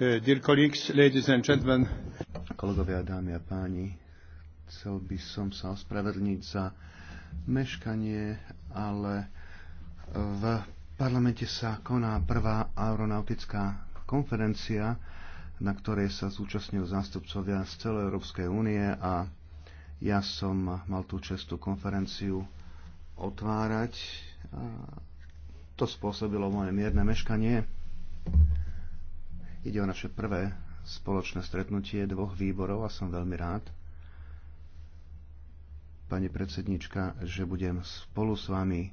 Eh, dear colleagues, ladies and gentlemen. Kolegovia, dámy a páni, chcel by som sa ospravedlniť za meškanie, ale eh, v parlamente sa koná prvá aeronautická konferencia, na ktorej sa zúčastňujú zástupcovia z celej Európskej únie a ja som mal tú čestú konferenciu otvárať. A to spôsobilo moje mierne meškanie Ide o naše prvé spoločné stretnutie dvoch výborov a som veľmi rád, pani predsednička, že budem spolu s vami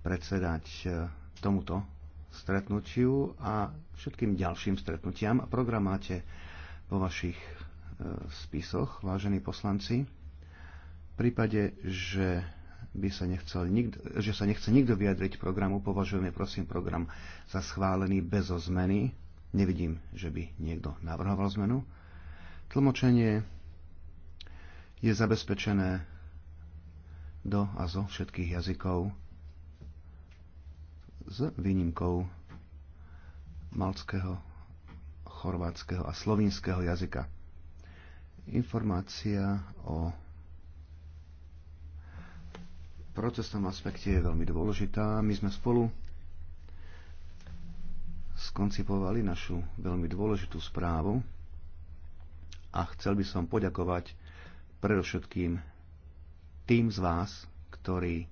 predsedať e, tomuto stretnutiu a všetkým ďalším stretnutiam. Program máte vo vašich e, spisoch, vážení poslanci. V prípade, že by sa nechcel nikto, že sa nechce nikto vyjadriť programu, považujeme prosím program za schválený bez zmeny. Nevidím, že by niekto navrhoval zmenu. Tlmočenie je zabezpečené do a zo všetkých jazykov s výnimkou malckého, chorvátskeho a slovinského jazyka. Informácia o procesnom aspekte je veľmi dôležitá. My sme spolu skoncipovali našu veľmi dôležitú správu a chcel by som poďakovať predovšetkým tým z vás, ktorí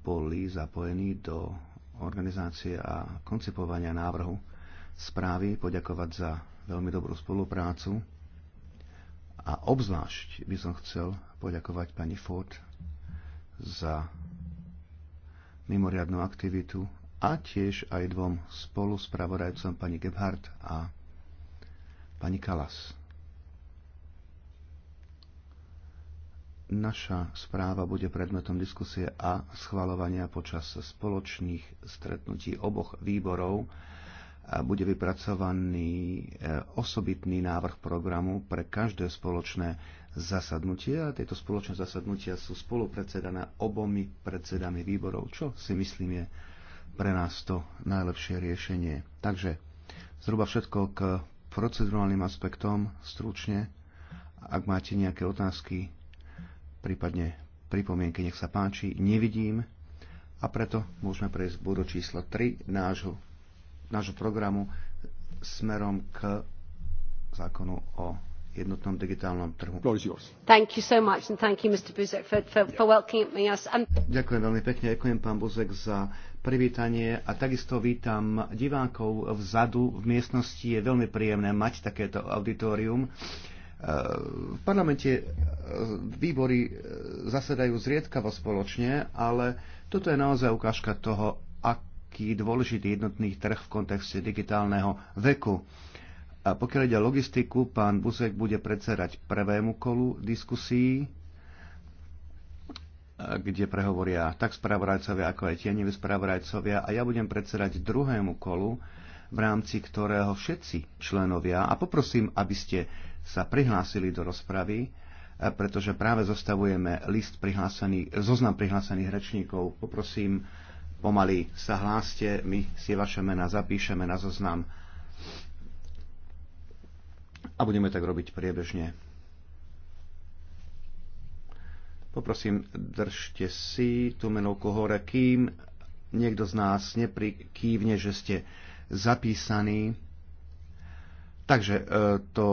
boli zapojení do organizácie a koncipovania návrhu správy, poďakovať za veľmi dobrú spoluprácu a obzvlášť by som chcel poďakovať pani Ford za mimoriadnú aktivitu a tiež aj dvom spolu spoluspravodajcom pani Gebhardt a pani Kalas. Naša správa bude predmetom diskusie a schvalovania počas spoločných stretnutí oboch výborov bude vypracovaný e, osobitný návrh programu pre každé spoločné zasadnutie a tieto spoločné zasadnutia sú spolupredsedané obomi predsedami výborov, čo si myslím je pre nás to najlepšie riešenie. Takže zhruba všetko k procedurálnym aspektom stručne. Ak máte nejaké otázky, prípadne pripomienky, nech sa páči, nevidím a preto môžeme prejsť k bodu číslo 3 nášho, nášho programu smerom k zákonu o jednotnom digitálnom trhu. Ďakujem veľmi pekne, ďakujem pán Buzek za privítanie a takisto vítam divákov vzadu. V miestnosti je veľmi príjemné mať takéto auditorium. E, v parlamente e, výbory e, zasedajú zriedkavo spoločne, ale toto je naozaj ukážka toho, aký dôležitý jednotný trh v kontexte digitálneho veku. A pokiaľ ide o logistiku, pán Buzek bude predsedať prvému kolu diskusí kde prehovoria tak spravodajcovia, ako aj tieňoví spravodajcovia a ja budem predsedať druhému kolu, v rámci ktorého všetci členovia, a poprosím, aby ste sa prihlásili do rozpravy, e, pretože práve zostavujeme list prihlásený, zoznam prihlásených rečníkov. Poprosím, pomaly sa hláste, my si vaše mená zapíšeme na zoznam a budeme tak robiť priebežne. Poprosím, držte si tú menovku hore, kým niekto z nás neprikývne, že ste zapísaní. Takže e, to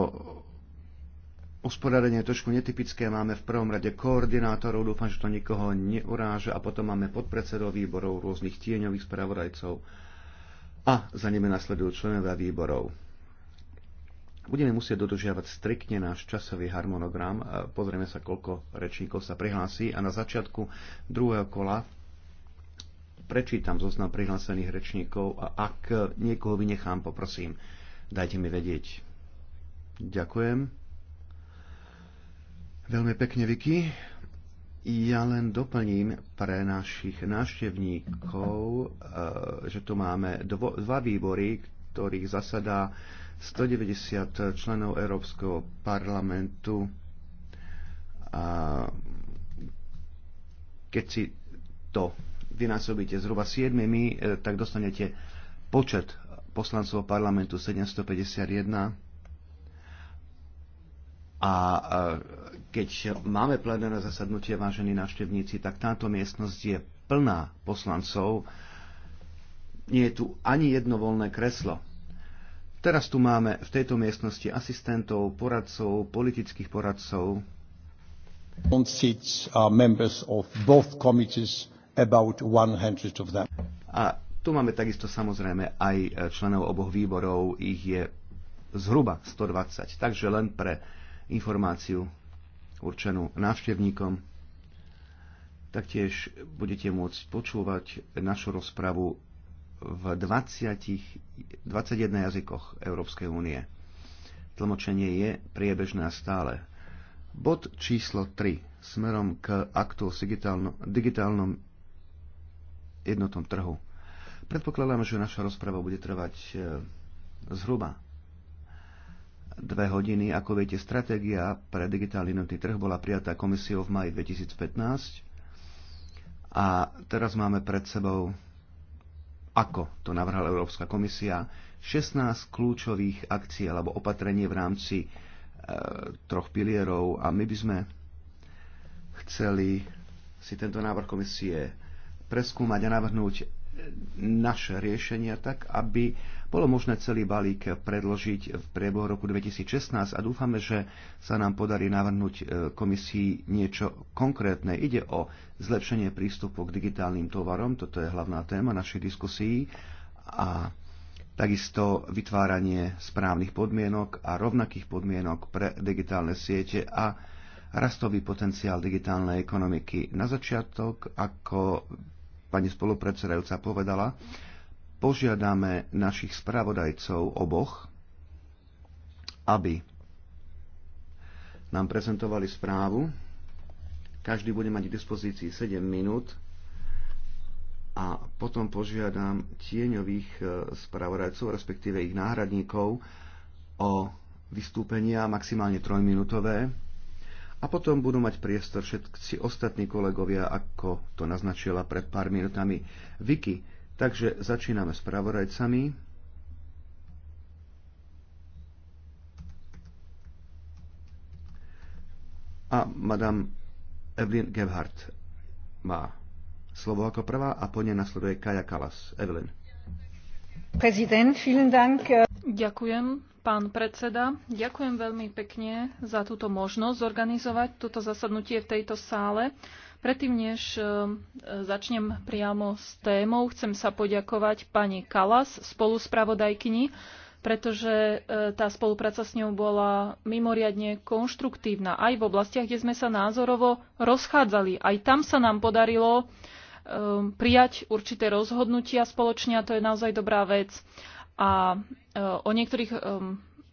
usporiadanie je trošku netypické. Máme v prvom rade koordinátorov, dúfam, že to nikoho neuráže, a potom máme podpredsedov výborov, rôznych tieňových spravodajcov a za nimi nasledujú členovia výborov. Budeme musieť dodržiavať striktne náš časový harmonogram. Pozrieme sa, koľko rečníkov sa prihlási a na začiatku druhého kola prečítam zoznam prihlásených rečníkov a ak niekoho vynechám, poprosím, dajte mi vedieť. Ďakujem. Veľmi pekne, Vicky. Ja len doplním pre našich návštevníkov, eh, že tu máme dvo, dva výbory, ktorých zasadá 190 členov Európskeho parlamentu a keď si to vynásobíte zhruba 7, e, tak dostanete počet poslancov parlamentu 751 a e, keď máme plenárne zasadnutie, vážení návštevníci, tak táto miestnosť je plná poslancov. Nie je tu ani jedno voľné kreslo. Teraz tu máme v tejto miestnosti asistentov, poradcov, politických poradcov. A tu máme takisto samozrejme aj e, členov oboch výborov, ich je zhruba 120, takže len pre informáciu určenú návštevníkom. Taktiež budete môcť počúvať našu rozpravu v 20, 21 jazykoch Európskej únie. Tlmočenie je priebežné a stále. Bod číslo 3 smerom k aktu o digitálnom, digitálnom jednotnom trhu. Predpokladám, že naša rozprava bude trvať e, zhruba dve hodiny. Ako viete, stratégia pre digitálny jednotný trh bola prijatá komisiou v maji 2015 a teraz máme pred sebou ako to navrhala Európska komisia, 16 kľúčových akcií alebo opatrenie v rámci e, troch pilierov a my by sme chceli si tento návrh komisie preskúmať a navrhnúť naše riešenia tak, aby bolo možné celý balík predložiť v priebehu roku 2016 a dúfame, že sa nám podarí navrhnúť e, komisii niečo konkrétne. Ide o zlepšenie prístupu k digitálnym tovarom, toto je hlavná téma našej diskusii a takisto vytváranie správnych podmienok a rovnakých podmienok pre digitálne siete a rastový potenciál digitálnej ekonomiky. Na začiatok, ako pani spolupredsedajúca povedala, požiadame našich spravodajcov oboch, aby nám prezentovali správu. Každý bude mať k dispozícii 7 minút a potom požiadam tieňových e, spravodajcov, respektíve ich náhradníkov, o vystúpenia maximálne 3-minútové a potom budú mať priestor všetci ostatní kolegovia, ako to naznačila pred pár minutami Vicky Takže začíname s pravorajcami. A madame Evelyn Gebhardt má slovo ako prvá a po nej nasleduje Kaja Kalas. Evelyn. Prezident, vielen Dank. Ďakujem, pán predseda. Ďakujem veľmi pekne za túto možnosť zorganizovať toto zasadnutie v tejto sále. Predtým, než e, e, začnem priamo s témou, chcem sa poďakovať pani Kalas, spoluspravodajkyni, pretože e, tá spolupráca s ňou bola mimoriadne konštruktívna aj v oblastiach, kde sme sa názorovo rozchádzali. Aj tam sa nám podarilo prijať určité rozhodnutia spoločne a to je naozaj dobrá vec. A o niektorých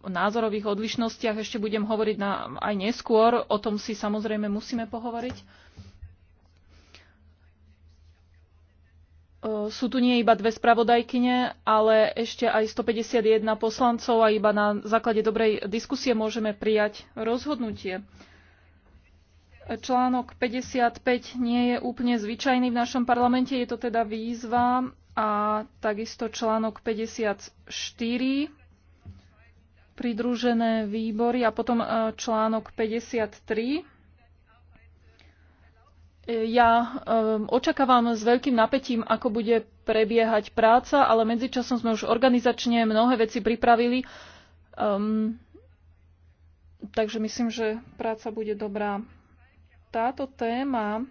názorových odlišnostiach ešte budem hovoriť na, aj neskôr, o tom si samozrejme musíme pohovoriť. Ehm, sú tu nie iba dve spravodajkyne, ale ešte aj 151 poslancov a iba na základe dobrej diskusie môžeme prijať rozhodnutie. Článok 55 nie je úplne zvyčajný v našom parlamente, je to teda výzva a takisto článok 54 pridružené výbory a potom ehm, článok 53 ja um, očakávam s veľkým napätím, ako bude prebiehať práca, ale medzičasom sme už organizačne mnohé veci pripravili. Um, takže myslím, že práca bude dobrá. Táto téma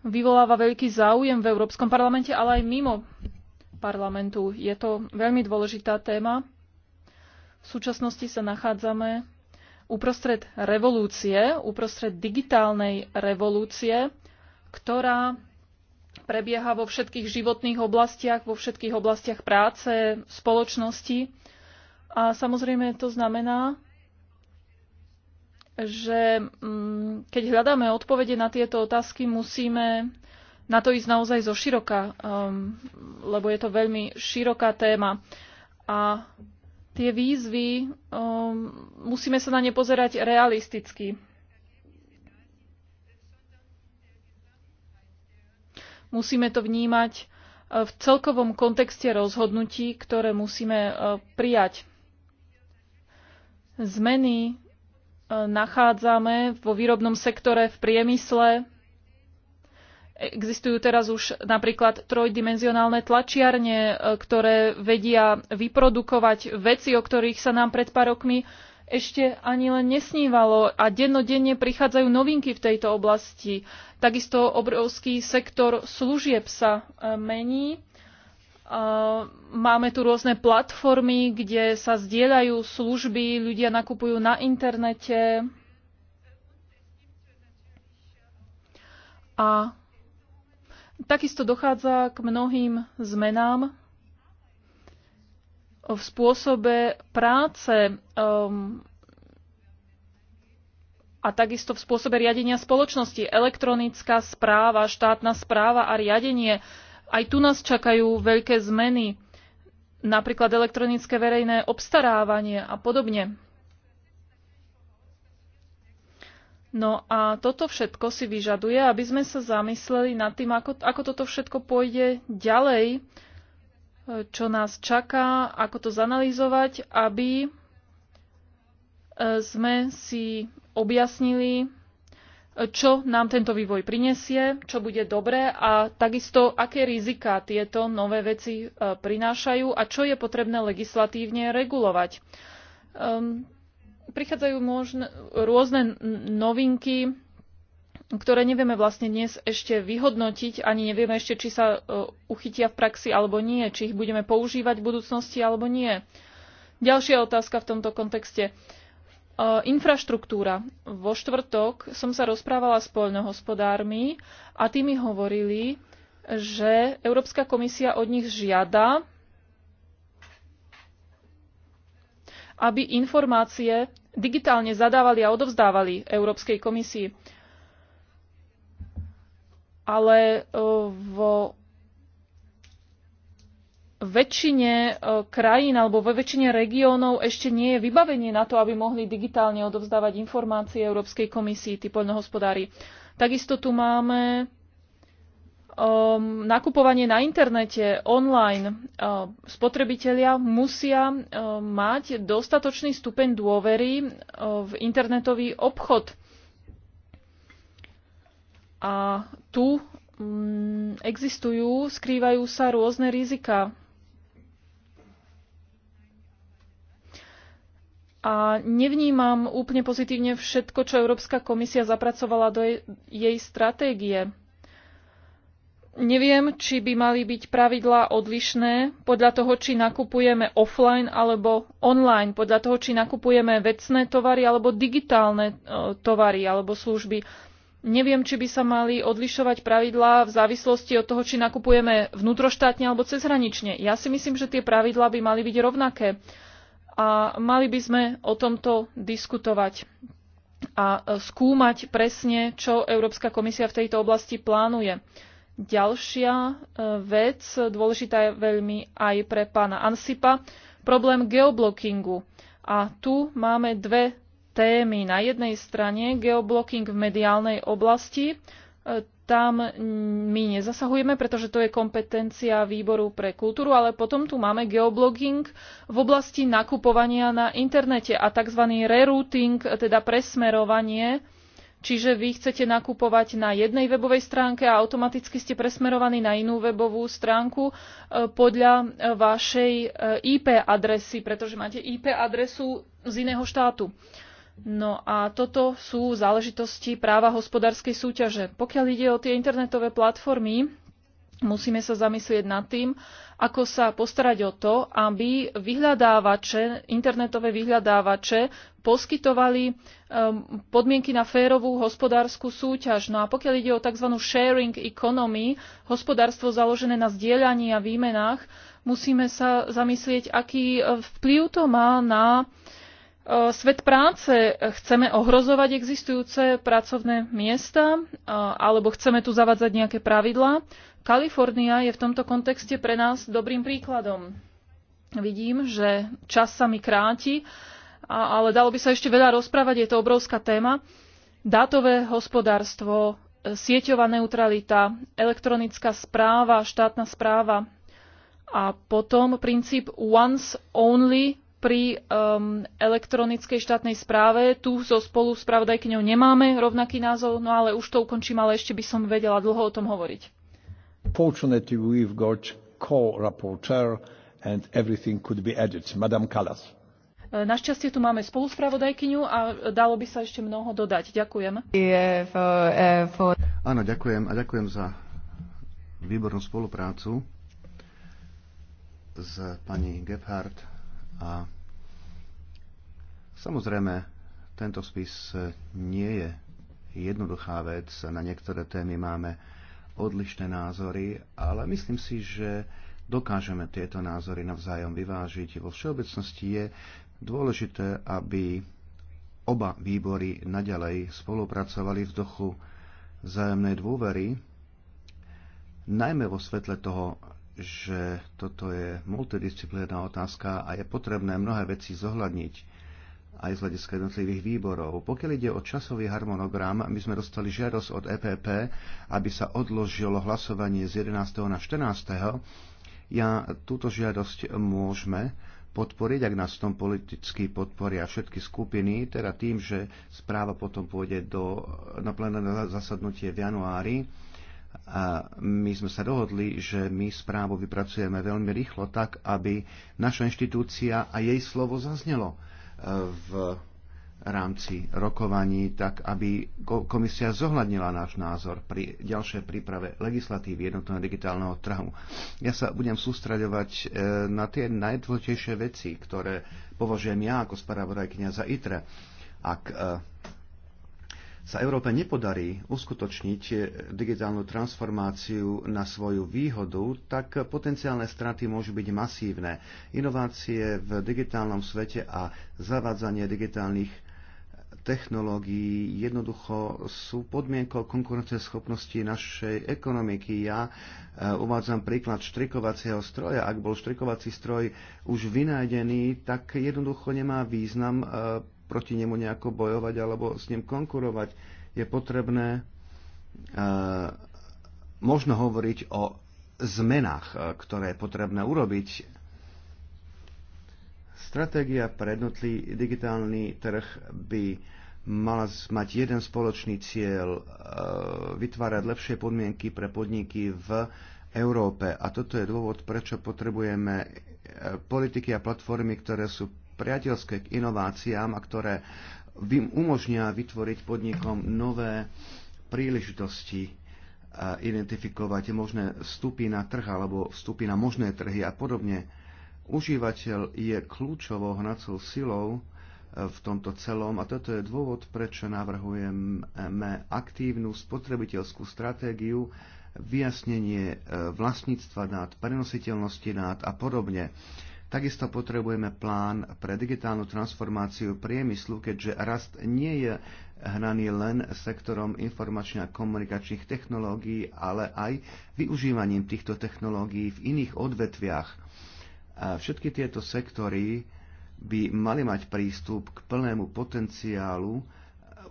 vyvoláva veľký záujem v Európskom parlamente, ale aj mimo parlamentu. Je to veľmi dôležitá téma. V súčasnosti sa nachádzame uprostred revolúcie, uprostred digitálnej revolúcie, ktorá prebieha vo všetkých životných oblastiach, vo všetkých oblastiach práce, spoločnosti. A samozrejme to znamená, že mm, keď hľadáme odpovede na tieto otázky, musíme na to ísť naozaj zo široka, ehm, lebo je to veľmi široká téma. A tie výzvy, um, musíme sa na ne pozerať realisticky. Musíme to vnímať uh, v celkovom kontexte rozhodnutí, ktoré musíme uh, prijať. Zmeny uh, nachádzame vo výrobnom sektore, v priemysle, Existujú teraz už napríklad trojdimenzionálne tlačiarne, e, ktoré vedia vyprodukovať veci, o ktorých sa nám pred pár rokmi ešte ani len nesnívalo a dennodenne prichádzajú novinky v tejto oblasti. Takisto obrovský sektor služieb sa e, mení. E, máme tu rôzne platformy, kde sa zdieľajú služby, ľudia nakupujú na internete. A Takisto dochádza k mnohým zmenám v spôsobe práce um, a takisto v spôsobe riadenia spoločnosti. Elektronická správa, štátna správa a riadenie. Aj tu nás čakajú veľké zmeny, napríklad elektronické verejné obstarávanie a podobne. No a toto všetko si vyžaduje, aby sme sa zamysleli nad tým, ako, ako toto všetko pôjde ďalej, e, čo nás čaká, ako to zanalýzovať, aby e, sme si objasnili, e, čo nám tento vývoj prinesie, čo bude dobré a takisto, aké rizika tieto nové veci prinášajú a čo je potrebné legislatívne regulovať. Ehm, prichádzajú možno, rôzne novinky, ktoré nevieme vlastne dnes ešte vyhodnotiť, ani nevieme ešte, či sa e, uchytia v praxi alebo nie, či ich budeme používať v budúcnosti alebo nie. Ďalšia otázka v tomto kontexte. E, infraštruktúra. Vo štvrtok som sa rozprávala s poľnohospodármi a tí mi hovorili, že Európska komisia od nich žiada, aby informácie digitálne zadávali a odovzdávali Európskej komisii. Ale e, vo väčšine e, krajín alebo vo väčšine regiónov ešte nie je vybavenie na to, aby mohli digitálne odovzdávať informácie Európskej komisii, tí poľnohospodári. Takisto tu máme um, nakupovanie na internete, online, ehm, spotrebitelia musia ehm, mať dostatočný stupeň dôvery v internetový obchod. A tu um, existujú, skrývajú sa rôzne rizika. A nevnímam úplne pozitívne všetko, čo Európska komisia zapracovala do jej, jej stratégie. Neviem, či by mali byť pravidlá odlišné podľa toho, či nakupujeme offline alebo online, podľa toho, či nakupujeme vecné tovary alebo digitálne e, tovary alebo služby. Neviem, či by sa mali odlišovať pravidlá v závislosti od toho, či nakupujeme vnútroštátne alebo cezhranične. Ja si myslím, že tie pravidlá by mali byť rovnaké a mali by sme o tomto diskutovať a e, skúmať presne, čo Európska komisia v tejto oblasti plánuje. Ďalšia e, vec, dôležitá je veľmi aj pre pána Ansipa, problém geoblockingu. A tu máme dve témy. Na jednej strane geoblocking v mediálnej oblasti. E, tam my nezasahujeme, pretože to je kompetencia výboru pre kultúru, ale potom tu máme geoblogging v oblasti nakupovania na internete a tzv. rerouting, teda presmerovanie Čiže vy chcete nakupovať na jednej webovej stránke a automaticky ste presmerovaní na inú webovú stránku e, podľa e, vašej e, IP adresy, pretože máte IP adresu z iného štátu. No a toto sú záležitosti práva hospodárskej súťaže. Pokiaľ ide o tie internetové platformy, musíme sa zamyslieť nad tým, ako sa postarať o to, aby vyhľadávače, internetové vyhľadávače poskytovali um, podmienky na férovú hospodárskú súťaž. No a pokiaľ ide o tzv. sharing economy, hospodárstvo založené na zdieľaní a výmenách, musíme sa zamyslieť, aký e, vplyv to má na e, svet práce. Chceme ohrozovať existujúce pracovné miesta e, alebo chceme tu zavádzať nejaké pravidlá. Kalifornia je v tomto kontexte pre nás dobrým príkladom. Vidím, že čas sa mi kráti, ale dalo by sa ešte veľa rozprávať, je to obrovská téma. Dátové hospodárstvo, sieťová neutralita, elektronická správa, štátna správa a potom princíp once only pri um, elektronickej štátnej správe. Tu so spolu spravodajkyňou nemáme rovnaký názov, no ale už to ukončím, ale ešte by som vedela dlho o tom hovoriť. Fortunately, we've got co-rapporteur and everything could be added. Madam Callas. E, našťastie tu máme spoluspravodajkyňu a dalo by sa ešte mnoho dodať. Ďakujem. Áno, ďakujem a ďakujem za výbornú spoluprácu s pani Gebhardt a samozrejme tento spis nie je jednoduchá vec. Na niektoré témy máme odlišné názory, ale myslím si, že dokážeme tieto názory navzájom vyvážiť. Vo všeobecnosti je dôležité, aby oba výbory naďalej spolupracovali v duchu vzájomnej dôvery, najmä vo svetle toho, že toto je multidisciplinárna otázka a je potrebné mnohé veci zohľadniť aj z hľadiska jednotlivých výborov. Pokiaľ ide o časový harmonogram, my sme dostali žiadosť od EPP, aby sa odložilo hlasovanie z 11. na 14. Ja túto žiadosť môžeme podporiť, ak nás v tom politicky podporia všetky skupiny, teda tým, že správa potom pôjde do, na plenárne zasadnutie v januári. A my sme sa dohodli, že my správu vypracujeme veľmi rýchlo tak, aby naša inštitúcia a jej slovo zaznelo v rámci rokovaní, tak aby komisia zohľadnila náš názor pri ďalšej príprave legislatívy jednotného digitálneho trhu. Ja sa budem sústraďovať e, na tie najdôležitejšie veci, ktoré považujem ja ako spravodajkynia za ITRE. Ak e, sa Európe nepodarí uskutočniť eh, digitálnu transformáciu na svoju výhodu, tak potenciálne straty môžu byť masívne. Inovácie v digitálnom svete a zavádzanie digitálnych eh, technológií jednoducho sú podmienkou konkurenceschopnosti našej ekonomiky. Ja eh, uvádzam príklad štrikovacieho stroja. Ak bol štrikovací stroj už vynájdený, tak jednoducho nemá význam proti nemu nejako bojovať alebo s ním konkurovať. Je potrebné e, možno hovoriť o zmenách, e, ktoré je potrebné urobiť. Stratégia pre jednotlý digitálny trh by mala mať jeden spoločný cieľ, e, vytvárať lepšie podmienky pre podniky v Európe. A toto je dôvod, prečo potrebujeme politiky a platformy, ktoré sú priateľské k inováciám a ktoré vým umožnia vytvoriť podnikom nové príležitosti e, identifikovať možné vstupy na trh alebo vstupy na možné trhy a podobne. Užívateľ je kľúčovou hnacou silou e, v tomto celom a toto je dôvod, prečo navrhujeme aktívnu spotrebiteľskú stratégiu, vyjasnenie e, vlastníctva dát, prenositeľnosti dát a podobne. Takisto potrebujeme plán pre digitálnu transformáciu priemyslu, keďže rast nie je hnaný len sektorom informačných a komunikačných technológií, ale aj využívaním týchto technológií v iných odvetviach. Všetky tieto sektory by mali mať prístup k plnému potenciálu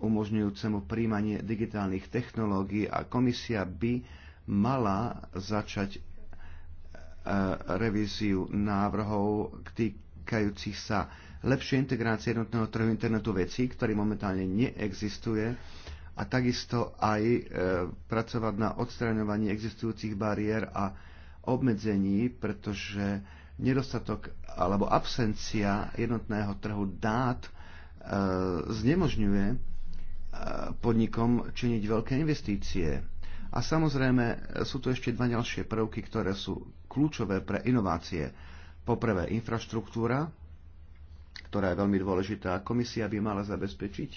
umožňujúcemu príjmanie digitálnych technológií a komisia by mala začať Eh, revíziu návrhov týkajúcich sa lepšie integrácie jednotného trhu internetu vecí, ktorý momentálne neexistuje a takisto aj e, pracovať na odstraňovaní existujúcich bariér a obmedzení, pretože nedostatok alebo absencia jednotného trhu dát e, znemožňuje e, podnikom činiť veľké investície. A samozrejme sú tu ešte dva ďalšie prvky, ktoré sú kľúčové pre inovácie. Poprvé infraštruktúra, ktorá je veľmi dôležitá. Komisia by mala zabezpečiť,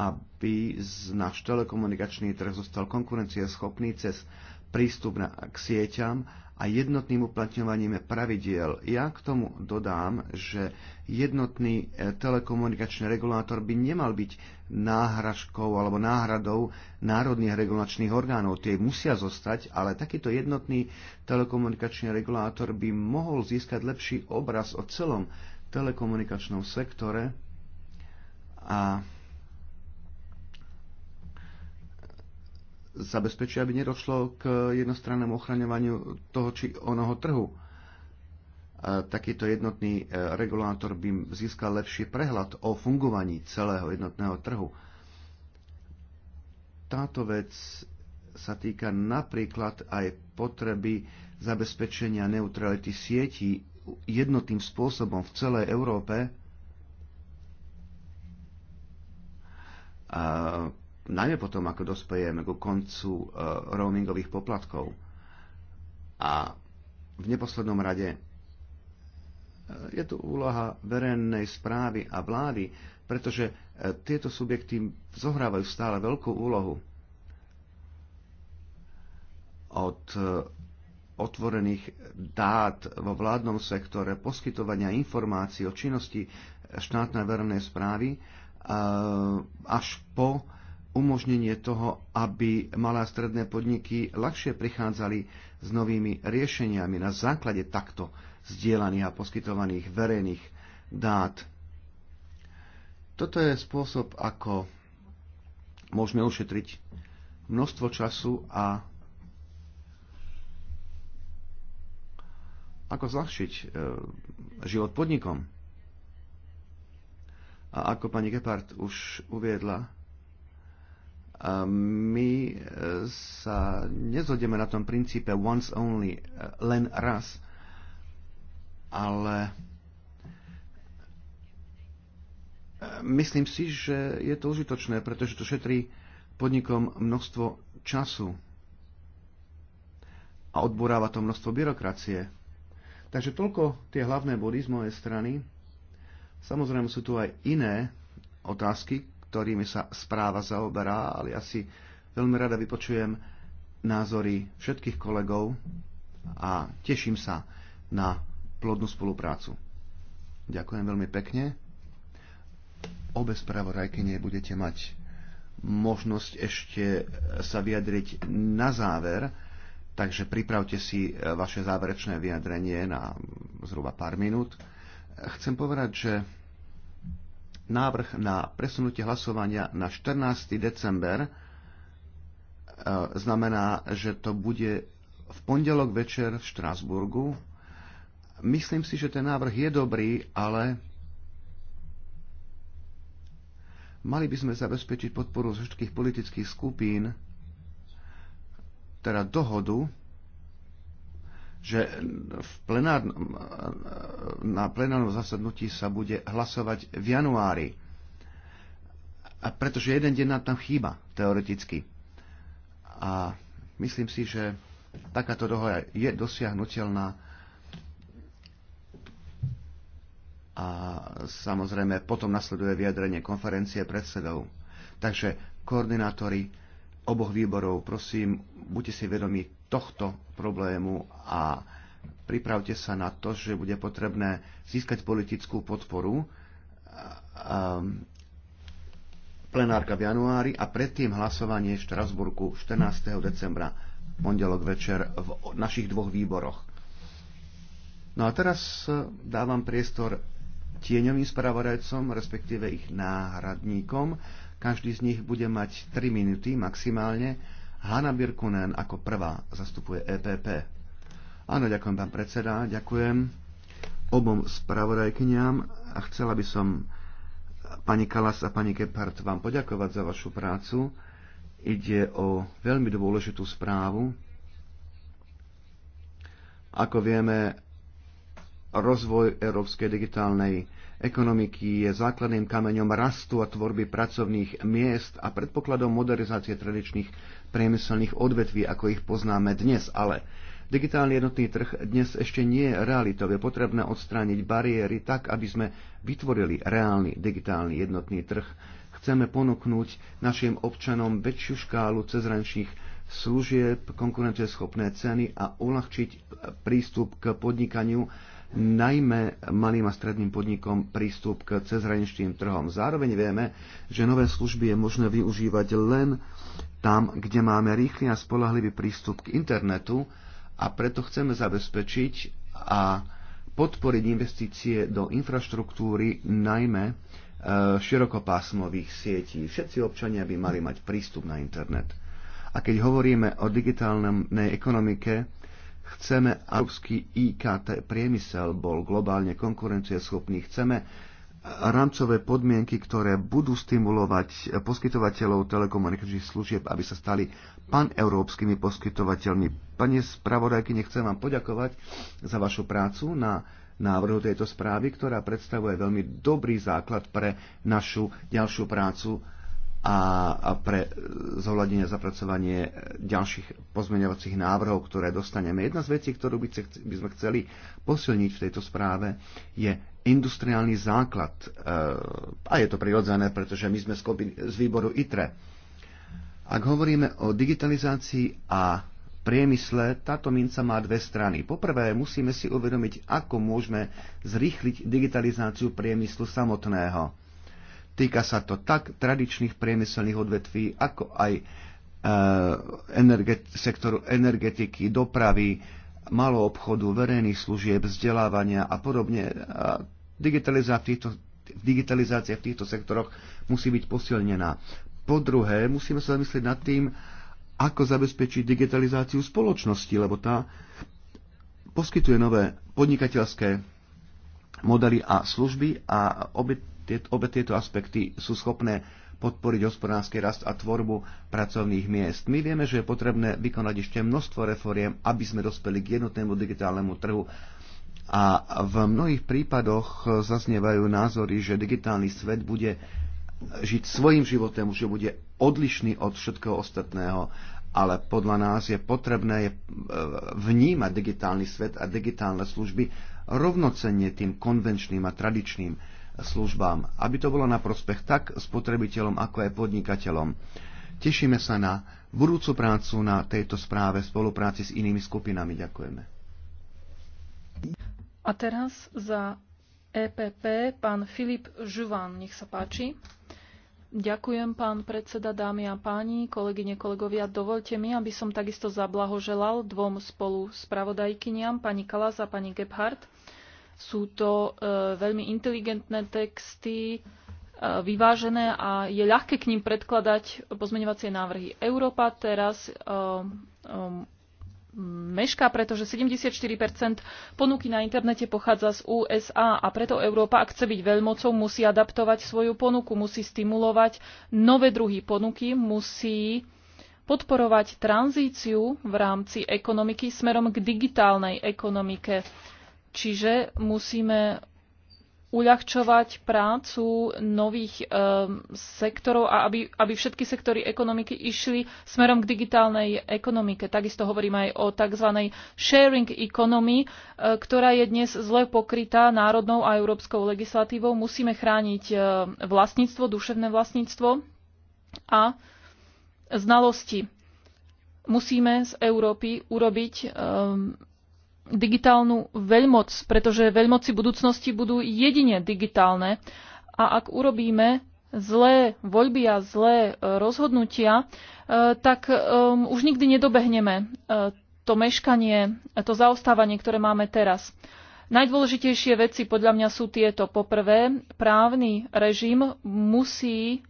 aby náš telekomunikačný trh zostal konkurencieschopný cez prístup na, k sieťam a jednotným uplatňovaním pravidiel. Ja k tomu dodám, že jednotný e, telekomunikačný regulátor by nemal byť náhražkou alebo náhradou národných regulačných orgánov. Tie musia zostať, ale takýto jednotný telekomunikačný regulátor by mohol získať lepší obraz o celom telekomunikačnom sektore a zabezpečí, aby nedošlo k jednostrannému ochraňovaniu toho či onoho trhu. Takýto jednotný e, regulátor by získal lepší prehľad o fungovaní celého jednotného trhu. Táto vec sa týka napríklad aj potreby zabezpečenia neutrality sietí jednotným spôsobom v celej Európe, najmä potom, ako dospejeme ku koncu e, roamingových poplatkov. A v neposlednom rade e, je tu úloha verejnej správy a vlády, pretože e, tieto subjekty zohrávajú stále veľkú úlohu. Od otvorených dát vo vládnom sektore, poskytovania informácií o činnosti štátnej verejnej správy až po umožnenie toho, aby malé a stredné podniky ľahšie prichádzali s novými riešeniami na základe takto zdieľaných a poskytovaných verejných dát. Toto je spôsob, ako môžeme ušetriť množstvo času a ako zľahčiť e, život podnikom. A ako pani Gepard už uviedla, my e, sa nezhodeme na tom princípe once only, e, len raz, ale e, myslím si, že je to užitočné, pretože to šetrí podnikom množstvo času a odboráva to množstvo byrokracie. Takže toľko tie hlavné body z mojej strany. Samozrejme sú tu aj iné otázky, ktorými sa správa zaoberá, ale ja si veľmi rada vypočujem názory všetkých kolegov a teším sa na plodnú spoluprácu. Ďakujem veľmi pekne. Obe spravodajkyne budete mať možnosť ešte sa vyjadriť na záver, takže pripravte si vaše záverečné vyjadrenie na zhruba pár minút. Chcem povedať, že návrh na presunutie hlasovania na 14. december e, znamená, že to bude v pondelok večer v Štrásburgu. Myslím si, že ten návrh je dobrý, ale mali by sme zabezpečiť podporu zo všetkých politických skupín, teda dohodu, že v plenár, na plenárnom zasadnutí sa bude hlasovať v januári. A pretože jeden deň nám tam chýba, teoreticky. A myslím si, že takáto dohoda je dosiahnutelná a samozrejme potom nasleduje vyjadrenie konferencie predsedov. Takže koordinátori oboch výborov. Prosím, buďte si vedomi tohto problému a pripravte sa na to, že bude potrebné získať politickú podporu ehm, plenárka v januári a predtým hlasovanie v Štrasburku 14. decembra, pondelok večer v našich dvoch výboroch. No a teraz eh, dávam priestor tieňovým spravodajcom, respektíve ich náhradníkom. Každý z nich bude mať 3 minúty maximálne. Hanna Birkunen ako prvá zastupuje EPP. Áno, ďakujem pán predseda, ďakujem obom spravodajkyniam a chcela by som pani Kalas a pani Gebhardt vám poďakovať za vašu prácu. Ide o veľmi dôležitú správu. Ako vieme, rozvoj európskej digitálnej ekonomiky je základným kameňom rastu a tvorby pracovných miest a predpokladom modernizácie tradičných priemyselných odvetví, ako ich poznáme dnes. Ale digitálny jednotný trh dnes ešte nie je realitou. Je potrebné odstrániť bariéry tak, aby sme vytvorili reálny digitálny jednotný trh. Chceme ponúknuť našim občanom väčšiu škálu cezrančných služieb, konkurenceschopné ceny a uľahčiť prístup k podnikaniu najmä malým a stredným podnikom prístup k cezhraničným trhom. Zároveň vieme, že nové služby je možné využívať len tam, kde máme rýchly a spolahlivý prístup k internetu a preto chceme zabezpečiť a podporiť investície do infraštruktúry, najmä e, širokopásmových sietí. Všetci občania by mali mať prístup na internet. A keď hovoríme o digitálnej ekonomike, Chceme, aby európsky IKT priemysel bol globálne konkurencieschopný. Chceme rámcové podmienky, ktoré budú stimulovať poskytovateľov telekomunikačných služieb, aby sa stali paneurópskymi poskytovateľmi. Pani spravodajky, nechcem vám poďakovať za vašu prácu na návrhu tejto správy, ktorá predstavuje veľmi dobrý základ pre našu ďalšiu prácu a pre zohľadenie zapracovanie ďalších pozmeňovacích návrhov, ktoré dostaneme. Jedna z vecí, ktorú by sme chceli posilniť v tejto správe, je industriálny základ. E, a je to prirodzené, pretože my sme z výboru ITRE. Ak hovoríme o digitalizácii a priemysle táto minca má dve strany. Poprvé, musíme si uvedomiť, ako môžeme zrýchliť digitalizáciu priemyslu samotného. Týka sa to tak tradičných priemyselných odvetví, ako aj eh, energet- sektoru energetiky, dopravy, malou obchodu, verejných služieb, vzdelávania a podobne. A digitalizácia v týchto, digitalizácia v týchto sektoroch musí byť posilnená. Po druhé, musíme sa zamyslieť nad tým, ako zabezpečiť digitalizáciu spoločnosti, lebo tá poskytuje nové podnikateľské modely a služby a obe tieto, obe tieto aspekty sú schopné podporiť hospodársky rast a tvorbu pracovných miest. My vieme, že je potrebné vykonať ešte množstvo reforiem, aby sme dospeli k jednotnému digitálnemu trhu. A v mnohých prípadoch zaznievajú názory, že digitálny svet bude žiť svojim životem, že bude odlišný od všetkého ostatného. Ale podľa nás je potrebné e, vnímať digitálny svet a digitálne služby rovnocenne tým konvenčným a tradičným službám, aby to bolo na prospech tak spotrebiteľom, ako aj podnikateľom. Tešíme sa na budúcu prácu na tejto správe v spolupráci s inými skupinami. Ďakujeme. A teraz za EPP pán Filip Žuvan, nech sa páči. Ďakujem, pán predseda, dámy a páni, kolegyne, kolegovia. Dovolte mi, aby som takisto zablahoželal dvom spolu spravodajkyniam, pani Kalas a pani Gebhardt sú to e, veľmi inteligentné texty, e, vyvážené a je ľahké k ním predkladať pozmeňovacie návrhy. Európa teraz e, mešká, pretože 74% ponuky na internete pochádza z USA a preto Európa, ak chce byť veľmocou, musí adaptovať svoju ponuku, musí stimulovať nové druhy ponuky, musí podporovať tranzíciu v rámci ekonomiky smerom k digitálnej ekonomike. Čiže musíme uľahčovať prácu nových e, sektorov a aby, aby všetky sektory ekonomiky išli smerom k digitálnej ekonomike. Takisto hovorím aj o tzv. sharing economy, e, ktorá je dnes zle pokrytá národnou a európskou legislatívou. Musíme chrániť e, vlastníctvo, duševné vlastníctvo a znalosti. Musíme z Európy urobiť E, digitálnu veľmoc, pretože veľmoci budúcnosti budú jedine digitálne. A ak urobíme zlé voľby a zlé e, rozhodnutia, e, tak e, už nikdy nedobehneme to meškanie, to zaostávanie, ktoré máme teraz. Najdôležitejšie veci podľa mňa sú tieto. Poprvé, právny režim musí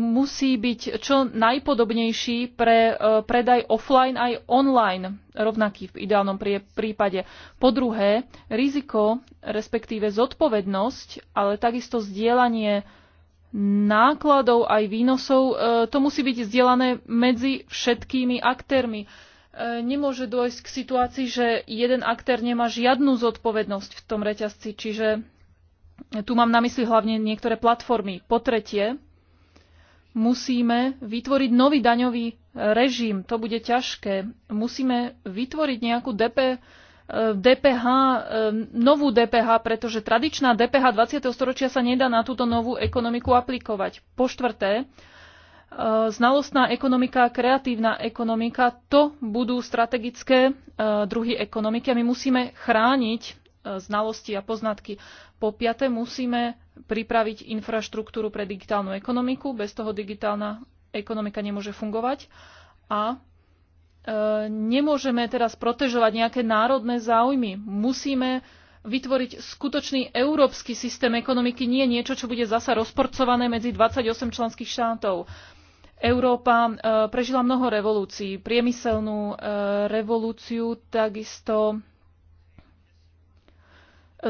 musí byť čo najpodobnejší pre e, predaj offline aj online, rovnaký v ideálnom prípade. Po druhé, riziko, respektíve zodpovednosť, ale takisto zdieľanie nákladov aj výnosov, e, to musí byť zdieľané medzi všetkými aktérmi. E, nemôže dôjsť k situácii, že jeden aktér nemá žiadnu zodpovednosť v tom reťazci, čiže tu mám na mysli hlavne niektoré platformy. Po tretie, musíme vytvoriť nový daňový režim. To bude ťažké. Musíme vytvoriť nejakú DP, e, DPH, e, novú DPH, pretože tradičná DPH 20. storočia sa nedá na túto novú ekonomiku aplikovať. Po štvrté, e, znalostná ekonomika a kreatívna ekonomika, to budú strategické druhy ekonomiky a my musíme chrániť znalosti a poznatky. Po piaté musíme pripraviť infraštruktúru pre digitálnu ekonomiku. Bez toho digitálna ekonomika nemôže fungovať. A e, nemôžeme teraz protežovať nejaké národné záujmy. Musíme vytvoriť skutočný európsky systém ekonomiky, nie niečo, čo bude zasa rozporcované medzi 28 členských štátov. Európa e, prežila mnoho revolúcií, priemyselnú e, revolúciu, takisto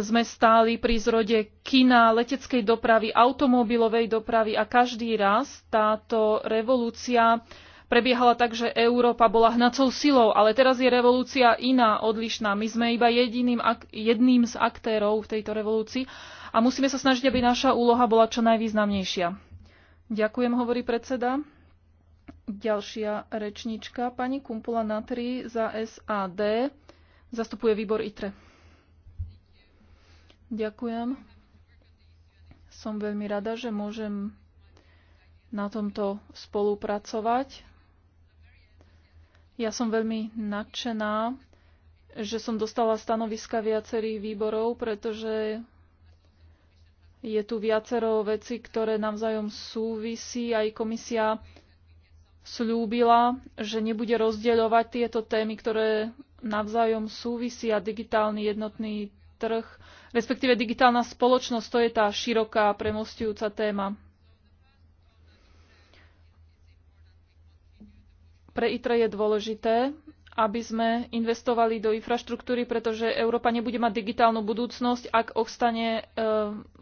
sme stáli pri zrode kina, leteckej dopravy, automobilovej dopravy a každý raz táto revolúcia prebiehala tak, že Európa bola hnacou silou, ale teraz je revolúcia iná, odlišná. My sme iba jediným, jedným z aktérov v tejto revolúcii a musíme sa snažiť, aby naša úloha bola čo najvýznamnejšia. Ďakujem, hovorí predseda. Ďalšia rečnička, pani Kumpula Natri za SAD, zastupuje výbor ITRE. Ďakujem. Som veľmi rada, že môžem na tomto spolupracovať. Ja som veľmi nadšená, že som dostala stanoviska viacerých výborov, pretože je tu viacero vecí, ktoré navzájom súvisí. Aj komisia slúbila, že nebude rozdeľovať tieto témy, ktoré navzájom súvisia. Digitálny jednotný trh, respektíve digitálna spoločnosť, to je tá široká premostujúca téma. Pre ITRE je dôležité, aby sme investovali do infraštruktúry, pretože Európa nebude mať digitálnu budúcnosť, ak ostane eh,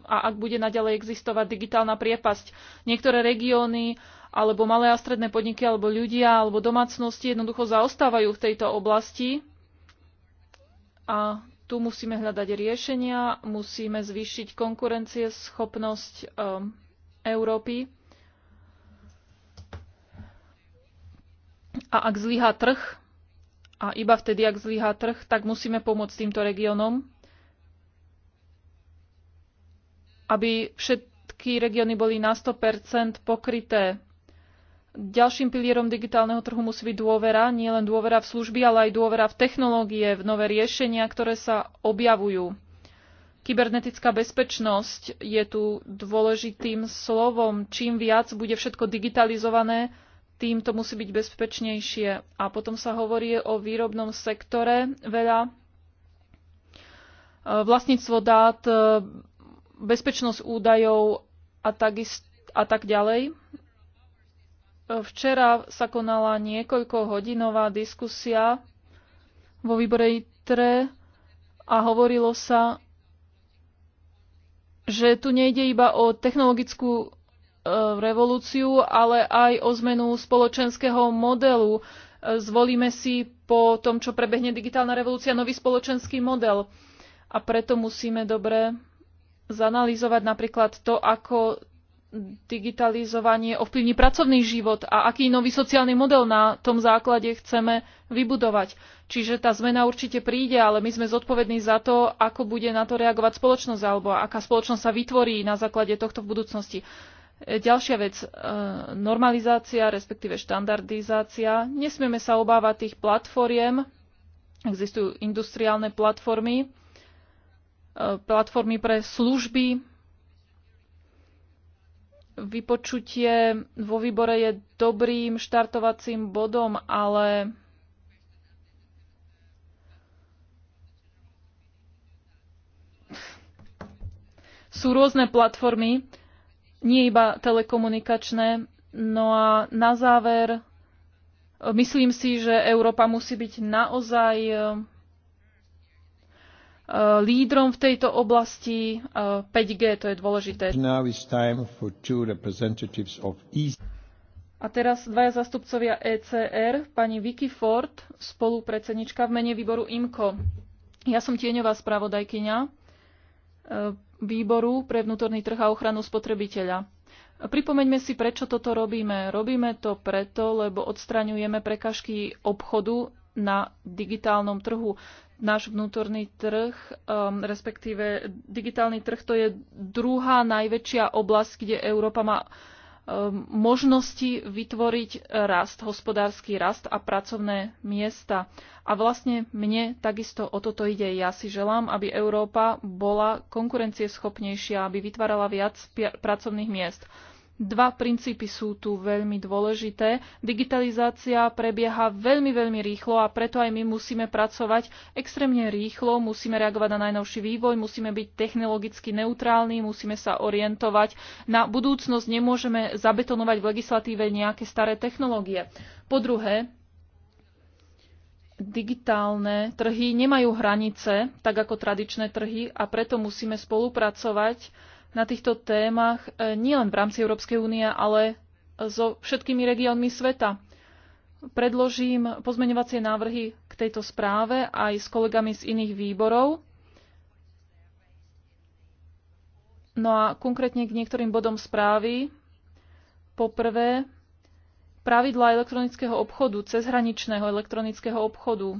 a ak bude naďalej existovať digitálna priepasť. Niektoré regióny alebo malé a stredné podniky, alebo ľudia, alebo domácnosti jednoducho zaostávajú v tejto oblasti. A tu musíme hľadať riešenia, musíme zvýšiť konkurencieschopnosť um, Európy. A ak zlyhá trh, a iba vtedy, ak zlyhá trh, tak musíme pomôcť týmto regiónom, aby všetky regióny boli na 100% pokryté Ďalším pilierom digitálneho trhu musí byť dôvera, nielen dôvera v služby, ale aj dôvera v technológie, v nové riešenia, ktoré sa objavujú. Kybernetická bezpečnosť je tu dôležitým slovom. Čím viac bude všetko digitalizované, tým to musí byť bezpečnejšie. A potom sa hovorí o výrobnom sektore veľa. E, vlastníctvo dát, e, bezpečnosť údajov a takisto a tak ďalej. Včera sa konala niekoľkohodinová diskusia vo výbore ITRE a hovorilo sa, že tu nejde iba o technologickú e, revolúciu, ale aj o zmenu spoločenského modelu. E, zvolíme si po tom, čo prebehne digitálna revolúcia, nový spoločenský model. A preto musíme dobre zanalýzovať napríklad to, ako digitalizovanie ovplyvní pracovný život a aký nový sociálny model na tom základe chceme vybudovať. Čiže tá zmena určite príde, ale my sme zodpovední za to, ako bude na to reagovať spoločnosť alebo aká spoločnosť sa vytvorí na základe tohto v budúcnosti. E, ďalšia vec, e, normalizácia, respektíve štandardizácia. Nesmieme sa obávať tých platformiem. Existujú industriálne platformy, e, platformy pre služby, vypočutie vo výbore je dobrým štartovacím bodom, ale sú rôzne platformy, nie iba telekomunikačné. No a na záver, myslím si, že Európa musí byť naozaj lídrom v tejto oblasti. 5G e, to je dôležité. A teraz dvaja zastupcovia ECR, pani Vicky Ford, spolupredsednička v mene výboru IMCO. Ja som tieňová spravodajkyňa e, výboru pre vnútorný trh a ochranu spotrebiteľa. Pripomeňme si, prečo toto robíme. Robíme to preto, lebo odstraňujeme prekažky obchodu na digitálnom trhu náš vnútorný trh, um, respektíve digitálny trh, to je druhá najväčšia oblasť, kde Európa má um, možnosti vytvoriť rast, hospodársky rast a pracovné miesta. A vlastne mne takisto o toto ide. Ja si želám, aby Európa bola konkurencieschopnejšia, aby vytvárala viac pracovných miest. Dva princípy sú tu veľmi dôležité. Digitalizácia prebieha veľmi, veľmi rýchlo a preto aj my musíme pracovať extrémne rýchlo, musíme reagovať na najnovší vývoj, musíme byť technologicky neutrálni, musíme sa orientovať na budúcnosť, nemôžeme zabetonovať v legislatíve nejaké staré technológie. Po druhé, digitálne trhy nemajú hranice, tak ako tradičné trhy, a preto musíme spolupracovať na týchto témach e, nielen v rámci Európskej únie, ale so všetkými regiónmi sveta. Predložím pozmeňovacie návrhy k tejto správe aj s kolegami z iných výborov. No a konkrétne k niektorým bodom správy. Poprvé, pravidla elektronického obchodu, cezhraničného elektronického obchodu. E,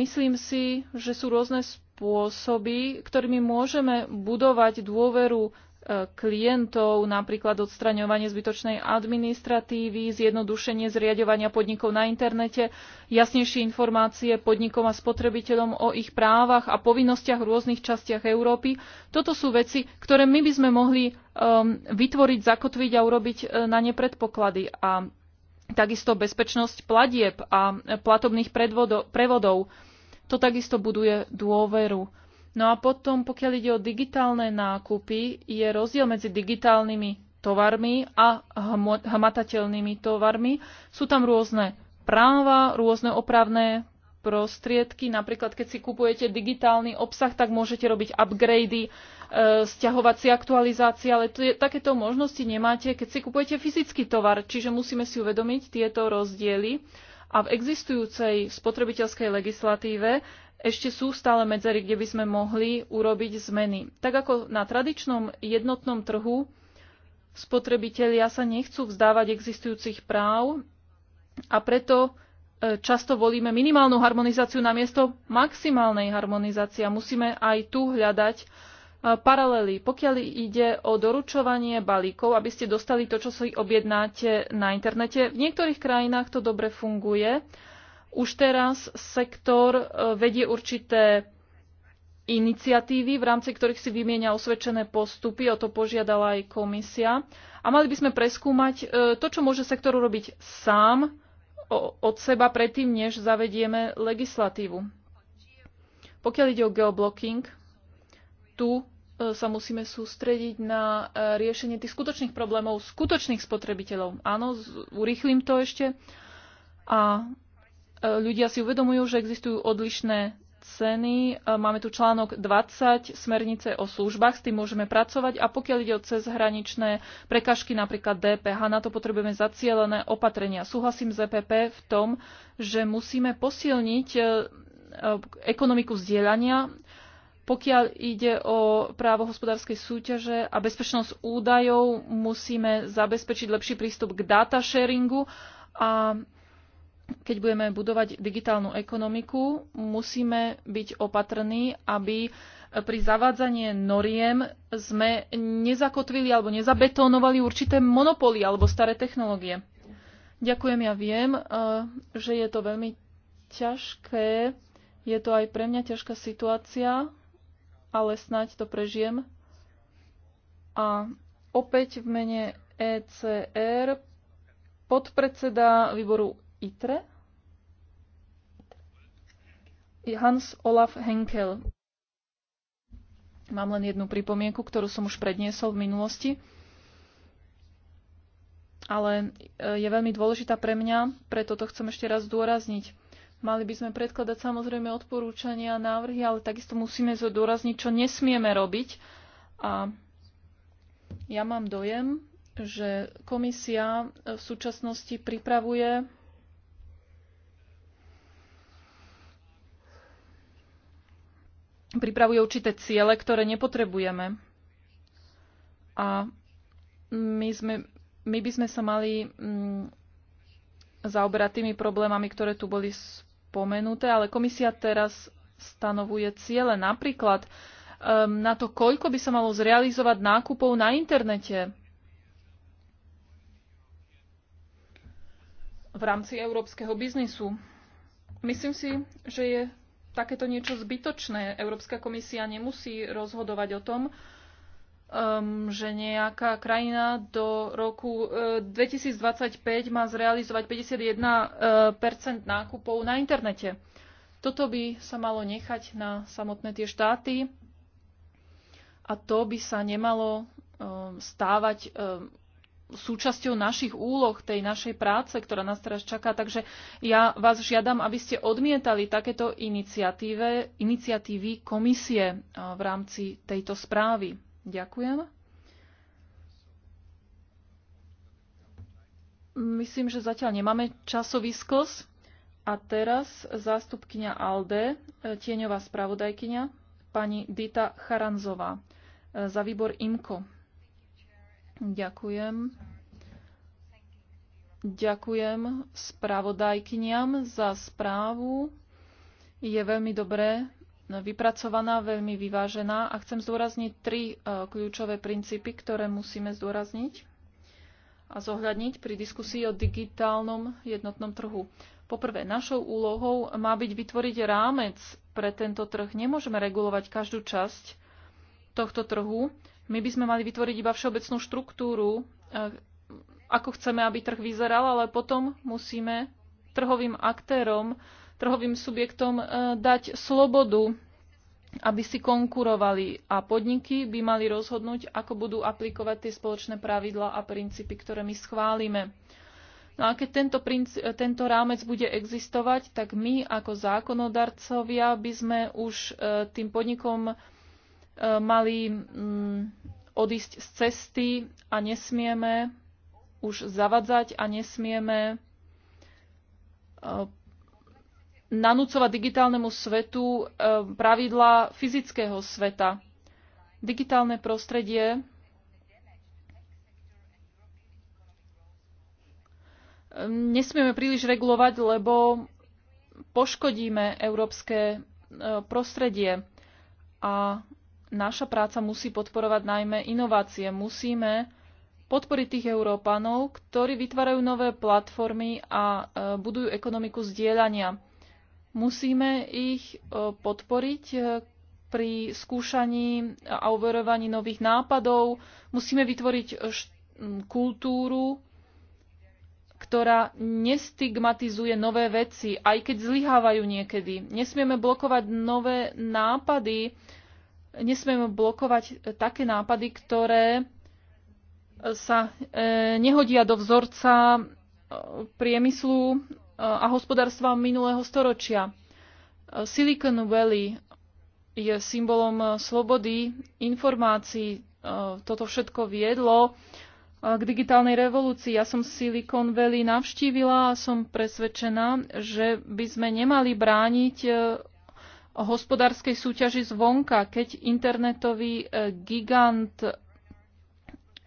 myslím si, že sú rôzne spôsoby, ktorými môžeme budovať dôveru e, klientov, napríklad odstraňovanie zbytočnej administratívy, zjednodušenie zriadovania podnikov na internete, jasnejšie informácie podnikom a spotrebiteľom o ich právach a povinnostiach v rôznych častiach Európy. Toto sú veci, ktoré my by sme mohli um, vytvoriť, zakotviť a urobiť uh, na ne predpoklady. A takisto bezpečnosť platieb a platobných prevodov to takisto buduje dôveru. No a potom, pokiaľ ide o digitálne nákupy, je rozdiel medzi digitálnymi tovarmi a hmatateľnými tovarmi. Sú tam rôzne práva, rôzne opravné prostriedky. Napríklad, keď si kupujete digitálny obsah, tak môžete robiť upgrady, e, stiahovať si aktualizácie, ale je, takéto možnosti nemáte, keď si kupujete fyzický tovar. Čiže musíme si uvedomiť tieto rozdiely a v existujúcej spotrebiteľskej legislatíve ešte sú stále medzery, kde by sme mohli urobiť zmeny. Tak ako na tradičnom jednotnom trhu spotrebitelia sa nechcú vzdávať existujúcich práv a preto e, často volíme minimálnu harmonizáciu namiesto maximálnej harmonizácie. Musíme aj tu hľadať E, paralely. Pokiaľ ide o doručovanie balíkov, aby ste dostali to, čo si objednáte na internete, v niektorých krajinách to dobre funguje. Už teraz sektor e, vedie určité iniciatívy, v rámci ktorých si vymieňa osvedčené postupy, o to požiadala aj komisia. A mali by sme preskúmať e, to, čo môže sektor urobiť sám od seba predtým, než zavedieme legislatívu. Pokiaľ ide o geoblocking, tu E, sa musíme sústrediť na e, riešenie tých skutočných problémov skutočných spotrebiteľov. Áno, urýchlim to ešte. A e, ľudia si uvedomujú, že existujú odlišné ceny. Máme tu článok 20 smernice o službách, s tým môžeme pracovať. A pokiaľ ide o cezhraničné prekažky, napríklad DPH, na to potrebujeme zacielené opatrenia. Súhlasím s EPP v tom, že musíme posilniť ekonomiku vzdielania. Pokiaľ ide o právo hospodárskej súťaže a bezpečnosť údajov, musíme zabezpečiť lepší prístup k data sharingu a keď budeme budovať digitálnu ekonomiku, musíme byť opatrní, aby pri zavádzanie noriem sme nezakotvili alebo nezabetónovali určité monopóly alebo staré technológie. Ďakujem, ja viem, eh, že je to veľmi ťažké. Je to aj pre mňa ťažká situácia, ale snáď to prežijem. A opäť v mene ECR podpredseda výboru ITRE Hans Olaf Henkel. Mám len jednu pripomienku, ktorú som už predniesol v minulosti, ale e, je veľmi dôležitá pre mňa, preto to chcem ešte raz zdôrazniť. Mali by sme predkladať samozrejme odporúčania a návrhy, ale takisto musíme zdôrazniť, čo nesmieme robiť. A ja mám dojem, že komisia e, v súčasnosti pripravuje pripravuje určité ciele, ktoré nepotrebujeme. A my, sme, my by sme sa mali mm, zaoberať tými problémami, ktoré tu boli spomenuté, ale komisia teraz stanovuje ciele. Napríklad um, na to, koľko by sa malo zrealizovať nákupov na internete. v rámci európskeho biznisu. Myslím si, že je takéto niečo zbytočné. Európska komisia nemusí rozhodovať o tom, um, že nejaká krajina do roku uh, eh, 2025 má zrealizovať 51 uh, nákupov na internete. Toto by sa malo nechať na samotné tie štáty a to by sa nemalo um, stávať um, súčasťou našich úloh, tej našej práce, ktorá nás teraz čaká. Takže ja vás žiadam, aby ste odmietali takéto iniciatíve, iniciatívy komisie eh, v rámci tejto správy. Ďakujem. Myslím, že zatiaľ nemáme časový skos. A teraz zástupkynia ALDE, e, tieňová spravodajkynia, pani Dita Charanzová e, za výbor IMKO. Ďakujem. Ďakujem spravodajkyniam za správu. Je veľmi dobré, vypracovaná, veľmi vyvážená a chcem zdôrazniť tri e, kľúčové princípy, ktoré musíme zdôrazniť a zohľadniť pri diskusii o digitálnom jednotnom trhu. Poprvé, našou úlohou má byť vytvoriť rámec pre tento trh. Nemôžeme regulovať každú časť tohto trhu. My by sme mali vytvoriť iba všeobecnú štruktúru, e, ako chceme, aby trh vyzeral, ale potom musíme trhovým aktérom trhovým subjektom e, dať slobodu, aby si konkurovali a podniky by mali rozhodnúť, ako budú aplikovať tie spoločné pravidlá a princípy, ktoré my schválime. No a keď tento, princ- tento rámec bude existovať, tak my ako zákonodarcovia by sme už e, tým podnikom e, mali mm, odísť z cesty a nesmieme už zavadzať a nesmieme nanúcovať digitálnemu svetu e, pravidlá fyzického sveta. Digitálne prostredie nesmieme príliš regulovať, lebo poškodíme európske e, prostredie. A naša práca musí podporovať najmä inovácie. Musíme podporiť tých Európanov, ktorí vytvárajú nové platformy a e, budujú ekonomiku zdieľania. Musíme ich e, podporiť e, pri skúšaní a overovaní nových nápadov. Musíme vytvoriť e, kultúru, ktorá nestigmatizuje nové veci, aj keď zlyhávajú niekedy. Nesmieme blokovať nové nápady, nesmieme blokovať také nápady, ktoré sa nehodia do vzorca priemyslu a hospodárstva minulého storočia. Silicon Valley je symbolom slobody informácií. E, toto všetko viedlo e, k digitálnej revolúcii. Ja som Silicon Valley navštívila a som presvedčená, že by sme nemali brániť e, hospodárskej súťaži zvonka, keď internetový gigant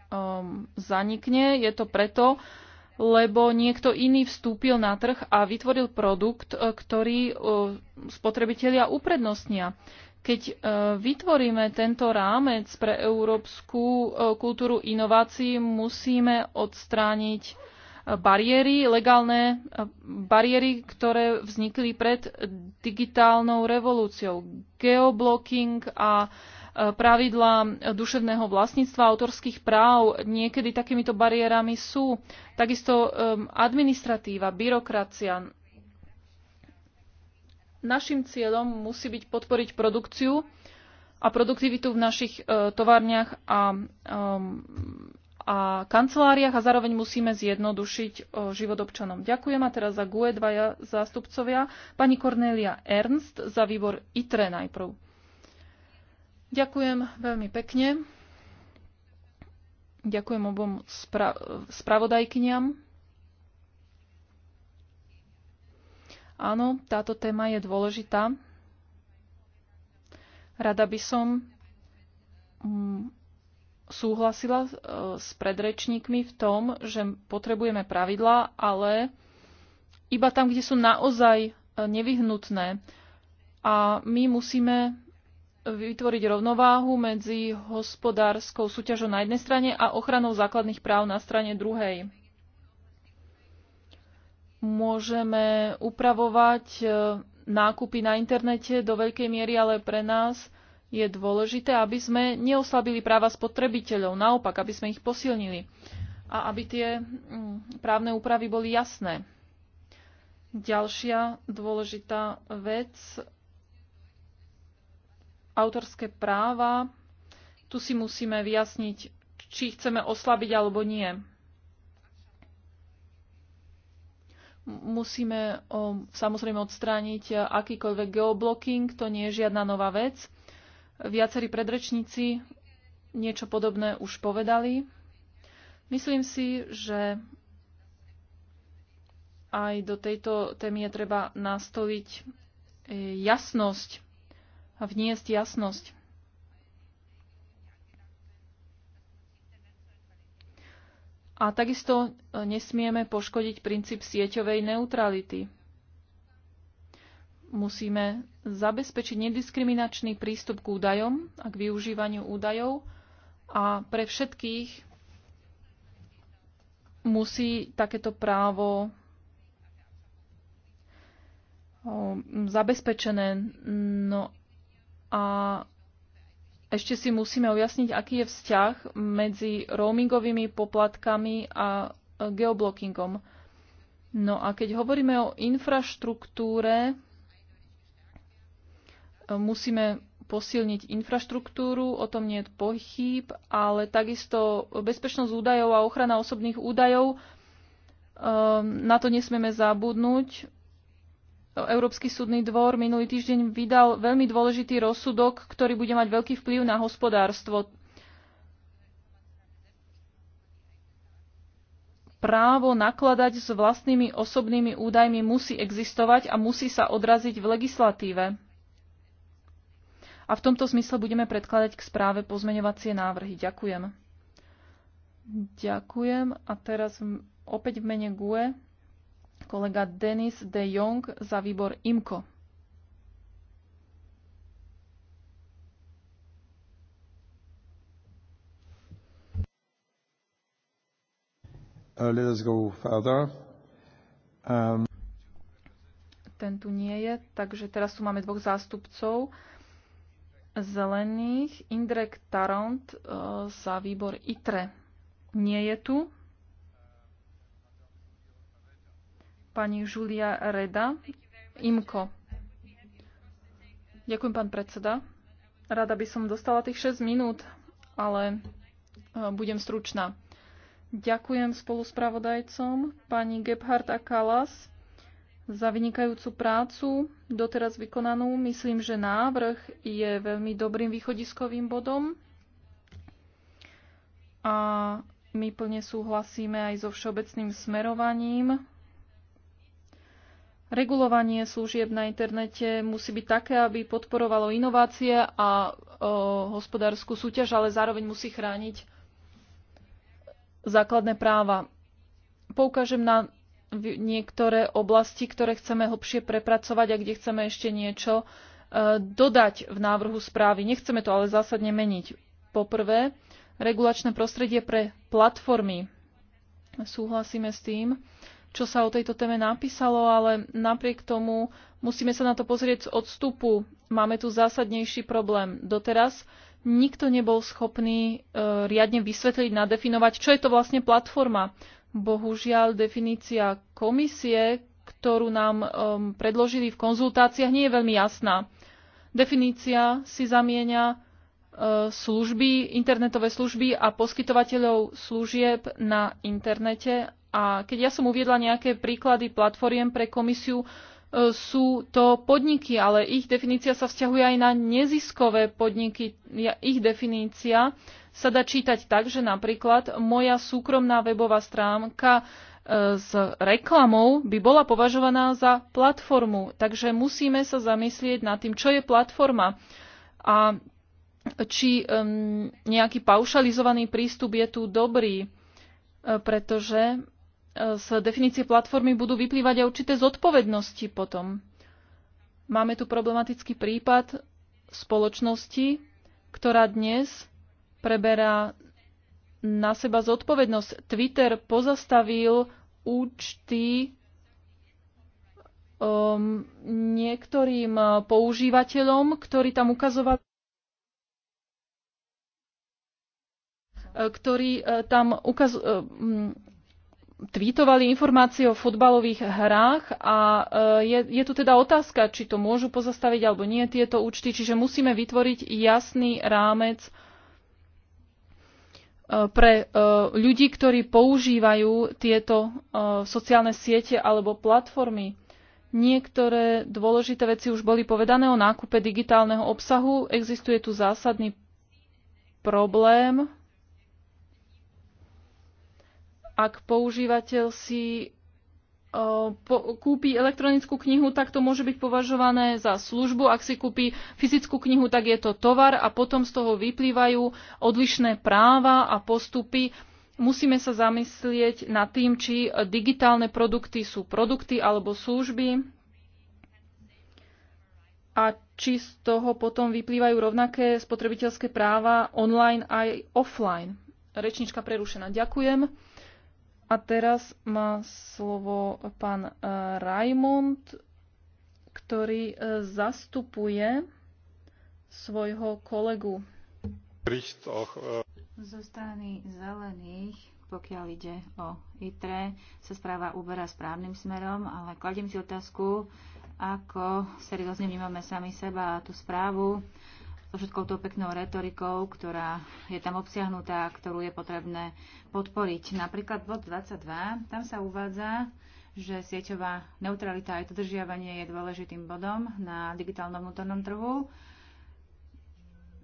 um, zanikne. Je to preto, lebo niekto iný vstúpil na trh a vytvoril produkt, e, ktorý e, spotrebitelia uprednostnia. Keď e, vytvoríme tento rámec pre európsku kultúru inovácií, musíme odstrániť bariéry, legálne bariéry, ktoré vznikli pred digitálnou revolúciou. Geoblocking a pravidlá duševného vlastníctva, autorských práv. Niekedy takýmito bariérami sú. Takisto um, administratíva, byrokracia. Našim cieľom musí byť podporiť produkciu a produktivitu v našich uh, továrniach a, um, a kanceláriách a zároveň musíme zjednodušiť uh, život občanom. Ďakujem a teraz za GUE dvaja zástupcovia. Pani Cornelia Ernst za výbor ITRE najprv. Ďakujem veľmi pekne. Ďakujem obom spra- spravodajkyniam. Áno, táto téma je dôležitá. Rada by som mm, súhlasila e, s predrečníkmi v tom, že potrebujeme pravidlá, ale iba tam, kde sú naozaj e, nevyhnutné. A my musíme vytvoriť rovnováhu medzi hospodárskou súťažou na jednej strane a ochranou základných práv na strane druhej. Môžeme upravovať e, nákupy na internete do veľkej miery, ale pre nás je dôležité, aby sme neoslabili práva spotrebiteľov, naopak, aby sme ich posilnili a aby tie právne úpravy boli jasné. Ďalšia dôležitá vec autorské práva, tu si musíme vyjasniť, či chceme oslabiť alebo nie. Musíme o, samozrejme odstrániť akýkoľvek geoblocking, to nie je žiadna nová vec. Viacerí predrečníci niečo podobné už povedali. Myslím si, že aj do tejto témy je treba nastoliť e, jasnosť vniesť jasnosť. A takisto e, nesmieme poškodiť princíp sieťovej neutrality. Musíme zabezpečiť nediskriminačný prístup k údajom a k využívaniu údajov a pre všetkých musí takéto právo zabezpečené. No a ešte si musíme ujasniť, aký je vzťah medzi roamingovými poplatkami a e, geoblockingom. No a keď hovoríme o infraštruktúre, e, musíme posilniť infraštruktúru, o tom nie je pochyb, ale takisto bezpečnosť údajov a ochrana osobných údajov, e, na to nesmieme zabudnúť. Európsky súdny dvor minulý týždeň vydal veľmi dôležitý rozsudok, ktorý bude mať veľký vplyv na hospodárstvo. Právo nakladať s vlastnými osobnými údajmi musí existovať a musí sa odraziť v legislatíve. A v tomto zmysle budeme predkladať k správe pozmeňovacie návrhy. Ďakujem. Ďakujem. A teraz opäť v mene GUE kolega Denis de Jong za výbor IMKO. Uh, let us go further. Um... Ten tu nie je, takže teraz tu máme dvoch zástupcov zelených. Indrek Tarant uh, za výbor ITRE nie je tu. pani Julia Reda, IMKO. Ďakujem, pán predseda. Rada by som dostala tých 6 minút, ale e, budem stručná. Ďakujem spoluspravodajcom, pani Gebhardt a Kalas, za vynikajúcu prácu doteraz vykonanú. Myslím, že návrh je veľmi dobrým východiskovým bodom a my plne súhlasíme aj so všeobecným smerovaním Regulovanie služieb na internete musí byť také, aby podporovalo inovácie a o, e, hospodárskú súťaž, ale zároveň musí chrániť základné práva. Poukážem na niektoré oblasti, ktoré chceme hlbšie prepracovať a kde chceme ešte niečo e, dodať v návrhu správy. Nechceme to ale zásadne meniť. Poprvé, regulačné prostredie pre platformy. Súhlasíme s tým, čo sa o tejto téme napísalo, ale napriek tomu musíme sa na to pozrieť z odstupu. Máme tu zásadnejší problém. Doteraz nikto nebol schopný e, riadne vysvetliť, nadefinovať, čo je to vlastne platforma. Bohužiaľ, definícia komisie, ktorú nám e, predložili v konzultáciách, nie je veľmi jasná. Definícia si zamieňa e, služby, internetové služby a poskytovateľov služieb na internete a keď ja som uviedla nejaké príklady platformiem pre komisiu, e, sú to podniky, ale ich definícia sa vzťahuje aj na neziskové podniky. Ich definícia sa dá čítať tak, že napríklad moja súkromná webová stránka e, s reklamou by bola považovaná za platformu. Takže musíme sa zamyslieť nad tým, čo je platforma a či nejaký paušalizovaný prístup je tu dobrý, e, pretože z definície platformy budú vyplývať aj určité zodpovednosti potom. Máme tu problematický prípad spoločnosti, ktorá dnes preberá na seba zodpovednosť. Twitter pozastavil účty um, niektorým uh, používateľom, ktorí tam ukazovali uh, ktorí uh, tam ukaz, tweetovali informácie o futbalových hrách a e, je, je tu teda otázka, či to môžu pozastaviť alebo nie tieto účty, čiže musíme vytvoriť jasný rámec e, pre e, ľudí, ktorí používajú tieto sociálne siete alebo platformy. Niektoré dôležité veci už boli povedané o nákupe digitálneho obsahu. Existuje tu zásadný problém ak používateľ si kúpi elektronickú knihu, tak to môže byť považované za službu. Ak si kúpi fyzickú knihu, tak je to tovar a potom z toho vyplývajú odlišné práva a postupy. Musíme sa zamyslieť nad tým, či digitálne produkty sú produkty alebo služby a či z toho potom vyplývajú rovnaké spotrebiteľské práva online aj offline. Rečnička prerušená. Ďakujem. A teraz má slovo pán eh, Raimond, ktorý eh, zastupuje svojho kolegu. Eh, Zo strany zelených, pokiaľ ide o ITRE, sa správa uberá správnym smerom, ale kladím si otázku, ako seriózne vnímame sami seba a tú správu so všetkou tou peknou retorikou, ktorá je tam obsiahnutá, ktorú je potrebné podporiť. Napríklad bod 22, tam sa uvádza, že sieťová neutralita aj dodržiavanie je dôležitým bodom na digitálnom vnútornom trhu.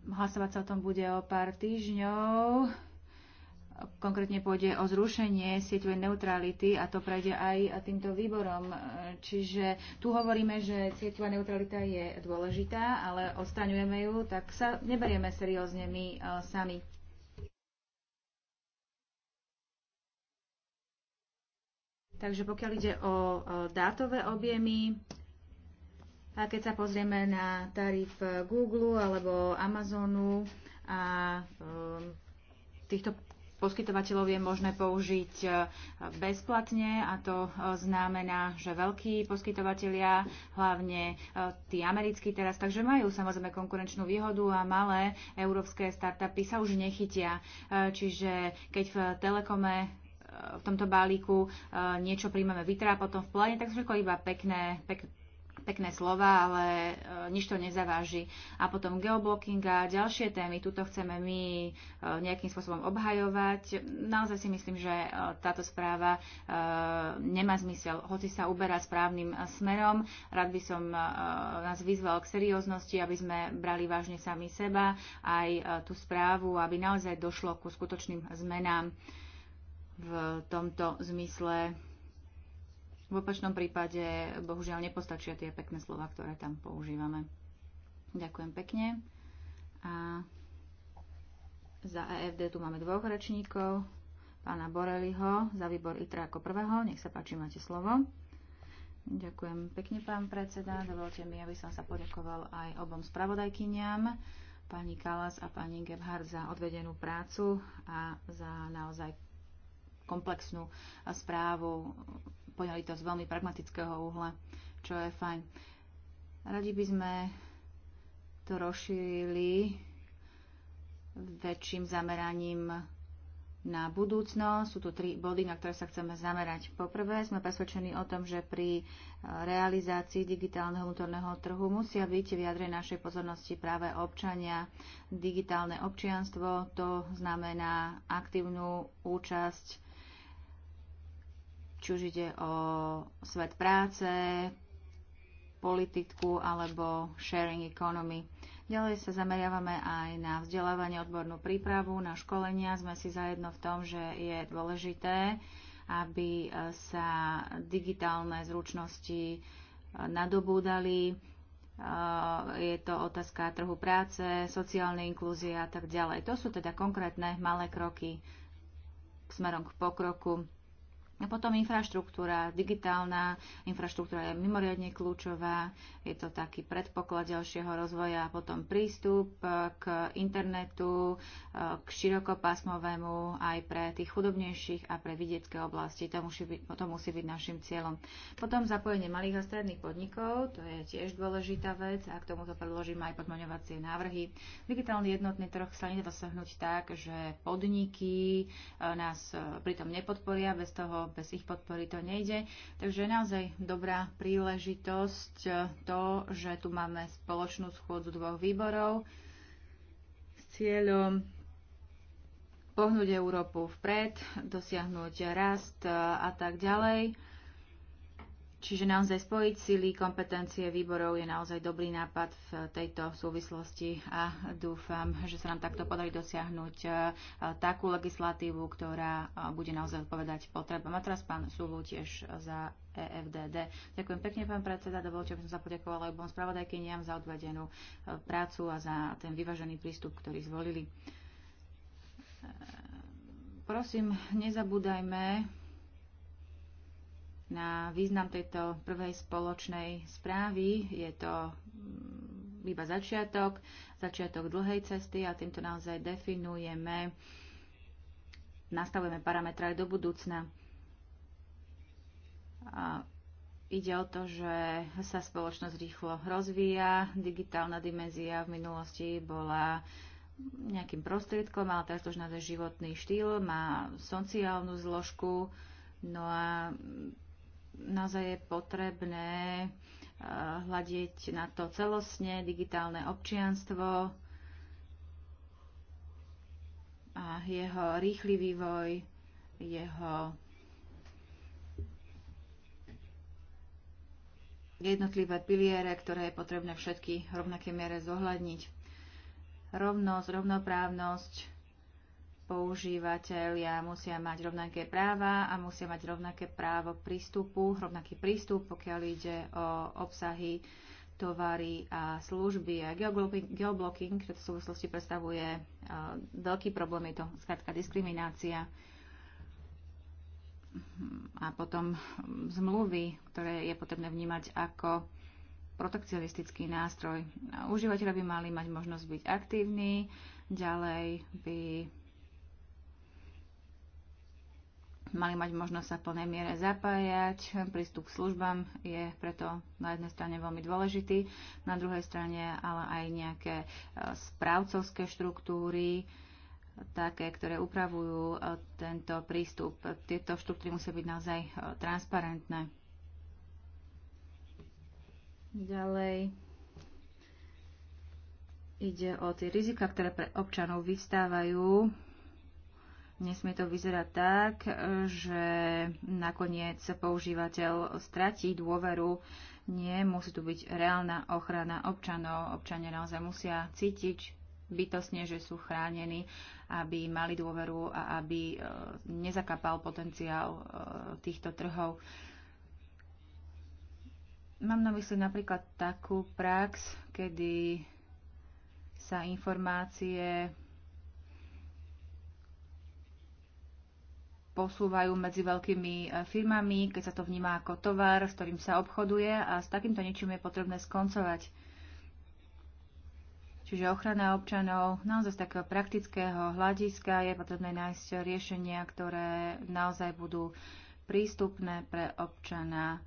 Hlasovať sa o tom bude o pár týždňov. Konkrétne pôjde o zrušenie sieťovej neutrality a to prejde aj týmto výborom. Čiže tu hovoríme, že sieťová neutralita je dôležitá, ale odstraňujeme ju, tak sa neberieme seriózne my e, sami. Takže pokiaľ ide o e, dátové objemy, a keď sa pozrieme na tarif Google alebo Amazonu a e, týchto poskytovateľov je možné použiť e, bezplatne a to e, znamená, že veľkí poskytovateľia, hlavne e, tí americkí teraz, takže majú samozrejme konkurenčnú výhodu a malé európske startupy sa už nechytia. Čiže keď v telekome v tomto balíku niečo príjmeme vytrá, potom v pláne, tak sú všetko iba pekné, pek, pekné slova, ale e, nič to nezaváži. A potom geoblocking a ďalšie témy, tuto chceme my e, nejakým spôsobom obhajovať. Naozaj si myslím, že e, táto správa nemá zmysel, hoci sa uberá správnym smerom. Rád by som nás vyzval k serióznosti, aby sme brali vážne sami seba, aj tú správu, aby naozaj došlo ku skutočným zmenám v tomto zmysle v opačnom prípade bohužiaľ nepostačia tie pekné slova, ktoré tam používame. Ďakujem pekne. A za EFD tu máme dvoch rečníkov. Pána Boreliho za výbor ITRA ako prvého. Nech sa páči, máte slovo. Ďakujem pekne, pán predseda. Dovolte mi, aby som sa poďakoval aj obom spravodajkyniam, pani Kalas a pani Gebhardt za odvedenú prácu a za naozaj komplexnú správu pojali to z veľmi pragmatického uhla, čo je fajn. Radi by sme to rozšírili väčším zameraním na budúcnosť. Sú tu tri body, na ktoré sa chceme zamerať. Poprvé, sme presvedčení o tom, že pri realizácii digitálneho vnútorného trhu musia byť v jadre našej pozornosti práve občania. Digitálne občianstvo to znamená aktívnu účasť či už ide o svet práce, politiku alebo sharing economy. Ďalej sa zameriavame aj na vzdelávanie, odbornú prípravu, na školenia. Sme si zajedno v tom, že je dôležité, aby sa digitálne zručnosti eh, nadobúdali. Eh, je to otázka trhu práce, sociálnej inklúzie a tak ďalej. To sú teda konkrétne malé kroky smerom k pokroku. A potom infraštruktúra, digitálna infraštruktúra je mimoriadne kľúčová, je to taký predpoklad ďalšieho rozvoja, potom prístup e, k internetu, e, k širokopásmovému aj pre tých chudobnejších a pre vidiecké oblasti, to musí byť, to musí byť našim cieľom. Potom zapojenie malých a stredných podnikov, to je tiež dôležitá vec a k tomuto predložím aj podmaňovacie návrhy. Digitálny jednotný trh sa nedá dosiahnuť tak, že podniky e, nás pritom nepodporia bez toho, bez ich podpory to nejde. Takže je naozaj dobrá príležitosť e, to, že tu máme spoločnú schôdzu dvoch výborov s cieľom pohnúť Európu vpred, dosiahnuť rast e, a tak ďalej. Čiže naozaj spojiť sily kompetencie výborov je naozaj dobrý nápad v tejto súvislosti a dúfam, že sa nám takto podarí dosiahnuť e, takú legislatívu, ktorá e, bude naozaj odpovedať potrebám. A teraz pán Sulu tiež za EFDD. Ďakujem pekne, pán predseda. Dovolte, aby som sa poďakovala obom spravodajkyniam za odvedenú e, prácu a za ten vyvážený prístup, ktorý zvolili. Prosím, nezabúdajme, na význam tejto prvej spoločnej správy. Je to mm, iba začiatok, začiatok dlhej cesty a týmto naozaj definujeme, nastavujeme parametre aj do budúcna. A ide o to, že sa spoločnosť rýchlo rozvíja, digitálna dimenzia v minulosti bola nejakým prostriedkom, ale teraz to už naozaj životný štýl, má sociálnu zložku, no a naozaj je potrebné eh, hľadiť na to celosne, digitálne občianstvo a jeho rýchly vývoj, jeho jednotlivé piliere, ktoré je potrebné všetky rovnaké miere zohľadniť. Rovnosť, rovnoprávnosť, používateľia musia mať rovnaké práva a musia mať rovnaké právo prístupu, rovnaký prístup, pokiaľ ide o obsahy, tovary a služby. A geoblocking, geoblocking v súvislosti predstavuje e, veľký problém, je to skratka diskriminácia a potom zmluvy, ktoré je potrebné vnímať ako protekcionistický nástroj. Užívateľe by mali mať možnosť byť aktívni, ďalej by mali mať možnosť sa v plnej miere zapájať. Prístup k službám je preto na jednej strane veľmi dôležitý, na druhej strane ale aj nejaké e, správcovské štruktúry, e, také, ktoré upravujú e, tento prístup. Tieto štruktúry musia byť naozaj transparentné. Ďalej ide o tie rizika, ktoré pre občanov vystávajú Nesmie to vyzerať tak, e, že nakoniec používateľ stratí dôveru. Nie, musí tu byť reálna ochrana občanov. Občania naozaj musia cítiť bytosne, že sú chránení, aby mali dôveru a aby e, nezakapal potenciál e, týchto trhov. Mám na mysli napríklad takú prax, kedy sa informácie posúvajú medzi veľkými e, firmami, keď sa to vníma ako tovar, s ktorým sa obchoduje a s takýmto niečím je potrebné skoncovať. Čiže ochrana občanov naozaj z takého praktického hľadiska je potrebné nájsť riešenia, ktoré naozaj budú prístupné pre občana.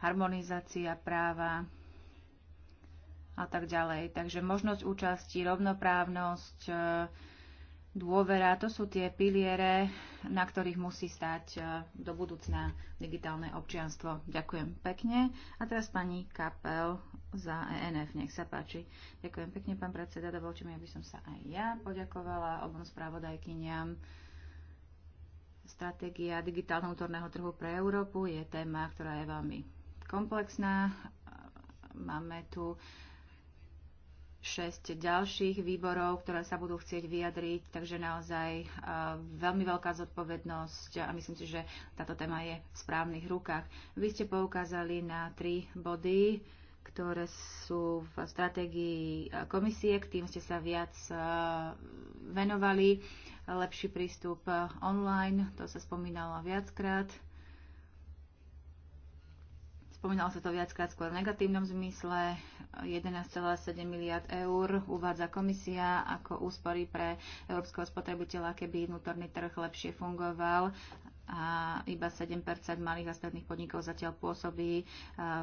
Harmonizácia práva a tak ďalej. Takže možnosť účasti, rovnoprávnosť, e, dôvera, to sú tie piliere, na ktorých musí stať e, do budúcna digitálne občianstvo. Ďakujem pekne. A teraz pani Kapel za ENF, nech sa páči. Ďakujem pekne, pán predseda, dovolte mi, aby som sa aj ja poďakovala obom spravodajkyniam. Stratégia digitálneho útorného trhu pre Európu je téma, ktorá je veľmi komplexná. Máme tu uh, 6 ďalších výborov, ktoré sa budú chcieť vyjadriť, takže naozaj e, veľmi veľká zodpovednosť a myslím si, že táto téma je v správnych rukách. Vy ste poukázali na tri body, ktoré sú v stratégii komisie, k tým ste sa viac e, venovali. Lepší prístup online, to sa spomínalo viackrát Spomínalo sa to viackrát skôr v negatívnom zmysle. 11,7 miliard eur uvádza komisia ako úspory pre európskeho spotrebiteľa, keby vnútorný trh lepšie fungoval a iba 7 malých a stredných podnikov zatiaľ pôsobí e,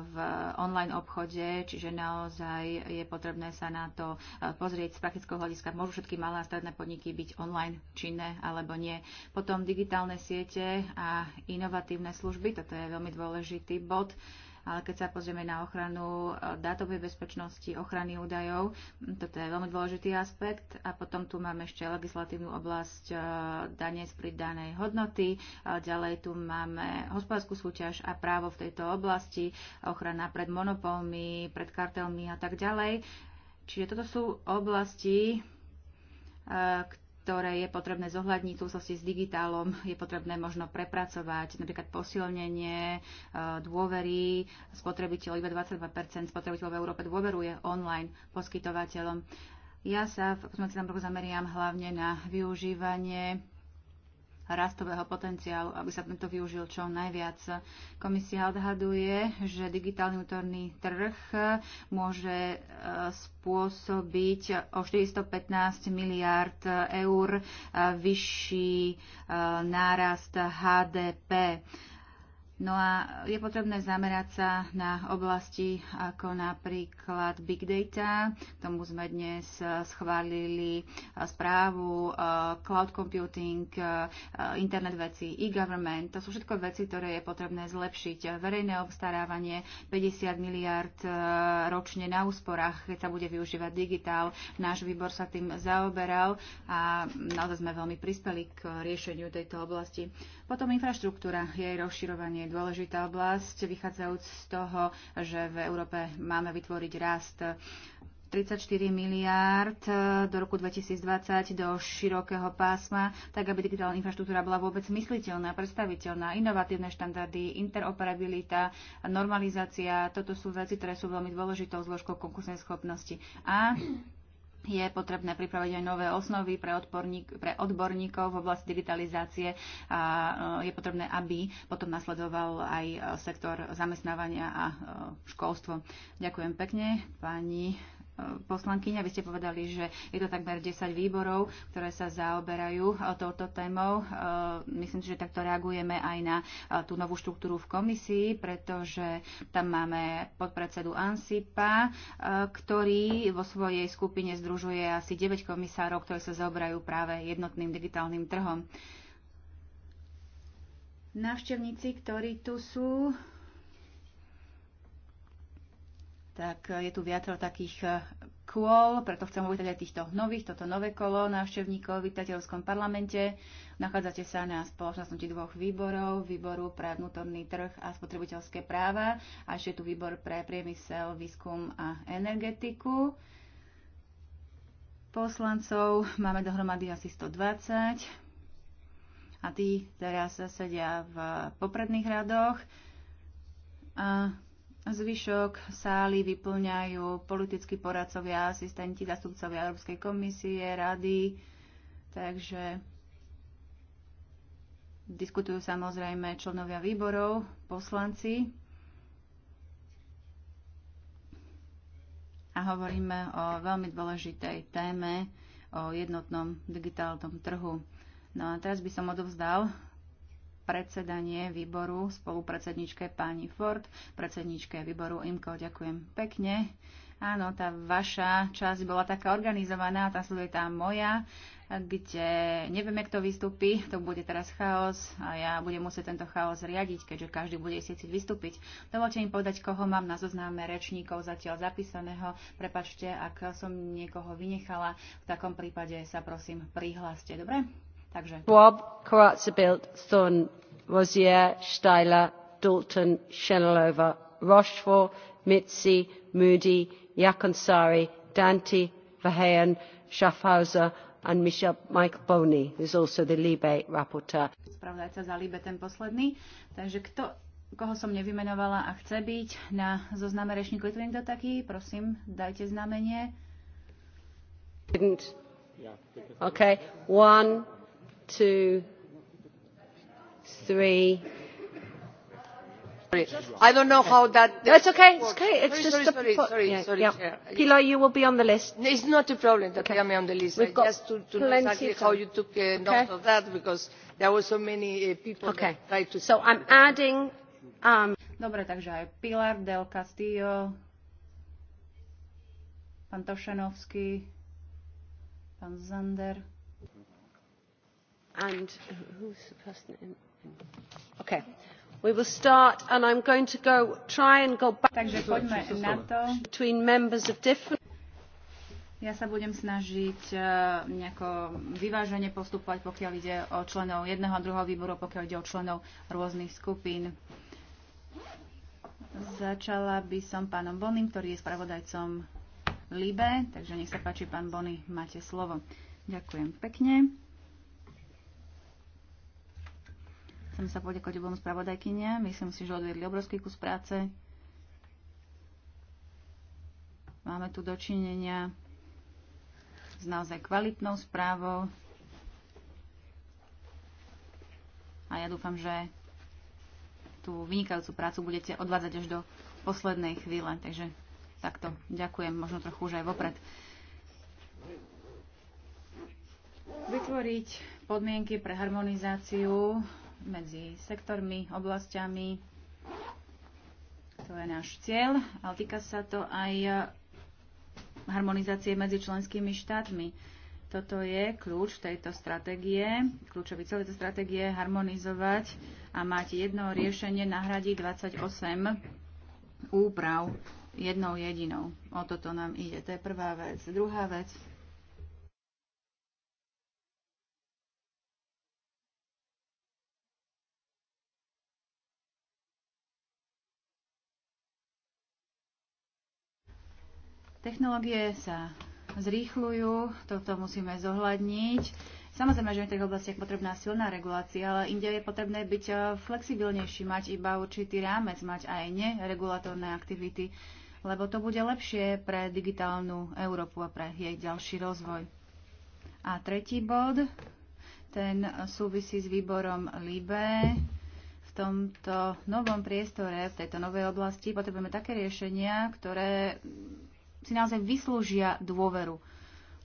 v online obchode, čiže naozaj je potrebné sa na to e, pozrieť z praktického hľadiska. Môžu všetky malé a stredné podniky byť online činné alebo nie. Potom digitálne siete a inovatívne služby, toto je veľmi dôležitý bod ale keď sa pozrieme na ochranu e, dátovej bezpečnosti, ochrany údajov, toto je veľmi dôležitý aspekt. A potom tu máme ešte legislatívnu oblasť e, dane z pridanej hodnoty, ďalej tu máme hospodárskú súťaž a právo v tejto oblasti, ochrana pred monopolmi, pred kartelmi a tak ďalej. Čiže toto sú oblasti, ktoré e, ktoré je potrebné zohľadniť v súvislosti s digitálom, je potrebné možno prepracovať, napríklad posilnenie e, dôvery spotrebiteľov, iba 22% spotrebiteľov v Európe dôveruje online poskytovateľom. Ja sa v pozmeňovacom roku zameriam hlavne na využívanie rastového potenciálu, aby sa tento využil čo najviac. Komisia odhaduje, že digitálny útorný trh môže e, spôsobiť o 415 miliárd eur e, vyšší e, nárast HDP. No a je potrebné zamerať sa na oblasti ako napríklad big data. Tomu sme dnes e, schválili e, správu e, cloud computing, internet veci, e-government. To sú všetko veci, ktoré je potrebné zlepšiť. Verejné obstarávanie 50 miliard ročne na úsporách, keď sa bude využívať digitál. Náš výbor sa tým zaoberal a naozaj sme veľmi prispeli k riešeniu tejto oblasti. Potom infraštruktúra, jej rozširovanie dôležitá oblasť, vychádzajúc z toho, že v Európe máme vytvoriť rast 34 miliárd e, do roku 2020 do širokého pásma, tak aby digitálna infraštruktúra bola vôbec mysliteľná, predstaviteľná, inovatívne štandardy, interoperabilita, normalizácia. Toto sú veci, ktoré sú veľmi dôležitou zložkou konkurenceschopnosti. A je potrebné pripraviť aj nové osnovy pre, odporník, pre odborníkov v oblasti digitalizácie a e, je potrebné, aby potom nasledoval aj e, sektor zamestnávania a e, školstvo. Ďakujem pekne, pani poslankyňa, vy ste povedali, že je to takmer 10 výborov, ktoré sa zaoberajú e, touto témou. E, myslím si, že takto reagujeme aj na e, tú novú štruktúru v komisii, pretože tam máme podpredsedu ANSIPA, ktorý vo svojej skupine združuje asi 9 komisárov, ktorí sa zaoberajú práve jednotným digitálnym trhom. Návštevníci, ktorí tu sú, tak je tu viacero takých eh, kôl, preto chcem uvítať aj týchto nových, toto nové kolo návštevníkov v Vitateľskom parlamente. Nachádzate sa na spoločnosti dvoch výborov, výboru pre vnútorný trh a spotrebiteľské práva a ešte je tu výbor pre priemysel, výskum a energetiku. Poslancov máme dohromady asi 120 a tí teraz sedia v popredných radoch. A Zvyšok sály vyplňajú politickí poradcovia, asistenti, zastupcovia Európskej komisie, rady, takže diskutujú samozrejme členovia výborov, poslanci a hovoríme o veľmi dôležitej téme, o jednotnom digitálnom trhu. No a teraz by som odovzdal predsedanie výboru spolupredsedničke pani Ford, predsedničke výboru IMKO. Ďakujem pekne. Áno, tá vaša časť bola taká organizovaná, tá je tá moja, kde nevieme, kto vystúpi, to bude teraz chaos a ja budem musieť tento chaos riadiť, keďže každý bude chcieť vystúpiť. Dovolte mi povedať, koho mám na zozname rečníkov zatiaľ zapísaného. Prepačte, ak som niekoho vynechala, v takom prípade sa prosím prihláste, dobre? Takže. Schwab, Corazza-Bildt, Thun, Rozier, Steiler, Dalton, Shenalova, Rochefort, Mitzi, Moody, Yakonsari, Danti, Verheyen, Schaffhauser and Michel, Michael Boney, who is also the Libe rapporteur. Spravodajca za Libe ten posledný. Takže kto, koho som nevymenovala a chce byť na zozname rečníkov, je tu niekto taký? Prosím, dajte znamenie. Okay. One, two, three. I don't know how that. That's no, okay. It's okay. It's sorry, just sorry, a sorry, sorry, yeah, sorry, yeah. Chair. Pilar, you will be on the list. No, it's not a problem that okay. I am on the list. We've I got just to, to know exactly how you took uh, okay. note of that because there were so many uh, people okay. that tried to. So I'm adding. Um, Dobre, takže aj Pilar del Castillo, pán Tošenovský, pán Zander and uh, who's the person in? Okay. We will start and I'm going to go try and go back Takže poďme na to. between members of different ja sa budem snažiť uh, nejako vyvážene postupovať, pokiaľ ide o členov jedného a druhého výboru, pokiaľ ide o členov rôznych skupín. Začala by som pánom Bonim, ktorý je spravodajcom LIBE, takže nech sa páči, pán Bonny, máte slovo. Ďakujem pekne. Chcem sa poďakovať obom spravodajkynia. Myslím si, že odvedli obrovský kus práce. Máme tu dočinenia s naozaj kvalitnou správou. A ja dúfam, že tú vynikajúcu prácu budete odvádzať až do poslednej chvíle. Takže takto ďakujem, možno trochu už aj vopred. Vytvoriť podmienky pre harmonizáciu medzi sektormi, oblastiami. To je náš cieľ, ale týka sa to aj harmonizácie medzi členskými štátmi. Toto je kľúč tejto stratégie, kľúčový cieľ tejto stratégie je harmonizovať a mať jedno riešenie nahradiť 28 úprav jednou jedinou. O toto nám ide. To je prvá vec. Druhá vec, Technológie sa zrýchľujú, toto musíme zohľadniť. Samozrejme, že v tých oblastiach potrebná silná regulácia, ale inde je potrebné byť eh, flexibilnejší, mať iba určitý rámec, mať aj neregulatórne aktivity, lebo to bude lepšie pre digitálnu Európu a pre jej ďalší rozvoj. A tretí bod, ten súvisí s výborom LIBE. V tomto novom priestore, v tejto novej oblasti potrebujeme také riešenia, ktoré si naozaj vyslúžia dôveru,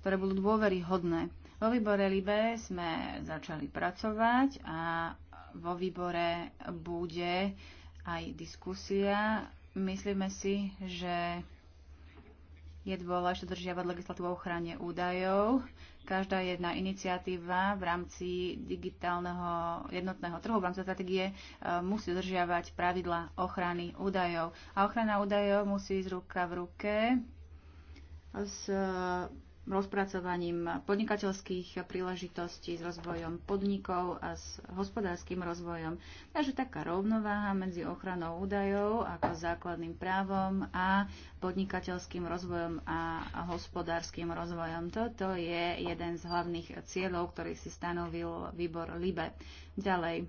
ktoré budú dôveryhodné. Vo výbore Libe sme začali pracovať a vo výbore bude aj diskusia. Myslíme si, že je dôležité držiavať legislatívu o ochrane údajov. Každá jedna iniciatíva v rámci digitálneho jednotného trhu, v rámci strategie e, musí držiavať pravidla ochrany údajov. A ochrana údajov musí ísť ruka v ruke s eh, rozpracovaním podnikateľských príležitostí, s rozvojom podnikov a s hospodárskym rozvojom. Takže taká rovnováha medzi ochranou údajov ako základným právom a podnikateľským rozvojom a hospodárskym rozvojom. Toto je jeden z hlavných cieľov, ktorý si stanovil výbor LIBE. Ďalej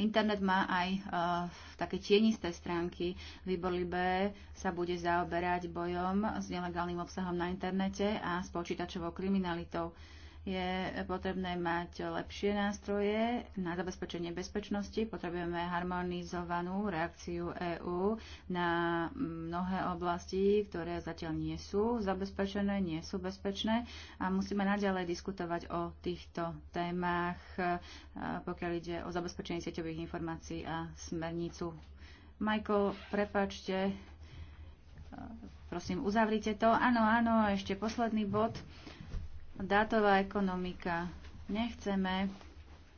Internet má aj uh, také tienisté stránky. Výbor Libé sa bude zaoberať bojom s nelegálnym obsahom na internete a s počítačovou kriminalitou. Uh, je potrebné mať lepšie nástroje na zabezpečenie bezpečnosti. Potrebujeme harmonizovanú reakciu EÚ na mnohé oblasti, ktoré zatiaľ nie sú zabezpečené, nie sú bezpečné a musíme naďalej diskutovať o týchto témach, pokiaľ ide o zabezpečenie sieťových informácií a smernicu. Michael, prepačte, prosím, uzavrite to. Áno, áno, ešte posledný bod dátová ekonomika. Nechceme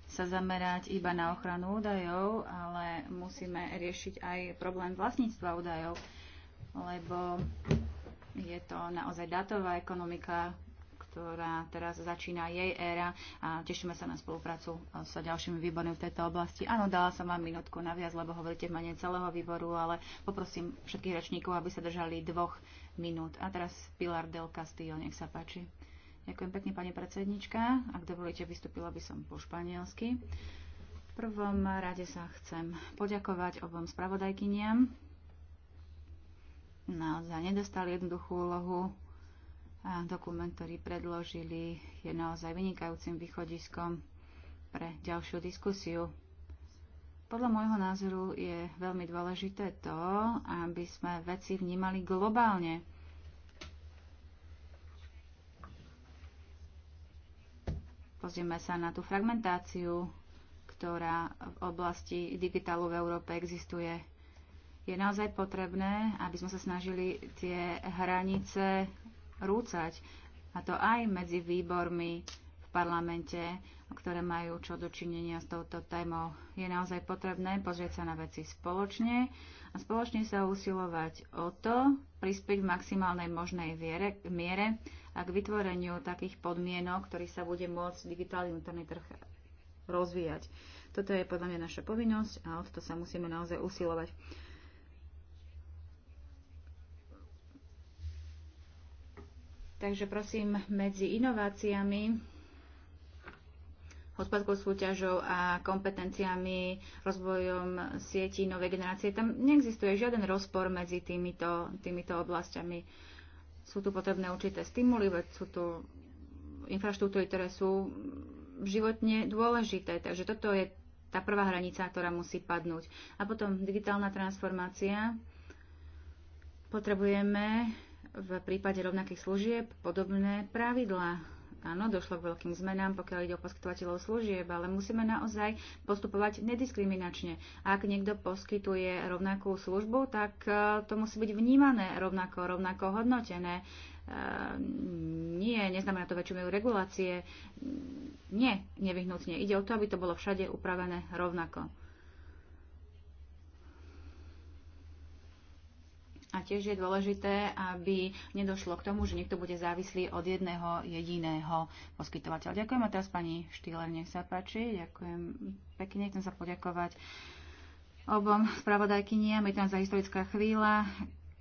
sa zamerať iba na ochranu údajov, ale musíme riešiť aj problém vlastníctva údajov, lebo je to naozaj dátová ekonomika, ktorá teraz začína jej éra a tešíme sa na spoluprácu sa ďalšími výbormi v tejto oblasti. Áno, dala som vám minútku naviac, lebo hovoríte v mene celého výboru, ale poprosím všetkých rečníkov, aby sa držali dvoch minút. A teraz Pilar del Castillo, nech sa páči. Ďakujem pekne, pani predsednička. Ak dovolíte, vystúpila by som po španielsky. V prvom rade sa chcem poďakovať obom spravodajkyniam. Naozaj nedostali jednoduchú úlohu. A dokument, ktorý predložili, je naozaj vynikajúcim východiskom pre ďalšiu diskusiu. Podľa môjho názoru je veľmi dôležité to, aby sme veci vnímali globálne Pozrieme sa na tú fragmentáciu, ktorá v oblasti digitálu v Európe existuje. Je naozaj potrebné, aby sme sa snažili tie hranice rúcať, a to aj medzi výbormi v parlamente, ktoré majú čo dočinenia s touto témou. Je naozaj potrebné pozrieť sa na veci spoločne a spoločne sa usilovať o to, prispieť v maximálnej možnej viere, miere a k vytvoreniu takých podmienok, ktorý sa bude môcť digitálny interný trh rozvíjať. Toto je podľa mňa naša povinnosť a o to sa musíme naozaj usilovať. Takže prosím, medzi inováciami hospodárskou súťažou a kompetenciami, rozvojom sietí novej generácie. Tam neexistuje žiaden rozpor medzi týmito, týmito oblastiami. Sú tu potrebné určité stimuly, veď sú tu infraštruktúry, ktoré sú životne dôležité. Takže toto je tá prvá hranica, ktorá musí padnúť. A potom digitálna transformácia. Potrebujeme v prípade rovnakých služieb podobné pravidlá Áno, došlo k veľkým zmenám, pokiaľ ide o poskytovateľov služieb, ale musíme naozaj postupovať nediskriminačne. Ak niekto poskytuje rovnakú službu, tak e, to musí byť vnímané rovnako, rovnako hodnotené. E, nie, neznamená to väčšiu regulácie. Nie, nevyhnutne. Ide o to, aby to bolo všade upravené rovnako. A tiež je dôležité, aby nedošlo k tomu, že niekto bude závislý od jedného jediného poskytovateľa. Ďakujem a teraz pani Štýler, nech sa páči. Ďakujem pekne, chcem sa poďakovať obom spravodajkyniam. Je tam za historická chvíľa,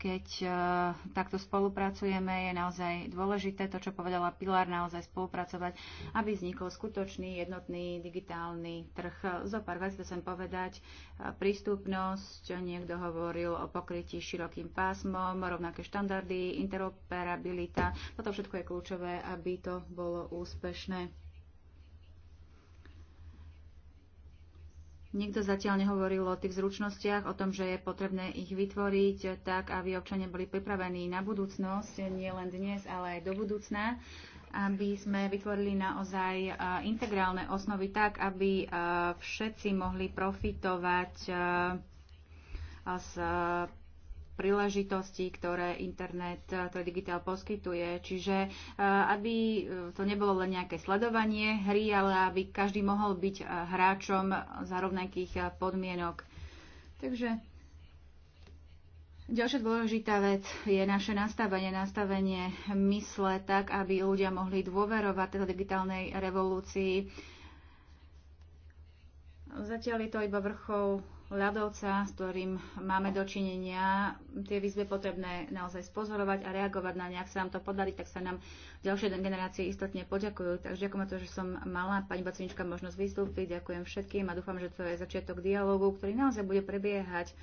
keď e, takto spolupracujeme, je naozaj dôležité to, čo povedala Pilar, naozaj spolupracovať, aby vznikol skutočný jednotný digitálny trh. Zo pár vecí chcem povedať. E, prístupnosť, niekto hovoril o pokrytí širokým pásmom, rovnaké štandardy, interoperabilita. Toto všetko je kľúčové, aby to bolo úspešné. Nikto zatiaľ nehovoril o tých zručnostiach, o tom, že je potrebné ich vytvoriť tak, aby občania boli pripravení na budúcnosť, nie len dnes, ale aj do budúcna aby sme vytvorili naozaj e, integrálne osnovy tak, aby e, všetci mohli profitovať e, z príležitostí, ktoré internet, eh, ktorý digitál poskytuje. Čiže eh, aby eh, to nebolo len nejaké sledovanie hry, ale aby každý mohol byť hráčom za rovnakých podmienok. Takže Ďalšia dôležitá vec je naše nastavenie, nastavenie mysle tak, aby ľudia mohli dôverovať tejto digitálnej revolúcii. Zatiaľ je to iba vrchol ľadovca, s ktorým máme dočinenia. Tie výzvy potrebné naozaj spozorovať a reagovať na ne. Ak sa nám to podarí, tak sa nám ďalšie generácie istotne poďakujú. Takže ďakujem to, že som mala pani Bacinička možnosť vystúpiť. Ďakujem všetkým a dúfam, že to je začiatok dialogu, ktorý naozaj bude prebiehať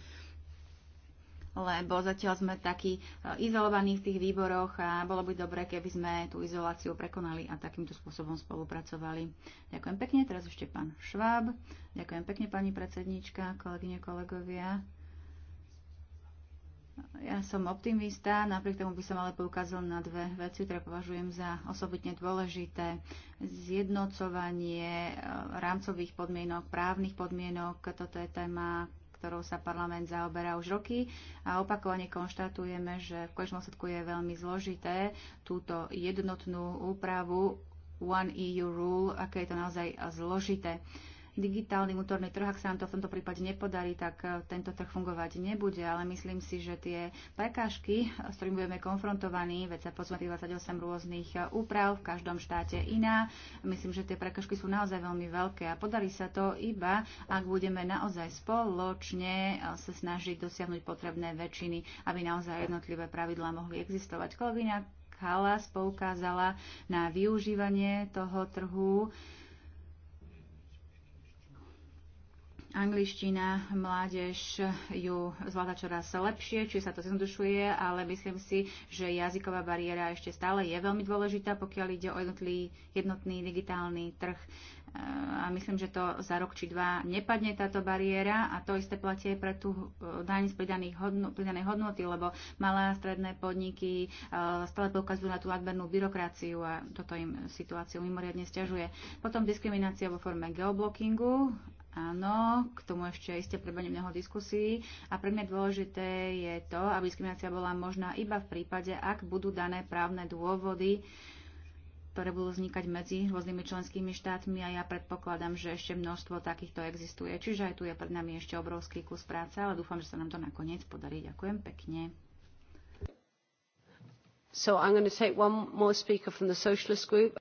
lebo zatiaľ sme takí e, izolovaní v tých výboroch a bolo by dobre, keby sme tú izoláciu prekonali a takýmto spôsobom spolupracovali. Ďakujem pekne, teraz ešte pán Šváb. Ďakujem pekne, pani predsednička, kolegyne, kolegovia. Ja som optimista, napriek tomu by som ale poukázal na dve veci, ktoré považujem za osobitne dôležité. Zjednocovanie e, rámcových podmienok, právnych podmienok, toto je téma, ktorou sa parlament zaoberá už roky a opakovane konštatujeme, že v konečnom sledku je veľmi zložité túto jednotnú úpravu One EU Rule, aké je to naozaj zložité digitálny vnútorný trh, ak sa nám to v tomto prípade nepodarí, tak e, tento trh fungovať nebude, ale myslím si, že tie prekážky, e, s ktorými budeme konfrontovaní, veď sa pozme 28 rôznych e, úprav, v každom štáte iná, myslím, že tie prekážky sú naozaj veľmi veľké a podarí sa to iba, ak budeme naozaj spoločne sa snažiť dosiahnuť potrebné väčšiny, aby naozaj jednotlivé pravidlá mohli existovať. Kolegyňa Kala poukázala na využívanie toho trhu Angličtina, mládež ju zvláda čoraz lepšie, či sa to zjednodušuje, ale myslím si, že jazyková bariéra ešte stále je veľmi dôležitá, pokiaľ ide o jednotlý, jednotný digitálny trh. A myslím, že to za rok či dva nepadne táto bariéra a to isté platie pre tú e, daň z pridanej hodno, hodnoty, lebo malé a stredné podniky e, stále poukazujú na tú nadmernú byrokraciu a toto im situáciu mimoriadne stiažuje. Potom diskriminácia vo forme geoblockingu, Áno, k tomu ešte iste prebehne mnoho diskusí a pre mňa dôležité je to, aby diskriminácia bola možná iba v prípade, ak budú dané právne dôvody, ktoré budú vznikať medzi rôznymi členskými štátmi a ja predpokladám, že ešte množstvo takýchto existuje. Čiže aj tu je pred nami ešte obrovský kus práce, ale dúfam, že sa nám to nakoniec podarí. Ďakujem pekne. So I'm going to take one more speaker from the socialist group.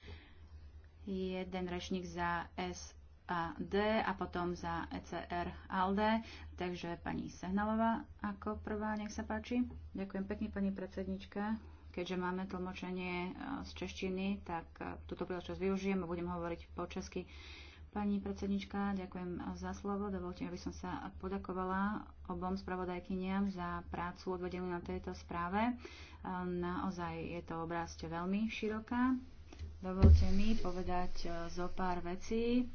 Jeden rečník za S a D a potom za ECR ALDE. Takže pani Sehnalová ako prvá, nech sa páči. Ďakujem pekne, pani predsednička. Keďže máme tlmočenie e, z češtiny, tak e, túto príležitosť využijem a budem hovoriť po česky. Pani predsednička, ďakujem za slovo. Dovolte, aby som sa podakovala obom spravodajkyniam za prácu odvedenú na tejto správe. E, naozaj je to oblasť veľmi široká. Dovolte mi povedať zo pár vecí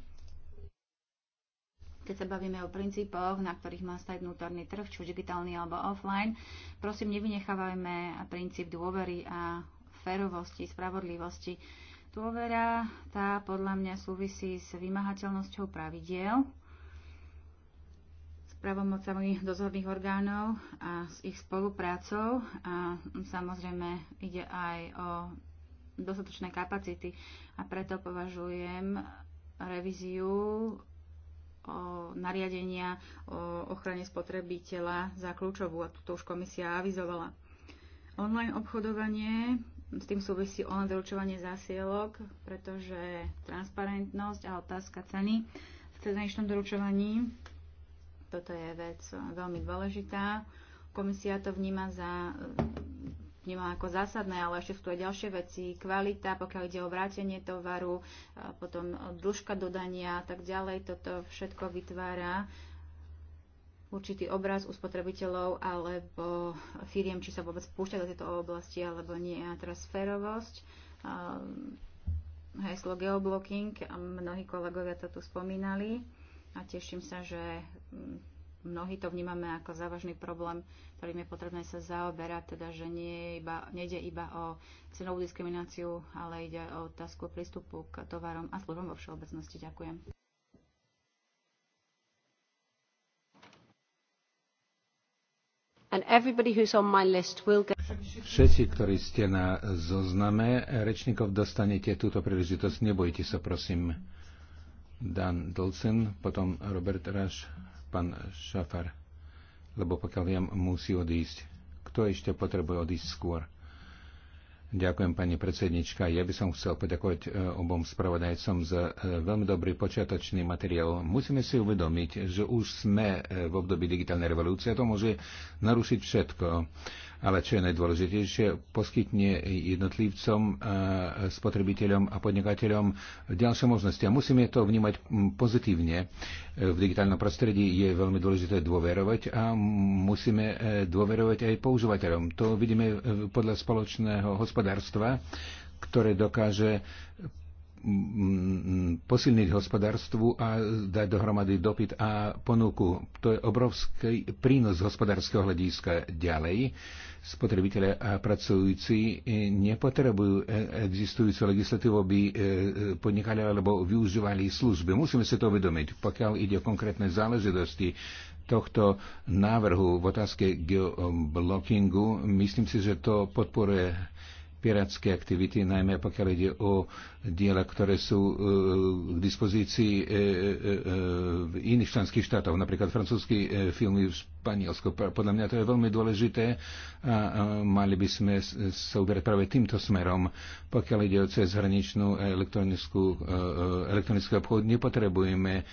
keď sa bavíme o princípoch, na ktorých má stať vnútorný trh, či už digitálny alebo offline, prosím, nevynechávajme princíp dôvery a férovosti, spravodlivosti. Dôvera tá podľa mňa súvisí s vymahateľnosťou pravidiel, s pravomocami dozorných orgánov a s ich spoluprácou a samozrejme ide aj o dostatočné kapacity a preto považujem revíziu nariadenia o ochrane spotrebiteľa za kľúčovú a túto už komisia avizovala. Online obchodovanie, s tým súvisí online doručovanie zásielok, pretože transparentnosť a otázka ceny v cezhraničnom doručovaní, toto je vec veľmi dôležitá. Komisia to vníma za vnímam ako zásadné, ale ešte sú tu aj ďalšie veci, kvalita, pokiaľ ide o vrátenie tovaru, potom dĺžka dodania a tak ďalej. Toto všetko vytvára určitý obraz u spotrebiteľov alebo firiem, či sa vôbec púšťa do tejto oblasti alebo nie. A teraz férovosť, heslo geoblocking, mnohí kolegovia to tu spomínali a teším sa, že mm, mnohí to vnímame ako závažný problém, ktorým je potrebné sa zaoberať, teda že nie iba, nejde iba o cenovú diskrimináciu, ale ide o otázku prístupu k tovarom a službám vo všeobecnosti. Ďakujem. Všetci, ktorí ste na zozname rečníkov, dostanete túto príležitosť. Nebojte sa, prosím. Dan Dolcen, potom Robert Raš, pán Šafar, lebo pokiaľ viem, musí odísť. Kto ešte potrebuje odísť skôr? Ďakujem, pani predsednička. Ja by som chcel poďakovať e, obom spravodajcom za e, veľmi dobrý počiatočný materiál. Musíme si uvedomiť, že už sme e, v období digitálnej revolúcie a to môže narušiť všetko. Ale čo je najdôležitejšie, poskytne jednotlivcom, spotrebiteľom a podnikateľom ďalšie možnosti. A musíme to vnímať pozitívne. V digitálnom prostredí je veľmi dôležité dôverovať a musíme dôverovať aj používateľom. To vidíme podľa spoločného hospodárstva hospodárstva, ktoré dokáže mm, mm, posilniť hospodárstvu a dať dohromady dopyt a ponuku. To je obrovský prínos hospodárskeho hľadiska ďalej. Spotrebitelia a pracujúci e, nepotrebujú e, existujúcu legislatívu, aby e, podnikali alebo využívali služby. Musíme si to uvedomiť. Pokiaľ ide o konkrétne záležitosti tohto návrhu v otázke geoblockingu, myslím si, že to podporuje pirátske aktivity, najmä pokiaľ ide o diela, ktoré sú e, e, k dispozícii e, v iných členských štátov. Napríklad francúzsky filmy v Španielsko. Podľa mňa to je veľmi dôležité a mali by sme sa uberať práve týmto smerom. Pokiaľ ide o cezhraničnú elektronickú, e, e, elektronickú obchod, nepotrebujeme e,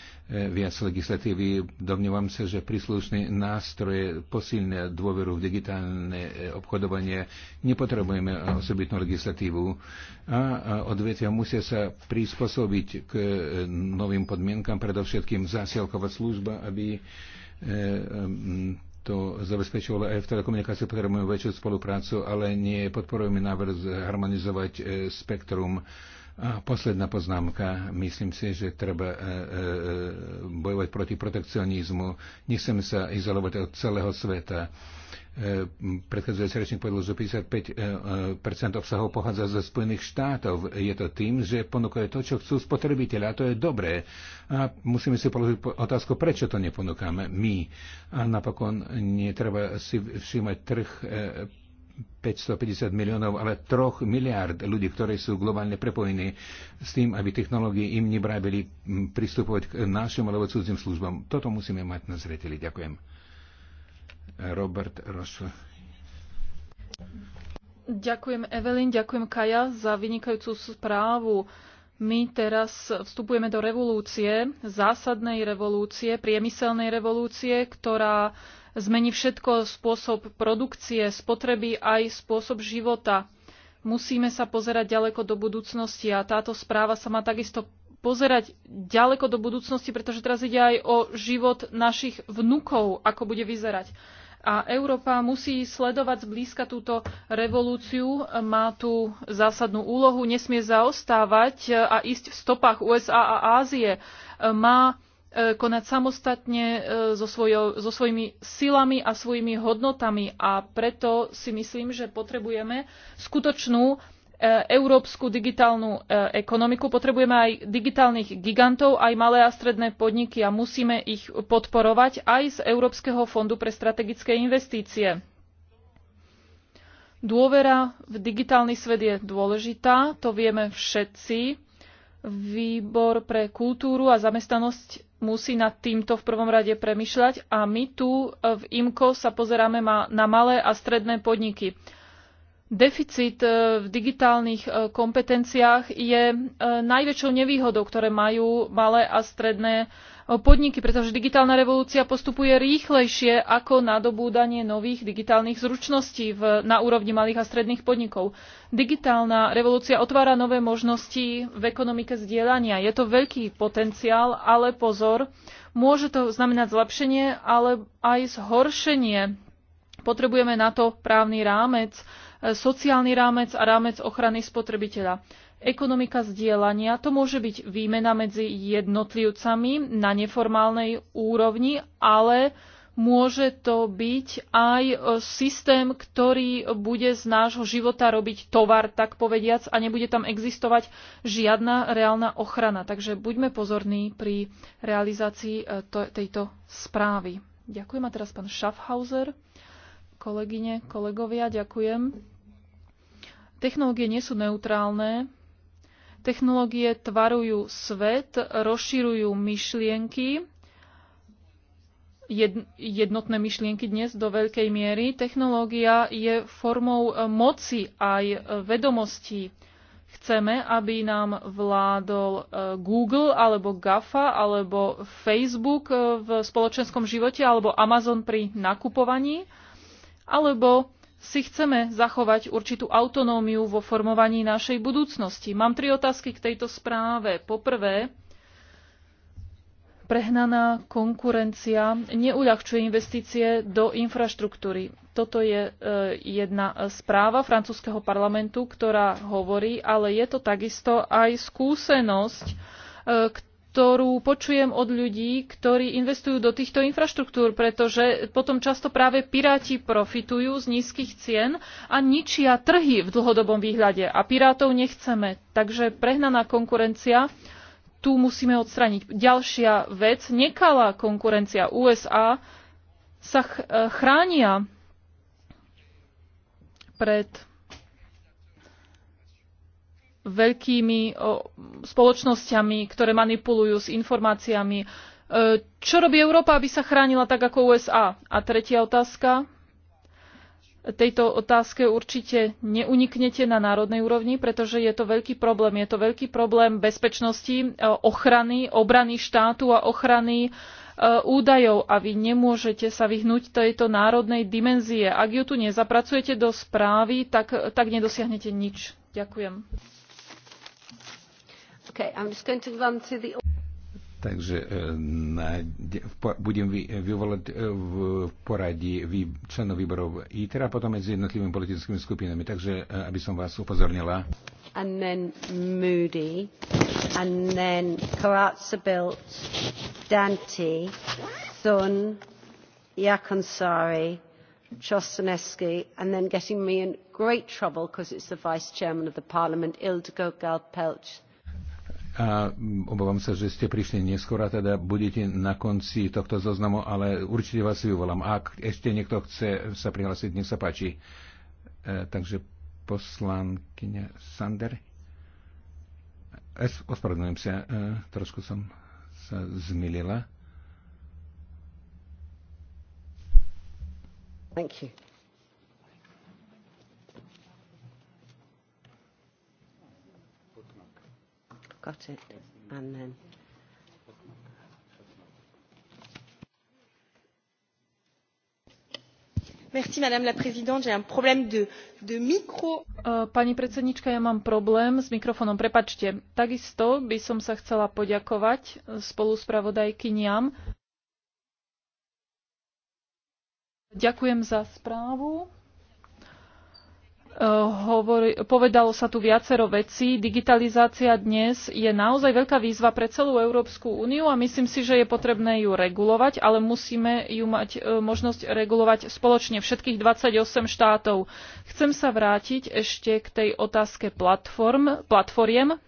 viac legislatívy. Domnievam sa, že príslušné nástroje posilnia dôveru v digitálne obchodovanie. Nepotrebujeme osobitnú legislatívu. A odvetvia musia sa prispôsobiť k novým podmienkam, predovšetkým zásielková služba, aby E, to zabezpečovalo aj v telekomunikácii, potrebujeme väčšiu spoluprácu, ale nie podporujeme návrh harmonizovať e, spektrum. A posledná poznámka. Myslím si, že treba e, bojovať proti protekcionizmu. Nechceme sa izolovať od celého sveta E, predchádzajúci rečník povedal, že 55% e, e, obsahov pochádza zo Spojených štátov. Je to tým, že ponúkajú to, čo chcú spotrebiteľe a to je dobré. A musíme si položiť otázku, prečo to neponúkame my. A napokon netreba si všímať trh 550 miliónov, ale 3 miliárd ľudí, ktorí sú globálne prepojení s tým, aby technológie im nebrábili pristupovať k našim alebo cudzím službám. Toto musíme mať na zreteli. Ďakujem. Robert Ross. Ďakujem Evelyn, ďakujem Kaja za vynikajúcu správu. My teraz vstupujeme do revolúcie, zásadnej revolúcie, priemyselnej revolúcie, ktorá zmení všetko spôsob produkcie, spotreby aj spôsob života. Musíme sa pozerať ďaleko do budúcnosti a táto správa sa má takisto pozerať ďaleko do budúcnosti, pretože teraz ide aj o život našich vnukov, ako bude vyzerať a Európa musí sledovať zblízka túto revolúciu, má tu zásadnú úlohu, nesmie zaostávať e, a ísť v stopách USA a Ázie. E, má e, konať samostatne so, svojo, so svojimi silami a svojimi hodnotami a preto si myslím, že potrebujeme skutočnú E, európsku digitálnu e, ekonomiku, potrebujeme aj digitálnych gigantov, aj malé a stredné podniky a musíme ich podporovať aj z Európskeho fondu pre strategické investície. Dôvera v digitálny svet je dôležitá, to vieme všetci. Výbor pre kultúru a zamestnanosť musí nad týmto v prvom rade premyšľať a my tu v IMCO sa pozeráme na malé a stredné podniky. Deficit e, v digitálnych e, kompetenciách je e, najväčšou nevýhodou, ktoré majú malé a stredné podniky, pretože digitálna revolúcia postupuje rýchlejšie ako nadobúdanie nových digitálnych zručností v, na úrovni malých a stredných podnikov. Digitálna revolúcia otvára nové možnosti v ekonomike zdieľania. Je to veľký potenciál, ale pozor, môže to znamenať zlepšenie, ale aj zhoršenie. Potrebujeme na to právny rámec, sociálny rámec a rámec ochrany spotrebiteľa. Ekonomika zdieľania to môže byť výmena medzi jednotlivcami na neformálnej úrovni, ale môže to byť aj e, systém, ktorý bude z nášho života robiť tovar, tak povediac, a nebude tam existovať žiadna reálna ochrana. Takže buďme pozorní pri realizácii e, tejto správy. Ďakujem a teraz pán Schaffhauser kolegyne, kolegovia, ďakujem. Technológie nie sú neutrálne. Technológie tvarujú svet, rozširujú myšlienky, jednotné myšlienky dnes do veľkej miery. Technológia je formou moci aj vedomostí. Chceme, aby nám vládol e, Google alebo GAFA alebo Facebook e, v spoločenskom živote alebo Amazon pri nakupovaní alebo si chceme zachovať určitú autonómiu vo formovaní našej budúcnosti. Mám tri otázky k tejto správe. Poprvé, prehnaná konkurencia neuľahčuje investície do infraštruktúry. Toto je e, jedna správa francúzského parlamentu, ktorá hovorí, ale je to takisto aj skúsenosť, ktorá. E, ktorú počujem od ľudí, ktorí investujú do týchto infraštruktúr, pretože potom často práve piráti profitujú z nízkych cien a ničia trhy v dlhodobom výhľade. A pirátov nechceme. Takže prehnaná konkurencia tu musíme odstraniť. Ďalšia vec, nekalá konkurencia USA sa e, chránia pred veľkými spoločnosťami, ktoré manipulujú s informáciami. E, čo robí Európa, aby sa chránila tak ako USA? A tretia otázka. Tejto otázke určite neuniknete na národnej úrovni, pretože je to veľký problém. Je to veľký problém bezpečnosti, e, ochrany, obrany štátu a ochrany e, údajov a vy nemôžete sa vyhnúť tejto národnej dimenzie. Ak ju tu nezapracujete do správy, tak, tak nedosiahnete nič. Ďakujem. Okay, I'm just going to run through the... Takže e, na, budem vy, e, vyvolať e, v poradí vy, členov výborov ITER a potom medzi jednotlivými politickými skupinami. Takže aby som vás upozornila. And then Moody, and then Karatsabilt, Dante, Thun, Jakonsari, Chostanescu, and then getting me in great trouble because it's the vice chairman of the parliament, Ildiko Galpelch a obávam sa, že ste prišli neskôr a teda budete na konci tohto zoznamu, ale určite vás vyvolám. Ak ešte niekto chce sa prihlásiť, nech sa páči. E, takže poslankyňa Sander. Es, ospravedlňujem sa, e, trošku som sa zmilila. Thank you. got it, and then. Merci, Madame la Présidente. J'ai un problème de, de micro. Eh, pani predsednička, ja mám problém s mikrofónom. Prepačte. Takisto by som sa chcela poďakovať spolu s pravodajkyniam. Ďakujem za správu hovor, povedalo sa tu viacero vecí. Digitalizácia dnes je naozaj veľká výzva pre celú Európsku úniu a myslím si, že je potrebné ju regulovať, ale musíme ju mať e, možnosť regulovať spoločne všetkých 28 štátov. Chcem sa vrátiť ešte k tej otázke platform, platformiem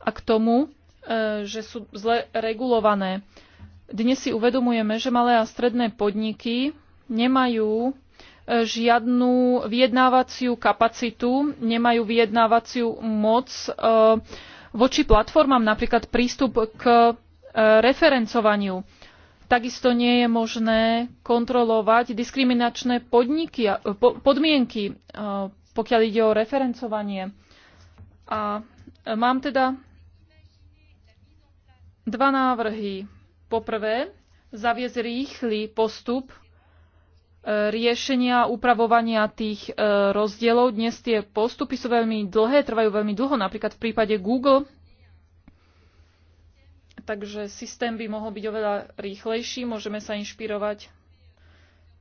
a k tomu, e, že sú zle regulované. Dnes si uvedomujeme, že malé a stredné podniky nemajú žiadnu vyjednávaciu kapacitu, nemajú vyjednávaciu moc e, voči platformám, napríklad prístup k e, referencovaniu. Takisto nie je možné kontrolovať diskriminačné podniky, e, podmienky, pokiaľ ide o referencovanie. A mám teda dva návrhy. Poprvé, zaviesť rýchly postup E, riešenia, upravovania tých e, rozdielov. Dnes tie postupy sú veľmi dlhé, trvajú veľmi dlho, napríklad v prípade Google. Takže systém by mohol byť oveľa rýchlejší, môžeme sa inšpirovať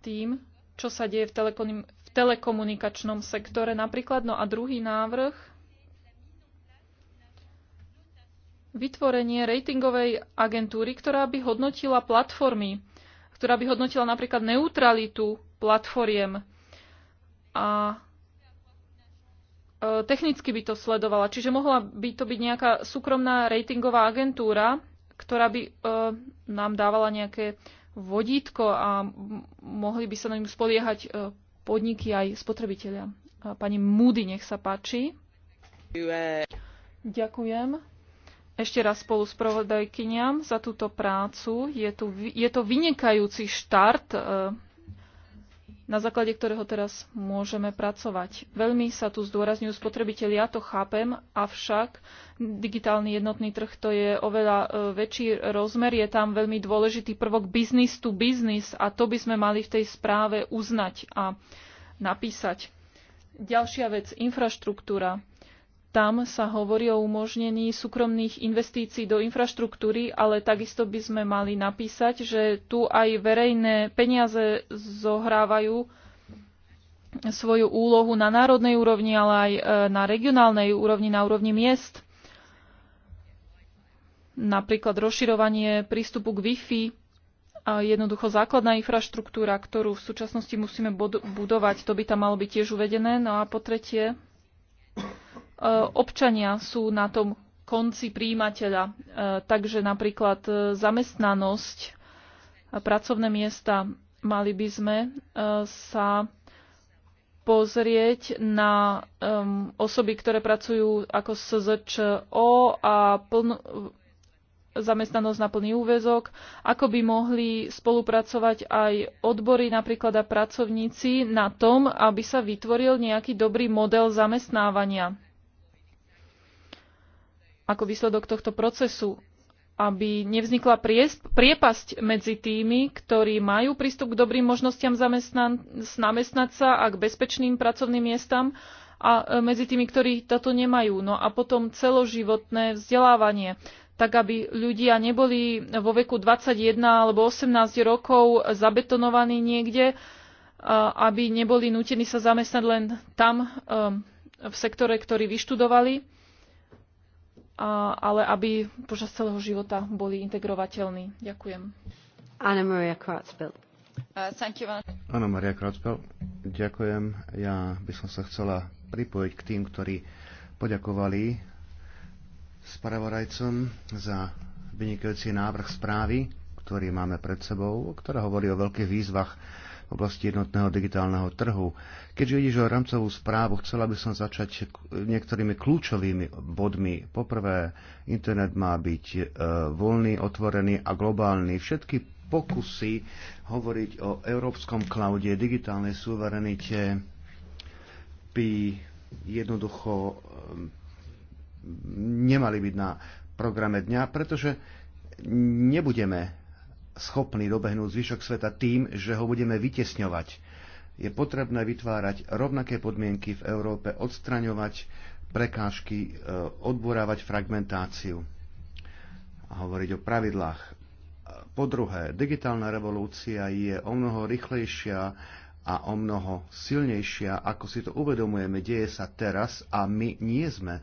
tým, čo sa deje v, telekom- v telekomunikačnom sektore napríklad. No a druhý návrh, vytvorenie ratingovej agentúry, ktorá by hodnotila platformy ktorá by hodnotila napríklad neutralitu platformiem a e, technicky by to sledovala. Čiže mohla by to byť nejaká súkromná ratingová agentúra, ktorá by e, nám dávala nejaké vodítko a mohli by sa na ňu spoliehať e, podniky aj spotrebitelia. Pani Moody, nech sa páči. Ďakujem ešte raz spolu s provodajkyniam za túto prácu. Je, tu, je to vynikajúci štart, e, na základe ktorého teraz môžeme pracovať. Veľmi sa tu zdôrazňujú spotrebitelia, ja to chápem, avšak digitálny jednotný trh to je oveľa e, väčší rozmer, je tam veľmi dôležitý prvok business to business a to by sme mali v tej správe uznať a napísať. Ďalšia vec, infraštruktúra tam sa hovorí o umožnení súkromných investícií do infraštruktúry, ale takisto by sme mali napísať, že tu aj verejné peniaze zohrávajú svoju úlohu na národnej úrovni, ale aj e, na regionálnej úrovni, na úrovni miest. Napríklad rozširovanie prístupu k Wi-Fi, jednoducho základná infraštruktúra, ktorú v súčasnosti musíme budovať, to by tam malo byť tiež uvedené. No a po tretie, Eh, občania sú na tom konci príjimateľa. Eh, takže napríklad eh, zamestnanosť a pracovné miesta mali by sme sa pozrieť na um, osoby, ktoré pracujú ako SZČO a pln- zamestnanosť na plný úvezok, ako by mohli spolupracovať aj odbory, napríklad a pracovníci na tom, aby sa vytvoril nejaký dobrý model zamestnávania ako výsledok tohto procesu, aby nevznikla priepasť medzi tými, ktorí majú prístup k dobrým možnostiam zamestnať sa a k bezpečným pracovným miestam a e, medzi tými, ktorí toto nemajú. No a potom celoživotné vzdelávanie tak aby ľudia neboli vo veku 21 alebo 18 rokov zabetonovaní niekde, e, aby neboli nútení sa zamestnať len tam e, v sektore, ktorý vyštudovali ale aby počas celého života boli integrovateľní. Ďakujem. Anna Maria Kratzfeld. Uh, Anna Maria Kratzfeld. Ďakujem. Ja by som sa chcela pripojiť k tým, ktorí poďakovali spravodajcom za vynikajúci návrh správy, ktorý máme pred sebou, ktorá hovorí o veľkých výzvach oblasti jednotného digitálneho trhu. Keďže ide o rámcovú správu, chcela by som začať niektorými kľúčovými bodmi. Poprvé, internet má byť e, voľný, otvorený a globálny. Všetky pokusy hovoriť o európskom klaude, digitálnej suverenite by jednoducho e, nemali byť na programe dňa, pretože nebudeme schopní dobehnúť zvyšok sveta tým, že ho budeme vytesňovať. Je potrebné vytvárať rovnaké podmienky v Európe, odstraňovať prekážky, e, odburávať fragmentáciu a hovoriť o pravidlách. E, po druhé, digitálna revolúcia je o mnoho rýchlejšia a o mnoho silnejšia, ako si to uvedomujeme, deje sa teraz a my nie sme,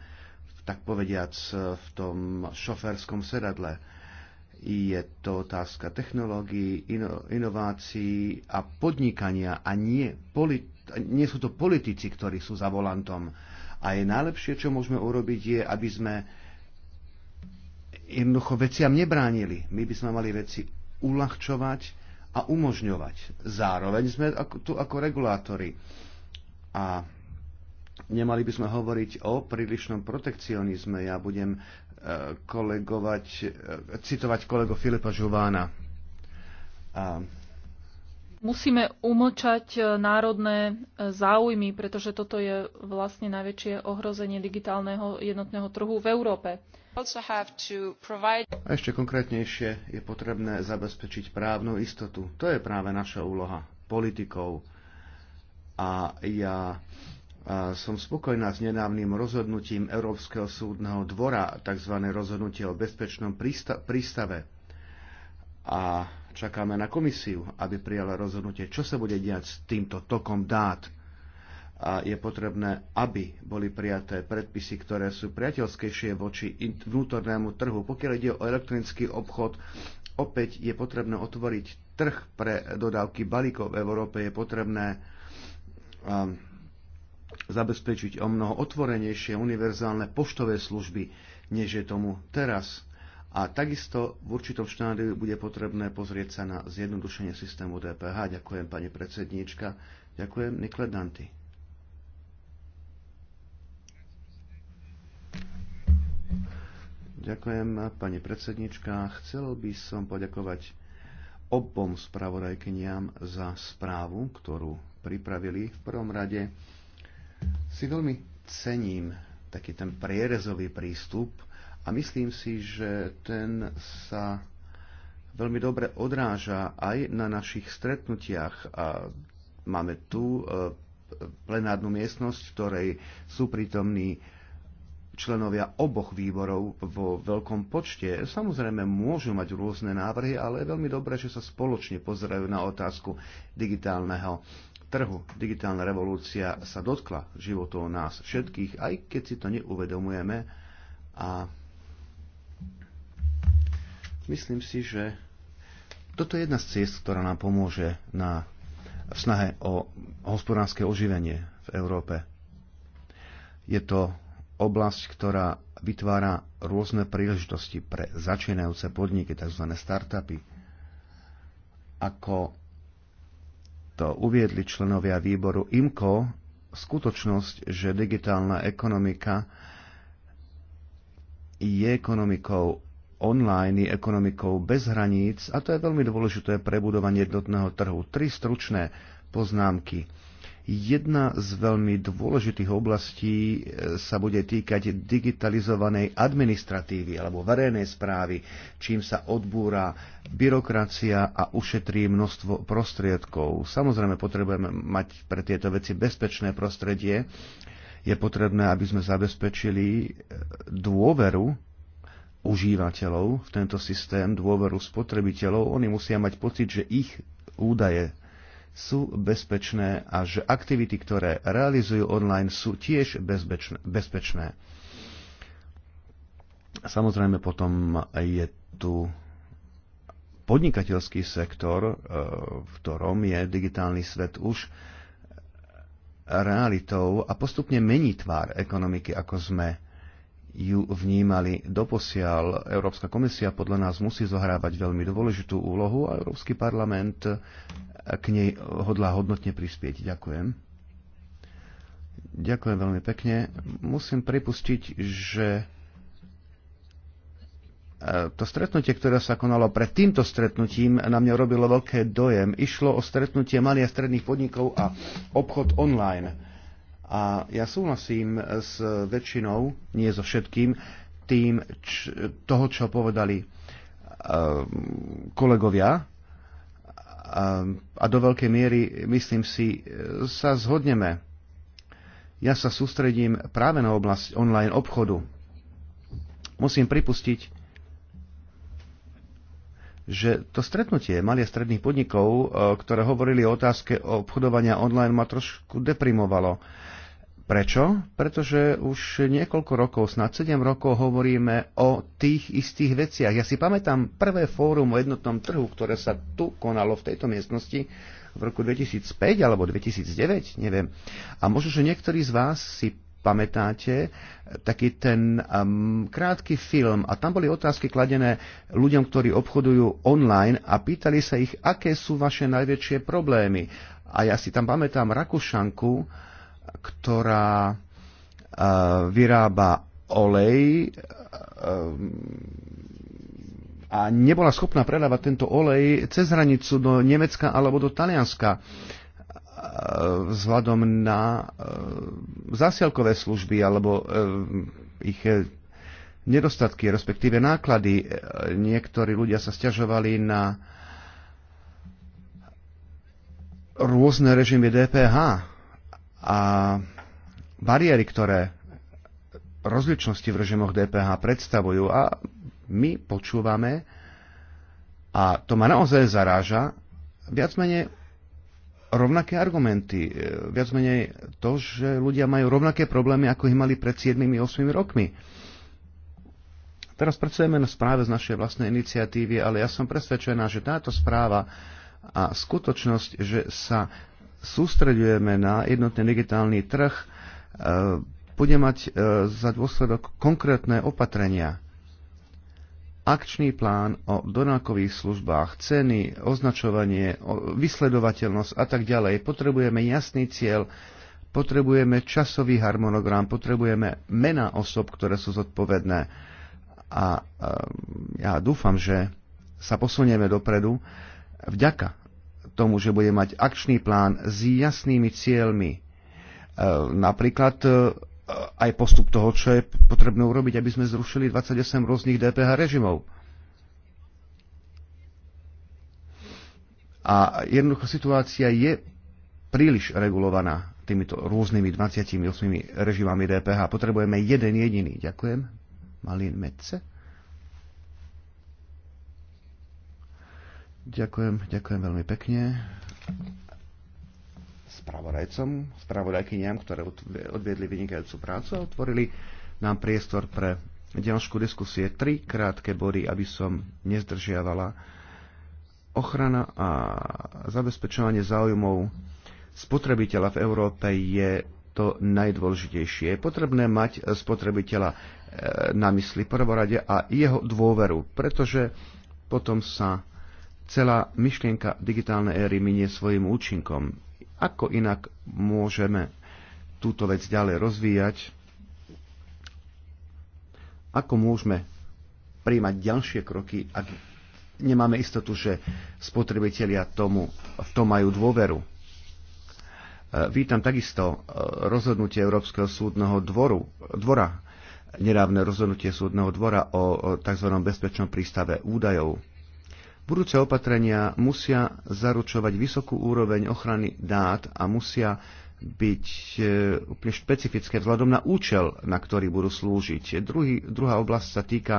tak povediac, e, v tom šoférskom sedadle je to otázka technológií, ino, inovácií a podnikania a nie, polit, nie sú to politici, ktorí sú za volantom. A je najlepšie, čo môžeme urobiť, je, aby sme jednoducho veciam nebránili. My by sme mali veci uľahčovať a umožňovať. Zároveň sme tu ako regulátori. A nemali by sme hovoriť o prílišnom protekcionizme. Ja budem kolegovať, citovať kolego Filipa Žována. A... Musíme umlčať e, národné e, záujmy, pretože toto je vlastne najväčšie ohrozenie digitálneho jednotného trhu v Európe. A ešte konkrétnejšie je potrebné zabezpečiť právnu istotu. To je práve naša úloha politikov. A ja som spokojná s nedávnym rozhodnutím Európskeho súdneho dvora, tzv. rozhodnutie o bezpečnom prístave. A čakáme na komisiu, aby prijala rozhodnutie, čo sa bude diať s týmto tokom dát. A je potrebné, aby boli prijaté predpisy, ktoré sú priateľskejšie voči vnútornému trhu. Pokiaľ ide o elektronický obchod, opäť je potrebné otvoriť trh pre dodávky balíkov v Európe. Je potrebné um, zabezpečiť o mnoho otvorenejšie univerzálne poštové služby, než je tomu teraz. A takisto v určitom štádiu bude potrebné pozrieť sa na zjednodušenie systému DPH. Ďakujem, pani predsedníčka. Ďakujem, Nikle Danty. Ďakujem, pani predsednička. Chcel by som poďakovať obom spravodajkyniam za správu, ktorú pripravili v prvom rade si veľmi cením taký ten prierezový prístup a myslím si, že ten sa veľmi dobre odráža aj na našich stretnutiach. A máme tu e, plenárnu miestnosť, v ktorej sú prítomní členovia oboch výborov vo veľkom počte. Samozrejme môžu mať rôzne návrhy, ale je veľmi dobré, že sa spoločne pozerajú na otázku digitálneho trhu. Digitálna revolúcia sa dotkla životov nás všetkých, aj keď si to neuvedomujeme. A myslím si, že toto je jedna z ciest, ktorá nám pomôže na, v snahe o hospodárske oživenie v Európe. Je to oblasť, ktorá vytvára rôzne príležitosti pre začínajúce podniky, tzv. startupy. Ako to uviedli členovia výboru IMCO, skutočnosť, že digitálna ekonomika je ekonomikou online, je ekonomikou bez hraníc a to je veľmi dôležité pre budovanie jednotného trhu. Tri stručné poznámky Jedna z veľmi dôležitých oblastí e, sa bude týkať digitalizovanej administratívy alebo verejnej správy, čím sa odbúra byrokracia a ušetrí množstvo prostriedkov. Samozrejme potrebujeme mať pre tieto veci bezpečné prostredie. Je potrebné, aby sme zabezpečili e, dôveru užívateľov v tento systém, dôveru spotrebiteľov. Oni musia mať pocit, že ich údaje sú bezpečné a že aktivity, ktoré realizujú online, sú tiež bezpečné. Samozrejme potom je tu podnikateľský sektor, e, v ktorom je digitálny svet už realitou a postupne mení tvár ekonomiky, ako sme ju vnímali. Doposiaľ Európska komisia podľa nás musí zohrávať veľmi dôležitú úlohu a Európsky parlament k nej hodlá hodnotne prispieť. Ďakujem. Ďakujem veľmi pekne. Musím pripustiť, že e, to stretnutie, ktoré sa konalo pred týmto stretnutím, na mňa robilo veľké dojem. Išlo o stretnutie malých a stredných podnikov a obchod online a ja súhlasím s väčšinou, nie so všetkým, tým č- toho, čo povedali um, kolegovia, um, a do veľkej miery, myslím si, sa zhodneme. Ja sa sústredím práve na oblasť online obchodu. Musím pripustiť, že to stretnutie malých a stredných podnikov, uh, ktoré hovorili o otázke obchodovania online, ma trošku deprimovalo. Prečo? Pretože už niekoľko rokov, snad 7 rokov hovoríme o tých istých veciach. Ja si pamätám prvé fórum o jednotnom trhu, ktoré sa tu konalo v tejto miestnosti v roku 2005 alebo 2009, neviem. A možno, že niektorí z vás si pamätáte, taký ten um, krátky film a tam boli otázky kladené ľuďom, ktorí obchodujú online a pýtali sa ich, aké sú vaše najväčšie problémy. A ja si tam pamätám Rakušanku, ktorá e, vyrába olej e, a nebola schopná predávať tento olej cez hranicu do Nemecka alebo do Talianska e, vzhľadom na zásielkové služby alebo ich nedostatky, respektíve náklady. Niektorí ľudia sa stiažovali na rôzne režimy DPH a bariéry, ktoré rozličnosti v režimoch DPH predstavujú a my počúvame a to ma naozaj zaráža, viac menej rovnaké argumenty, viac menej to, že ľudia majú rovnaké problémy, ako ich mali pred 7-8 rokmi. Teraz pracujeme na správe z našej vlastnej iniciatívy, ale ja som presvedčená, že táto správa a skutočnosť, že sa sústredujeme na jednotný digitálny trh, e, bude mať e, za dôsledok konkrétne opatrenia. Akčný plán o donákových službách, ceny, označovanie, vysledovateľnosť a tak ďalej. Potrebujeme jasný cieľ, potrebujeme časový harmonogram, potrebujeme mena osob, ktoré sú zodpovedné. A e, ja dúfam, že sa posunieme dopredu vďaka tomu, že bude mať akčný plán s jasnými cieľmi. E, napríklad e, aj postup toho, čo je potrebné urobiť, aby sme zrušili 28 rôznych DPH režimov. A jednoducho situácia je príliš regulovaná týmito rôznymi 28 režimami DPH. Potrebujeme jeden jediný. Ďakujem. Malin Metce. Ďakujem, ďakujem veľmi pekne spravodajcom, spravodajkyniam, ktoré odviedli vynikajúcu prácu a otvorili nám priestor pre ďalšiu diskusie. Tri krátke body, aby som nezdržiavala. Ochrana a zabezpečovanie záujmov spotrebiteľa v Európe je to najdôležitejšie. Je potrebné mať spotrebiteľa e, na mysli prvorade a jeho dôveru, pretože potom sa Celá myšlienka digitálnej éry minie svojim účinkom. Ako inak môžeme túto vec ďalej rozvíjať? Ako môžeme príjmať ďalšie kroky, ak nemáme istotu, že spotrebitelia tomu, v tom majú dôveru? E, vítam takisto e, rozhodnutie Európskeho súdneho dvoru, dvora, nedávne rozhodnutie súdneho dvora o tzv. bezpečnom prístave údajov. Budúce opatrenia musia zaručovať vysokú úroveň ochrany dát a musia byť e, úplne špecifické vzhľadom na účel, na ktorý budú slúžiť. Druhý, druhá oblasť sa týka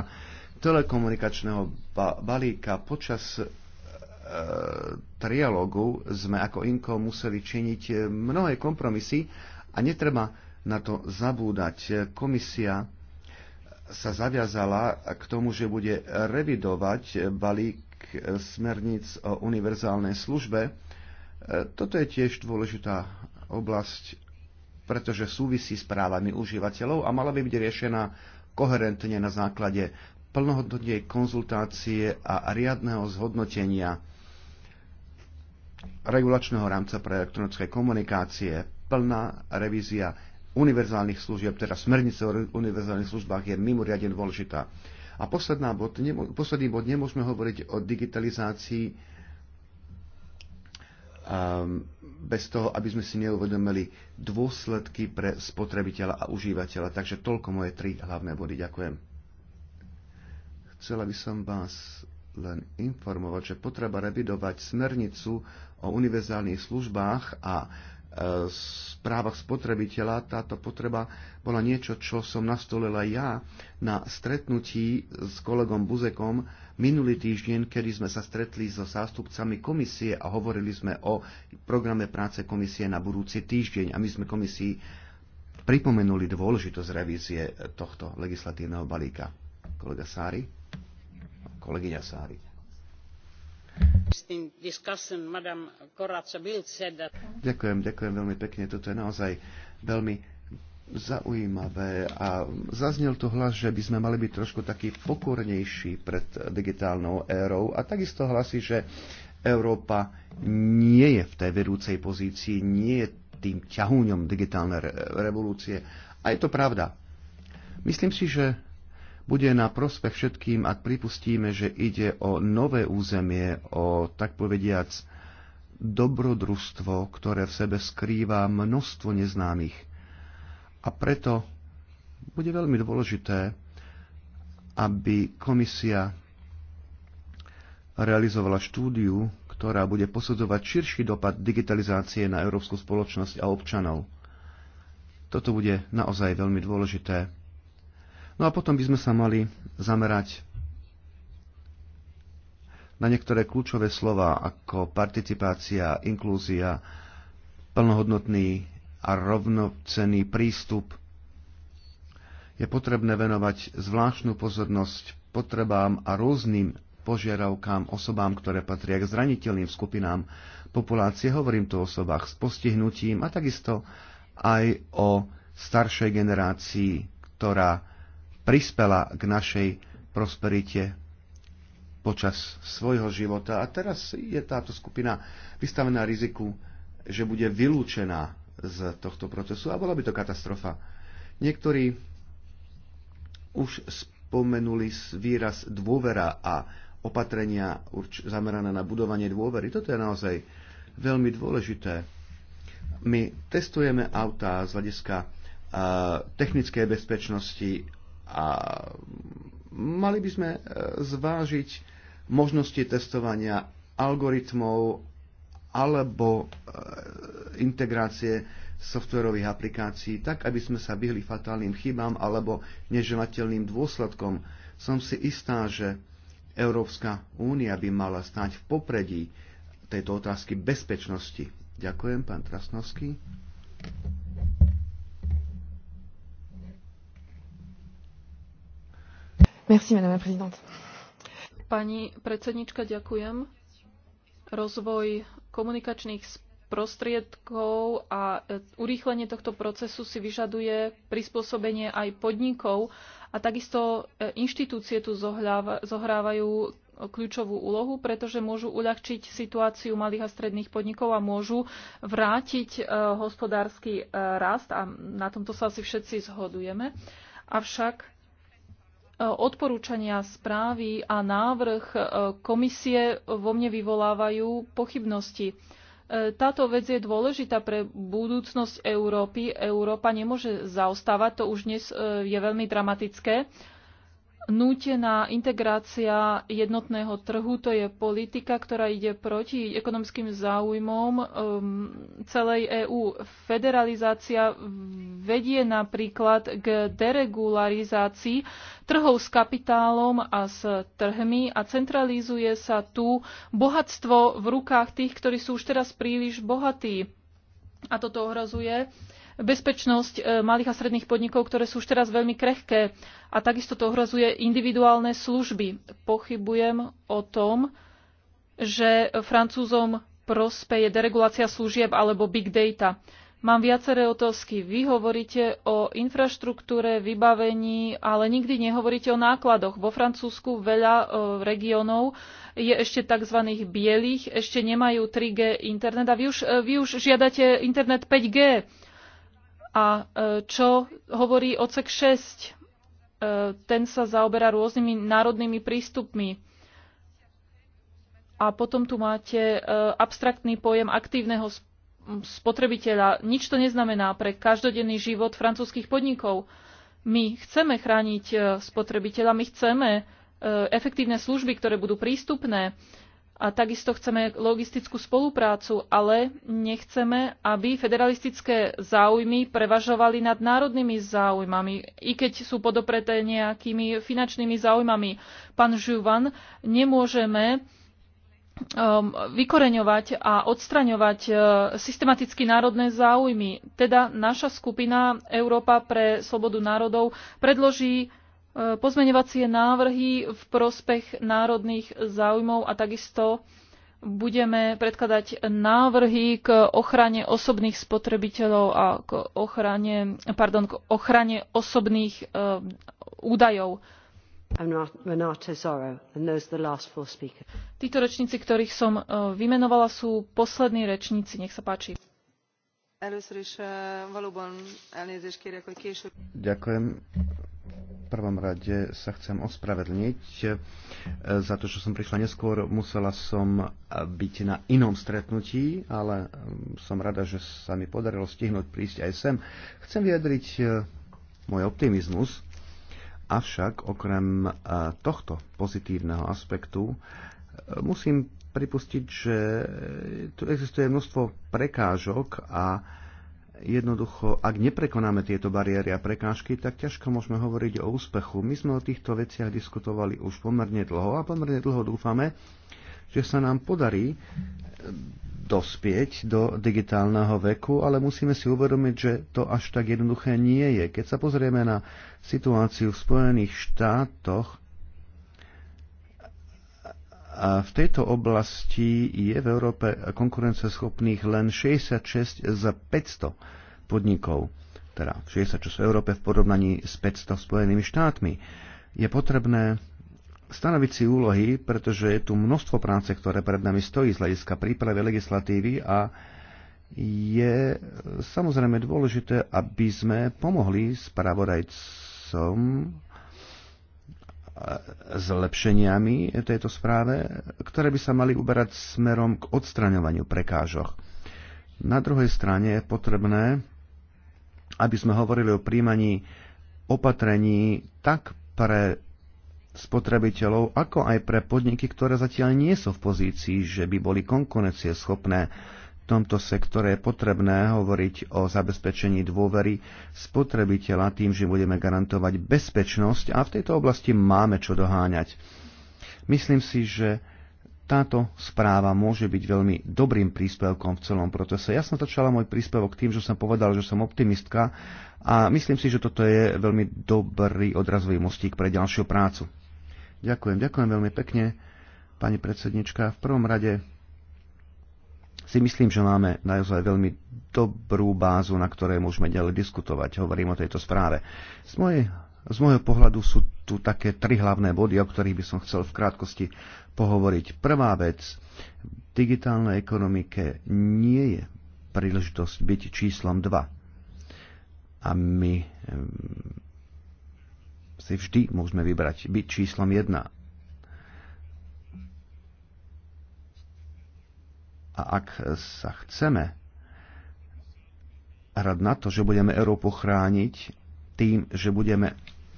telekomunikačného balíka. Počas e, trialogu sme ako INKO museli činiť e, mnohé kompromisy a netreba na to zabúdať. Komisia sa zaviazala k tomu, že bude revidovať balík Eh, smerníc o univerzálnej službe. Eh, toto je tiež dôležitá oblasť, pretože súvisí s právami užívateľov a mala by byť riešená koherentne na základe plnohodnotnej konzultácie a riadného zhodnotenia regulačného rámca pre elektronické komunikácie, plná revízia univerzálnych služieb, teda smernice o univerzálnych službách je mimoriadne dôležitá. A posledná bod, nemo, posledný bod, nemôžeme hovoriť o digitalizácii um, bez toho, aby sme si neuvedomili dôsledky pre spotrebiteľa a užívateľa. Takže toľko moje tri hlavné body. Ďakujem. Chcela by som vás len informovať, že potreba revidovať smernicu o univerzálnych službách a správach spotrebiteľa. Táto potreba bola niečo, čo som nastolila ja na stretnutí s kolegom Buzekom minulý týždeň, kedy sme sa stretli so zástupcami komisie a hovorili sme o programe práce komisie na budúci týždeň. A my sme komisii pripomenuli dôležitosť revízie tohto legislatívneho balíka. Kolega Sári? Kolegyňa Sári. Ďakujem, ďakujem veľmi pekne. Toto je naozaj veľmi zaujímavé a zaznel tu hlas, že by sme mali byť trošku taký pokornejší pred digitálnou érou a takisto hlasí, že Európa nie je v tej vedúcej pozícii, nie je tým ťahúňom digitálnej revolúcie. A je to pravda. Myslím si, že bude na prospech všetkým, ak pripustíme, že ide o nové územie, o tak povediac dobrodružstvo, ktoré v sebe skrýva množstvo neznámych. A preto bude veľmi dôležité, aby komisia realizovala štúdiu, ktorá bude posudzovať širší dopad digitalizácie na európsku spoločnosť a občanov. Toto bude naozaj veľmi dôležité No a potom by sme sa mali zamerať na niektoré kľúčové slova ako participácia, inklúzia, plnohodnotný a rovnocenný prístup. Je potrebné venovať zvláštnu pozornosť potrebám a rôznym požiadavkám osobám, ktoré patria k zraniteľným skupinám populácie. Hovorím tu o osobách s postihnutím a takisto aj o staršej generácii, ktorá prispela k našej prosperite počas svojho života. A teraz je táto skupina vystavená riziku, že bude vylúčená z tohto procesu a bola by to katastrofa. Niektorí už spomenuli výraz dôvera a opatrenia zamerané na budovanie dôvery. Toto je naozaj veľmi dôležité. My testujeme autá z hľadiska eh, technickej bezpečnosti, a mali by sme e, zvážiť možnosti testovania algoritmov alebo e, integrácie softverových aplikácií, tak aby sme sa vyhli fatálnym chybám alebo neželateľným dôsledkom. Som si istá, že Európska únia by mala stať v popredí tejto otázky bezpečnosti. Ďakujem, pán Trasnovský. Merci, madame la présidente. Pani predsednička, ďakujem. Rozvoj komunikačných prostriedkov a e, urýchlenie tohto procesu si vyžaduje prispôsobenie aj podnikov a takisto e, inštitúcie tu zohrávajú e, kľúčovú úlohu, pretože môžu uľahčiť situáciu malých a stredných podnikov a môžu vrátiť hospodársky rast a na tomto sa asi všetci zhodujeme. Avšak odporúčania správy a návrh e, komisie vo mne vyvolávajú pochybnosti. E, táto vec je dôležitá pre budúcnosť Európy. Európa nemôže zaostávať, to už dnes e, je veľmi dramatické nútená integrácia jednotného trhu, to je politika, ktorá ide proti ekonomickým záujmom um, celej EÚ. Federalizácia vedie napríklad k deregularizácii trhov s kapitálom a s trhmi a centralizuje sa tu bohatstvo v rukách tých, ktorí sú už teraz príliš bohatí. A toto ohrozuje uh, bezpečnosť e, malých a stredných podnikov, ktoré sú už teraz veľmi krehké a takisto to ohrozuje individuálne služby. Pochybujem o tom, že Francúzom prospeje deregulácia služieb alebo big data. Mám viaceré otázky. Vy hovoríte o infraštruktúre, vybavení, ale nikdy nehovoríte o nákladoch. Vo Francúzsku veľa e, regiónov je ešte tzv. bielých, ešte nemajú 3G internet a vy už, e, vy už žiadate internet 5G. A e, čo hovorí ocek 6? E, ten sa zaoberá rôznymi národnými prístupmi. A potom tu máte e, abstraktný pojem aktívneho spotrebiteľa. Nič to neznamená pre každodenný život francúzských podnikov. My chceme chrániť spotrebiteľa, my chceme efektívne služby, ktoré budú prístupné a takisto chceme logistickú spoluprácu, ale nechceme, aby federalistické záujmy prevažovali nad národnými záujmami, i keď sú podopreté nejakými finančnými záujmami. Pán Žuvan, nemôžeme um, vykoreňovať a odstraňovať uh, systematicky národné záujmy. Teda naša skupina Európa pre slobodu národov predloží E, pozmeňovacie návrhy v prospech národných záujmov a takisto budeme predkladať návrhy k ochrane osobných spotrebiteľov a k ochrane, pardon, k ochrane osobných uh, údajov. Títo rečníci, ktorých som uh, vymenovala, sú poslední rečníci. Nech sa páči. Eh, Ďakujem. V prvom rade sa chcem ospravedlniť eh, za to, že som prišla neskôr. Musela som eh, byť na inom stretnutí, ale mm, som rada, že sa mi podarilo stihnúť prísť aj sem. Chcem vyjadriť môj optimizmus, avšak okrem tohto pozitívneho aspektu musím pripustiť, že tu existuje množstvo prekážok a jednoducho, ak neprekonáme tieto bariéry a prekážky, tak ťažko môžeme hovoriť o úspechu. My sme o týchto veciach diskutovali už pomerne dlho a pomerne dlho dúfame, že sa nám podarí dospieť do digitálneho veku, ale musíme si uvedomiť, že to až tak jednoduché nie je. Keď sa pozrieme na situáciu v Spojených štátoch, a v tejto oblasti je v Európe konkurenceschopných len 66 z 500 podnikov, teda 66 v Európe v porovnaní s 500 Spojenými štátmi. Je potrebné stanoviť si úlohy, pretože je tu množstvo práce, ktoré pred nami stojí z hľadiska prípravy legislatívy a je samozrejme dôležité, aby sme pomohli spravodajcom zlepšeniami tejto správe, ktoré by sa mali uberať smerom k odstraňovaniu prekážok. Na druhej strane je potrebné, aby sme hovorili o príjmaní opatrení tak pre spotrebiteľov, ako aj pre podniky, ktoré zatiaľ nie sú v pozícii, že by boli konkurencie schopné tomto sektore je potrebné hovoriť o zabezpečení dôvery spotrebiteľa tým, že budeme garantovať bezpečnosť a v tejto oblasti máme čo doháňať. Myslím si, že táto správa môže byť veľmi dobrým príspevkom v celom procese. Ja som začala môj príspevok tým, že som povedal, že som optimistka a myslím si, že toto je veľmi dobrý odrazový mostík pre ďalšiu prácu. Ďakujem, ďakujem veľmi pekne, pani predsednička. V prvom rade si myslím, že máme naozaj veľmi dobrú bázu, na ktorej môžeme ďalej diskutovať. Hovorím o tejto správe. Z, mojej, z môjho pohľadu sú tu také tri hlavné body, o ktorých by som chcel v krátkosti pohovoriť. Prvá vec, v digitálnej ekonomike nie je príležitosť byť číslom 2. A my ehm, si vždy môžeme vybrať byť číslom 1 A ak sa chceme hrať na to, že budeme Európu chrániť tým, že budeme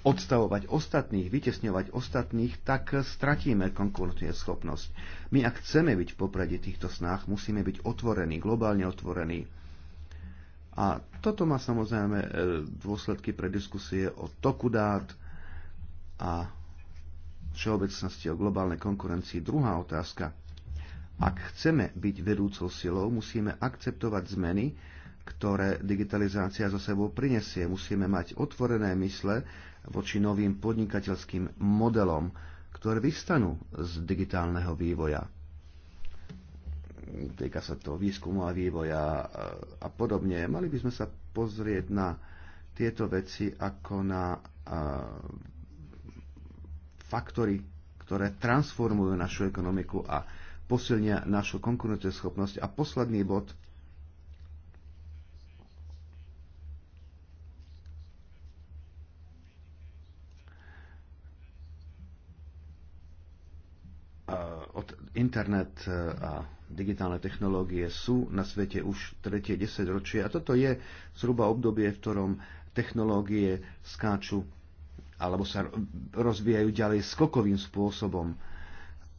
odstavovať ostatných, vytesňovať ostatných, tak stratíme schopnosť. My, ak chceme byť v poprade týchto snách, musíme byť otvorení, globálne otvorení. A toto má samozrejme e, dôsledky pre diskusie o toku dát a všeobecnosti o globálnej konkurencii. Druhá otázka. Ak chceme byť vedúcou silou, musíme akceptovať zmeny, ktoré digitalizácia za sebou prinesie. Musíme mať otvorené mysle voči novým podnikateľským modelom, ktoré vystanú z digitálneho vývoja. Týka sa to výskumu a vývoja eh, a podobne. Mali by sme sa pozrieť na tieto veci ako na eh, faktory, ktoré transformujú našu ekonomiku a posilnia našu schopnosť. A posledný bod. Od internet e, a digitálne technológie sú na svete už tretie desaťročie a toto je zhruba obdobie, v ktorom technológie skáču alebo sa rozvíjajú ďalej skokovým spôsobom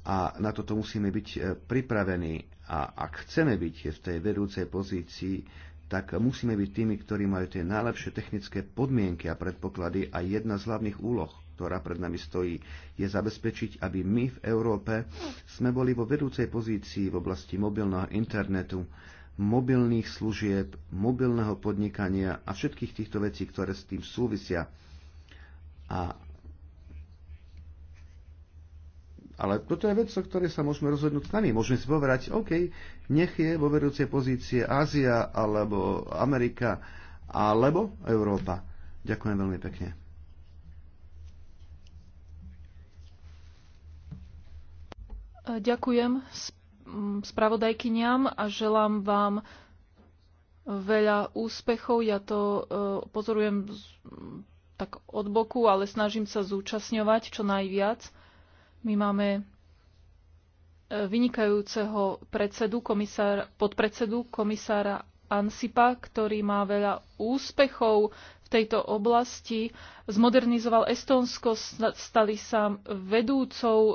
a na toto musíme byť e, pripravení. A ak chceme byť v tej vedúcej pozícii, tak musíme byť tými, ktorí majú tie najlepšie technické podmienky a predpoklady a jedna z hlavných úloh, ktorá pred nami stojí, je zabezpečiť, aby my v Európe sme boli vo vedúcej pozícii v oblasti mobilného internetu, mobilných služieb, mobilného podnikania a všetkých týchto vecí, ktoré s tým súvisia. A Ale toto je vec, o ktorej sa môžeme rozhodnúť sami. Môžeme si povedať, OK, nech je vo vedúcej pozície Ázia alebo Amerika alebo Európa. Ďakujem veľmi pekne. E, ďakujem spravodajkyniam a želám vám veľa úspechov. Ja to e, pozorujem tak od boku, ale snažím sa zúčastňovať čo najviac my máme e, vynikajúceho predsedu, komisára, podpredsedu komisára Ansipa, ktorý má veľa úspechov v tejto oblasti. Zmodernizoval Estónsko, stali sa vedúcou e,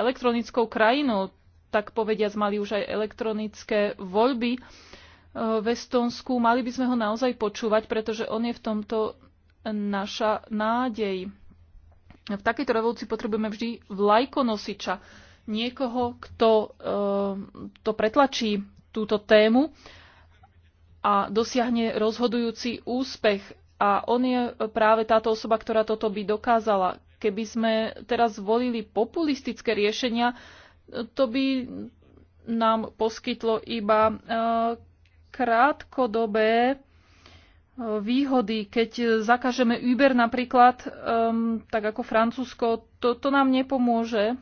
elektronickou krajinou, tak povediac mali už aj elektronické voľby e, v Estónsku. Mali by sme ho naozaj počúvať, pretože on je v tomto naša nádej. V takejto revolúcii potrebujeme vždy vlajkonosiča, niekoho, kto e, to pretlačí túto tému a dosiahne rozhodujúci úspech. A on je práve táto osoba, ktorá toto by dokázala. Keby sme teraz volili populistické riešenia, to by nám poskytlo iba eh, krátkodobé výhody. Keď zakažeme Uber napríklad, um, tak ako Francúzsko, to, to nám nepomôže.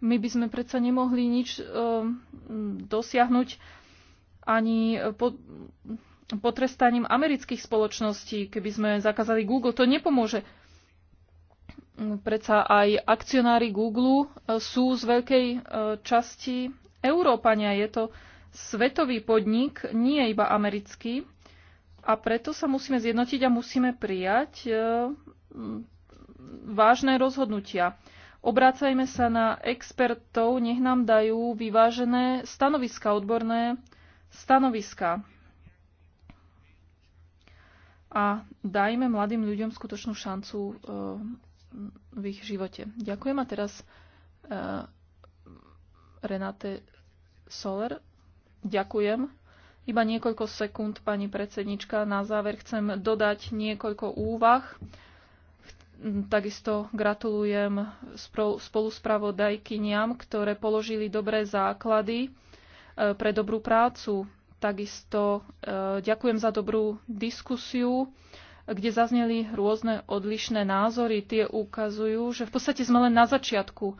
My by sme predsa nemohli nič um, dosiahnuť ani po, potrestaním amerických spoločností, keby sme zakázali Google. To nepomôže. Predsa aj akcionári Google eh, sú z veľkej eh, časti Európania. Je to svetový podnik, nie iba americký. A preto sa musíme zjednotiť a musíme prijať e, vážne rozhodnutia. Obrácajme sa na expertov, nech nám dajú vyvážené stanoviska, odborné stanoviska. A dajme mladým ľuďom skutočnú šancu e, v ich živote. Ďakujem a teraz e, Renate Soler. Ďakujem. Iba niekoľko sekúnd, pani predsednička. Na záver chcem dodať niekoľko úvah. Takisto gratulujem spoluspravodajkyniam, ktoré položili dobré základy e, pre dobrú prácu. Takisto e, ďakujem za dobrú diskusiu, kde zazneli rôzne odlišné názory. Tie ukazujú, že v podstate sme len na začiatku.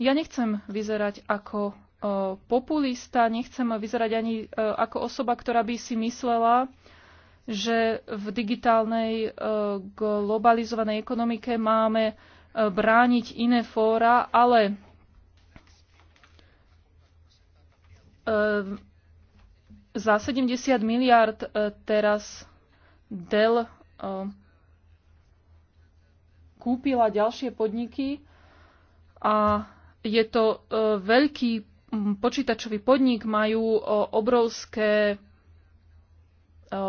Ja nechcem vyzerať ako E, populista, nechcem vyzerať ani e, ako osoba, ktorá by si myslela, že v digitálnej e, globalizovanej ekonomike máme brániť iné fóra, ale za 70 miliard teraz Dell kúpila ďalšie podniky a je to veľký počítačový podnik majú obrovské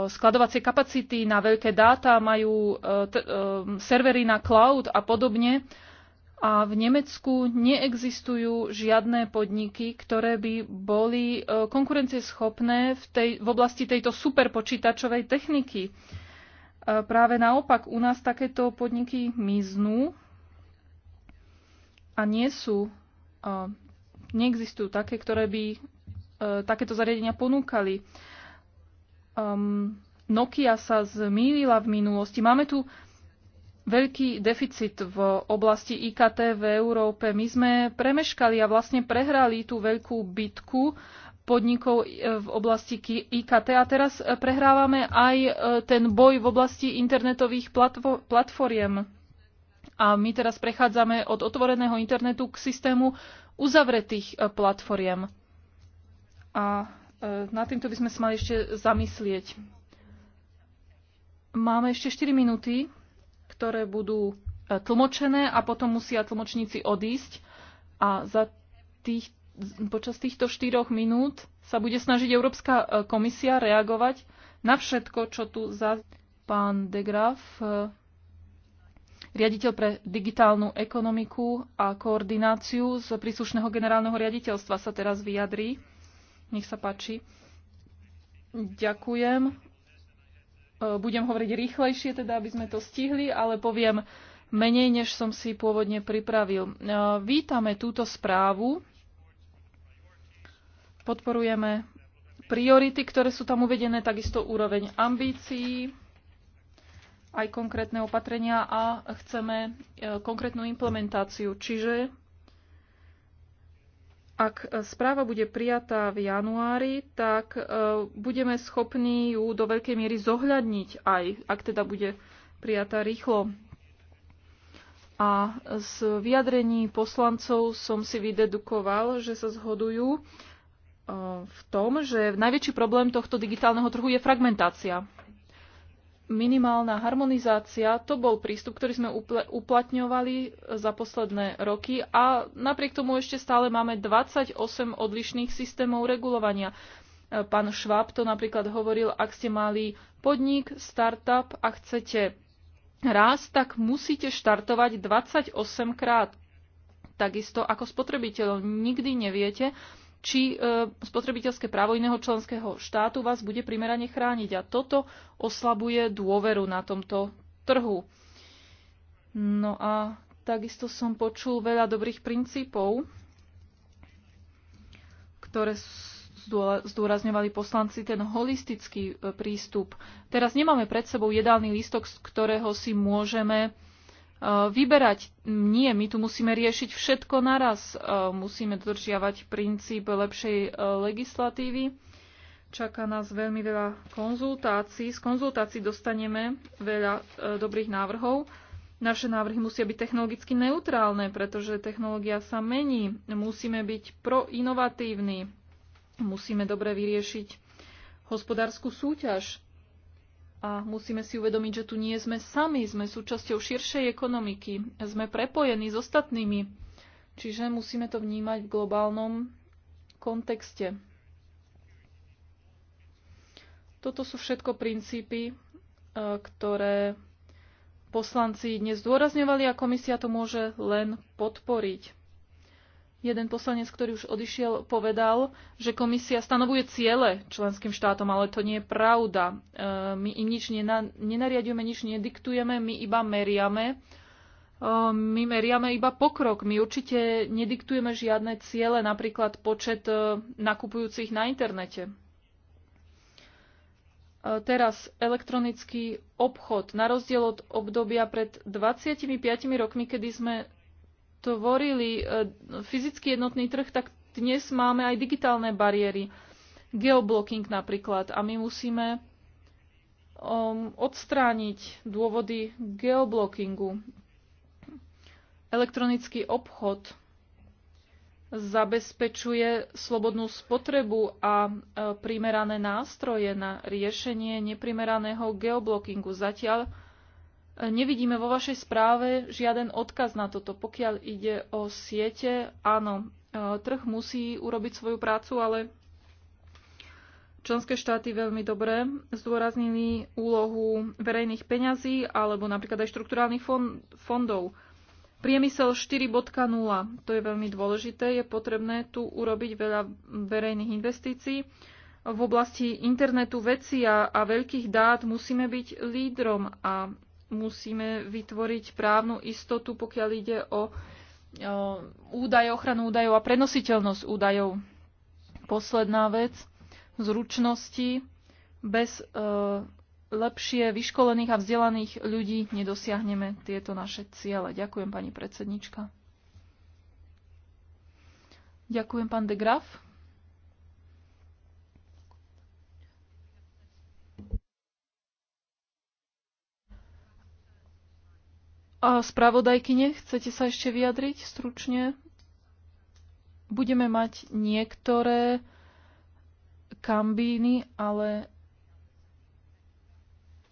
skladovacie kapacity na veľké dáta, majú servery na cloud a podobne. A v Nemecku neexistujú žiadne podniky, ktoré by boli konkurencieschopné v, tej, v oblasti tejto superpočítačovej techniky. E, práve naopak, u nás takéto podniky miznú a nie sú neexistujú také, ktoré by e, takéto zariadenia ponúkali. Um, Nokia sa zmýlila v minulosti. Máme tu veľký deficit v oblasti IKT v Európe. My sme premeškali a vlastne prehrali tú veľkú bitku podnikov e, v oblasti IKT a teraz prehrávame aj e, ten boj v oblasti internetových platform. A my teraz prechádzame od otvoreného internetu k systému uzavretých e, platformiem. A e, na týmto by sme sa mali ešte zamyslieť. Máme ešte 4 minúty, ktoré budú e, tlmočené a potom musia tlmočníci odísť. A za tých, počas týchto 4 minút sa bude snažiť Európska komisia reagovať na všetko, čo tu za pán de riaditeľ pre digitálnu ekonomiku a koordináciu z príslušného generálneho riaditeľstva sa teraz vyjadrí. Nech sa páči. Ďakujem. E, budem hovoriť rýchlejšie, teda aby sme to stihli, ale poviem menej, než som si pôvodne pripravil. E, vítame túto správu. Podporujeme priority, ktoré sú tam uvedené, takisto úroveň ambícií aj konkrétne opatrenia a chceme e, konkrétnu implementáciu. Čiže ak správa bude prijatá v januári, tak e, budeme schopní ju do veľkej miery zohľadniť aj, ak teda bude prijatá rýchlo. A z vyjadrení poslancov som si vydedukoval, že sa zhodujú e, v tom, že najväčší problém tohto digitálneho trhu je fragmentácia minimálna harmonizácia, to bol prístup, ktorý sme uplatňovali za posledné roky a napriek tomu ešte stále máme 28 odlišných systémov regulovania. Pán Šváb to napríklad hovoril, ak ste mali podnik, startup a chcete rásť, tak musíte štartovať 28 krát. Takisto ako spotrebiteľ nikdy neviete, či e, spotrebiteľské právo iného členského štátu vás bude primerane chrániť. A toto oslabuje dôveru na tomto trhu. No a takisto som počul veľa dobrých princípov, ktoré zdôrazňovali poslanci, ten holistický e, prístup. Teraz nemáme pred sebou jedálny lístok, z ktorého si môžeme Eh, vyberať. Nie, my tu musíme riešiť všetko naraz. Eh, musíme dodržiavať princíp lepšej eh, legislatívy. Čaká nás veľmi veľa konzultácií. Z konzultácií dostaneme veľa dobrých návrhov. Naše návrhy musia byť technologicky neutrálne, pretože technológia sa mení. Musíme byť proinovatívni. Musíme dobre vyriešiť hospodárskú súťaž a musíme si uvedomiť, že tu nie sme sami, sme súčasťou širšej ekonomiky, sme prepojení s ostatnými, čiže musíme to vnímať v globálnom kontexte. Toto sú všetko princípy, e, ktoré poslanci dnes zdôrazňovali a komisia to môže len podporiť jeden poslanec, ktorý už odišiel, povedal, že komisia stanovuje ciele členským štátom, ale to nie je pravda. E, my im nič nenariadujeme, nič nediktujeme, my iba meriame. E, my meriame iba pokrok. My určite nediktujeme žiadne ciele, napríklad počet e, nakupujúcich na internete. Teraz elektronický obchod. Na rozdiel od obdobia pred 25 rokmi, kedy sme tvorili e, fyzicky jednotný trh, tak dnes máme aj digitálne bariéry. Geoblocking napríklad. A my musíme um, odstrániť dôvody geoblockingu. Elektronický obchod zabezpečuje slobodnú spotrebu a e, primerané nástroje na riešenie neprimeraného geoblockingu. Zatiaľ Nevidíme vo vašej správe žiaden odkaz na toto. Pokiaľ ide o siete, áno, e, trh musí urobiť svoju prácu, ale členské štáty veľmi dobre zdôraznili úlohu verejných peňazí alebo napríklad aj štrukturálnych fondov. Priemysel 4.0, to je veľmi dôležité, je potrebné tu urobiť veľa verejných investícií. V oblasti internetu veci a, a veľkých dát musíme byť lídrom a musíme vytvoriť právnu istotu, pokiaľ ide o údaje, ochranu údajov a prenositeľnosť údajov. Posledná vec, zručnosti. Bez e, lepšie vyškolených a vzdelaných ľudí nedosiahneme tieto naše ciele. Ďakujem, pani predsednička. Ďakujem, pán de Graf. A spravodajkyne, chcete sa ešte vyjadriť stručne? Budeme mať niektoré kambíny, ale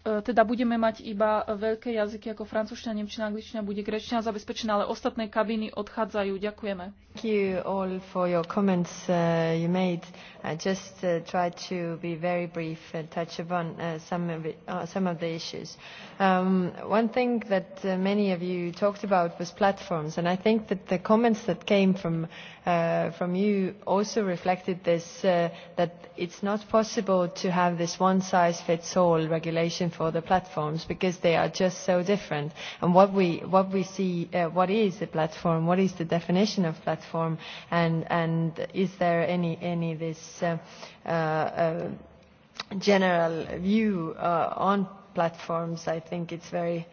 E, teda budeme mať iba veľké jazyky ako francúzština, nemčina, angličtina, bude grečtina zabezpečená, ale ostatné kabiny odchádzajú. Ďakujeme. Thank you all for your comments uh, you made. I just uh, try to be very brief and touch upon uh, some, of it, uh, some of the issues. Um, one thing that uh, many of you talked about was platforms, and I think that the comments that came from, uh, from you also reflected this, uh, that it's not possible to have this one-size-fits-all regulation for the platforms because they are just so different. And what we, what we see, uh, what is a platform? What is the definition of platform? And, and is there any, any this uh, uh, uh, general view uh, on platforms? I think it's very, uh,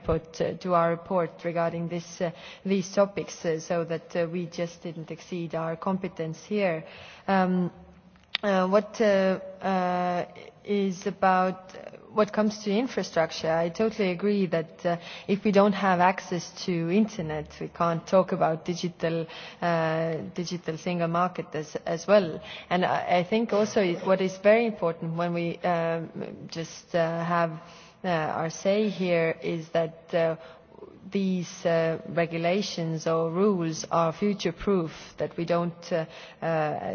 input uh, to our report regarding this, uh, these topics uh, so that uh, we just didn't exceed our competence here. Um, uh, what uh, uh is about uh, what comes to infrastructure, I totally agree that uh, if we don't have access to internet, we can't talk about digital uh, digital single market as, as well. And I, I think also what is very important when we um, just have uh, are saying here is that uh, these uh, regulations or rules are future proof that we don't uh, uh,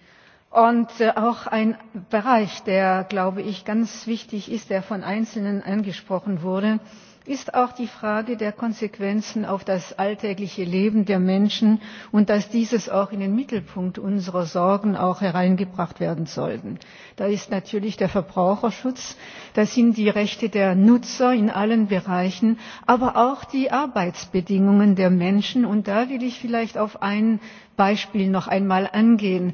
und äh, auch ein bereich der glaube ich ganz wichtig ist der von einzelnen angesprochen wurde ist auch die frage der konsequenzen auf das alltägliche leben der menschen und dass diese auch in den mittelpunkt unserer sorgen hereingebracht werden sollten. da ist natürlich der verbraucherschutz da sind die rechte der nutzer in allen bereichen aber auch die arbeitsbedingungen der menschen und da will ich vielleicht auf ein beispiel noch einmal eingehen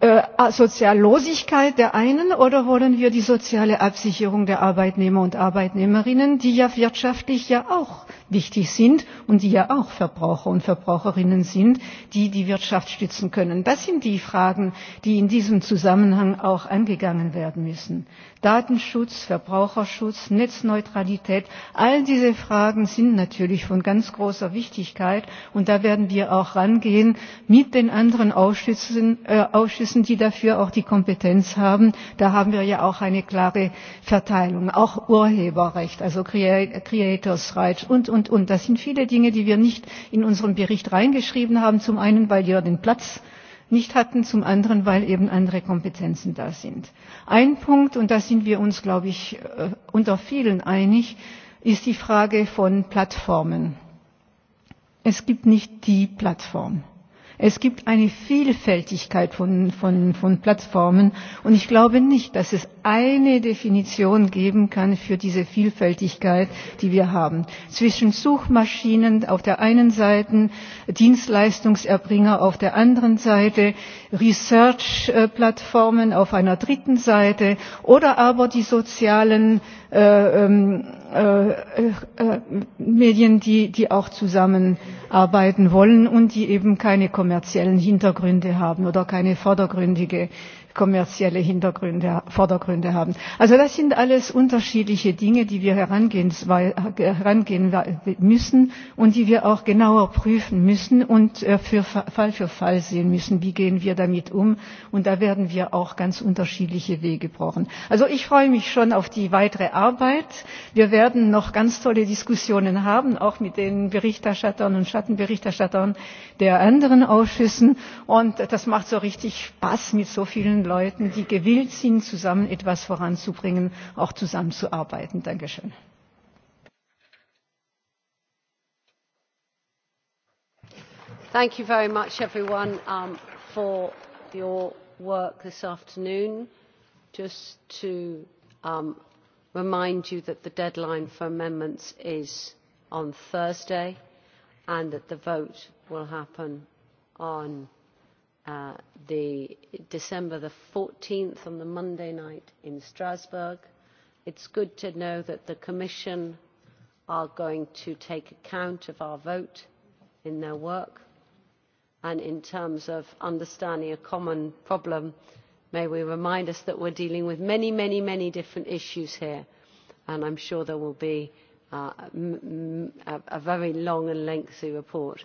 Äh, Soziallosigkeit der einen oder wollen wir die soziale Absicherung der Arbeitnehmer und Arbeitnehmerinnen, die ja wirtschaftlich ja auch wichtig sind und die ja auch Verbraucher und Verbraucherinnen sind, die die Wirtschaft stützen können. Das sind die Fragen, die in diesem Zusammenhang auch angegangen werden müssen. Datenschutz, Verbraucherschutz, Netzneutralität, all diese Fragen sind natürlich von ganz großer Wichtigkeit und da werden wir auch rangehen mit den anderen Ausschüssen, äh, Ausschüssen die dafür auch die Kompetenz haben. Da haben wir ja auch eine klare Verteilung, auch Urheberrecht, also Creators Rights und, und und. das sind viele dinge die wir nicht in unseren bericht reingeschrieben haben zum einen weil wir den platz nicht hatten zum anderen weil eben andere kompetenzen da sind. ein punkt und da sind wir uns glaube ich äh, unter vielen einig ist die frage von plattformen. es gibt nicht die plattform. Es gibt eine Vielfältigkeit von, von, von Plattformen und ich glaube nicht, dass es eine Definition geben kann für diese Vielfältigkeit, die wir haben. Zwischen Suchmaschinen auf der einen Seite, Dienstleistungserbringer auf der anderen Seite, Research-Plattformen auf einer dritten Seite oder aber die sozialen äh, ähm, Äh, äh, Medien, die, die auch zusammenarbeiten wollen und die eben keine kommerziellen Hintergründe haben oder keine vordergründige kommerzielle Hintergründe, Vordergründe haben. Also das sind alles unterschiedliche Dinge, die wir herangehen, herangehen müssen und die wir auch genauer prüfen müssen und äh, für Fall für Fall sehen müssen, wie gehen wir damit um. Und da werden wir auch ganz unterschiedliche Wege brauchen. Also ich freue mich schon auf die weitere Arbeit. Wir werden noch ganz tolle Diskussionen haben, auch mit den Berichterstattern und Schattenberichterstattern der anderen ausschüssen und das macht so richtig Spaß mit so vielen Leuten, die gewillt sind, zusammen etwas voranzubringen, auch zusammenzuarbeiten. Dankeschön. Thank you very much everyone um, for your work this afternoon. Just to um, remind you that the deadline for amendments is on Thursday and that the vote will happen on uh, the December the 14th on the Monday night in Strasbourg. It's good to know that the Commission are going to take account of our vote in their work and in terms of understanding a common problem may we remind us that we're dealing with many many many different issues here and I'm sure there will be uh, a very long and lengthy report.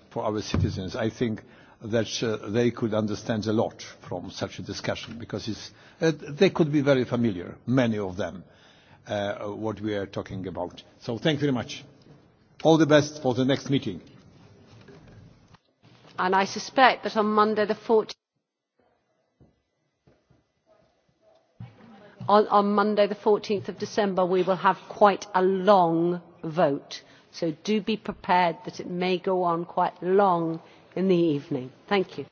for our citizens. I think that uh, they could understand a lot from such a discussion because it's, uh, they could be very familiar, many of them, uh, what we are talking about. So thank you very much. All the best for the next meeting. And I suspect that on Monday the 14th, on, on Monday the 14th of December we will have quite a long vote so do be prepared that it may go on quite long in the evening. thank you.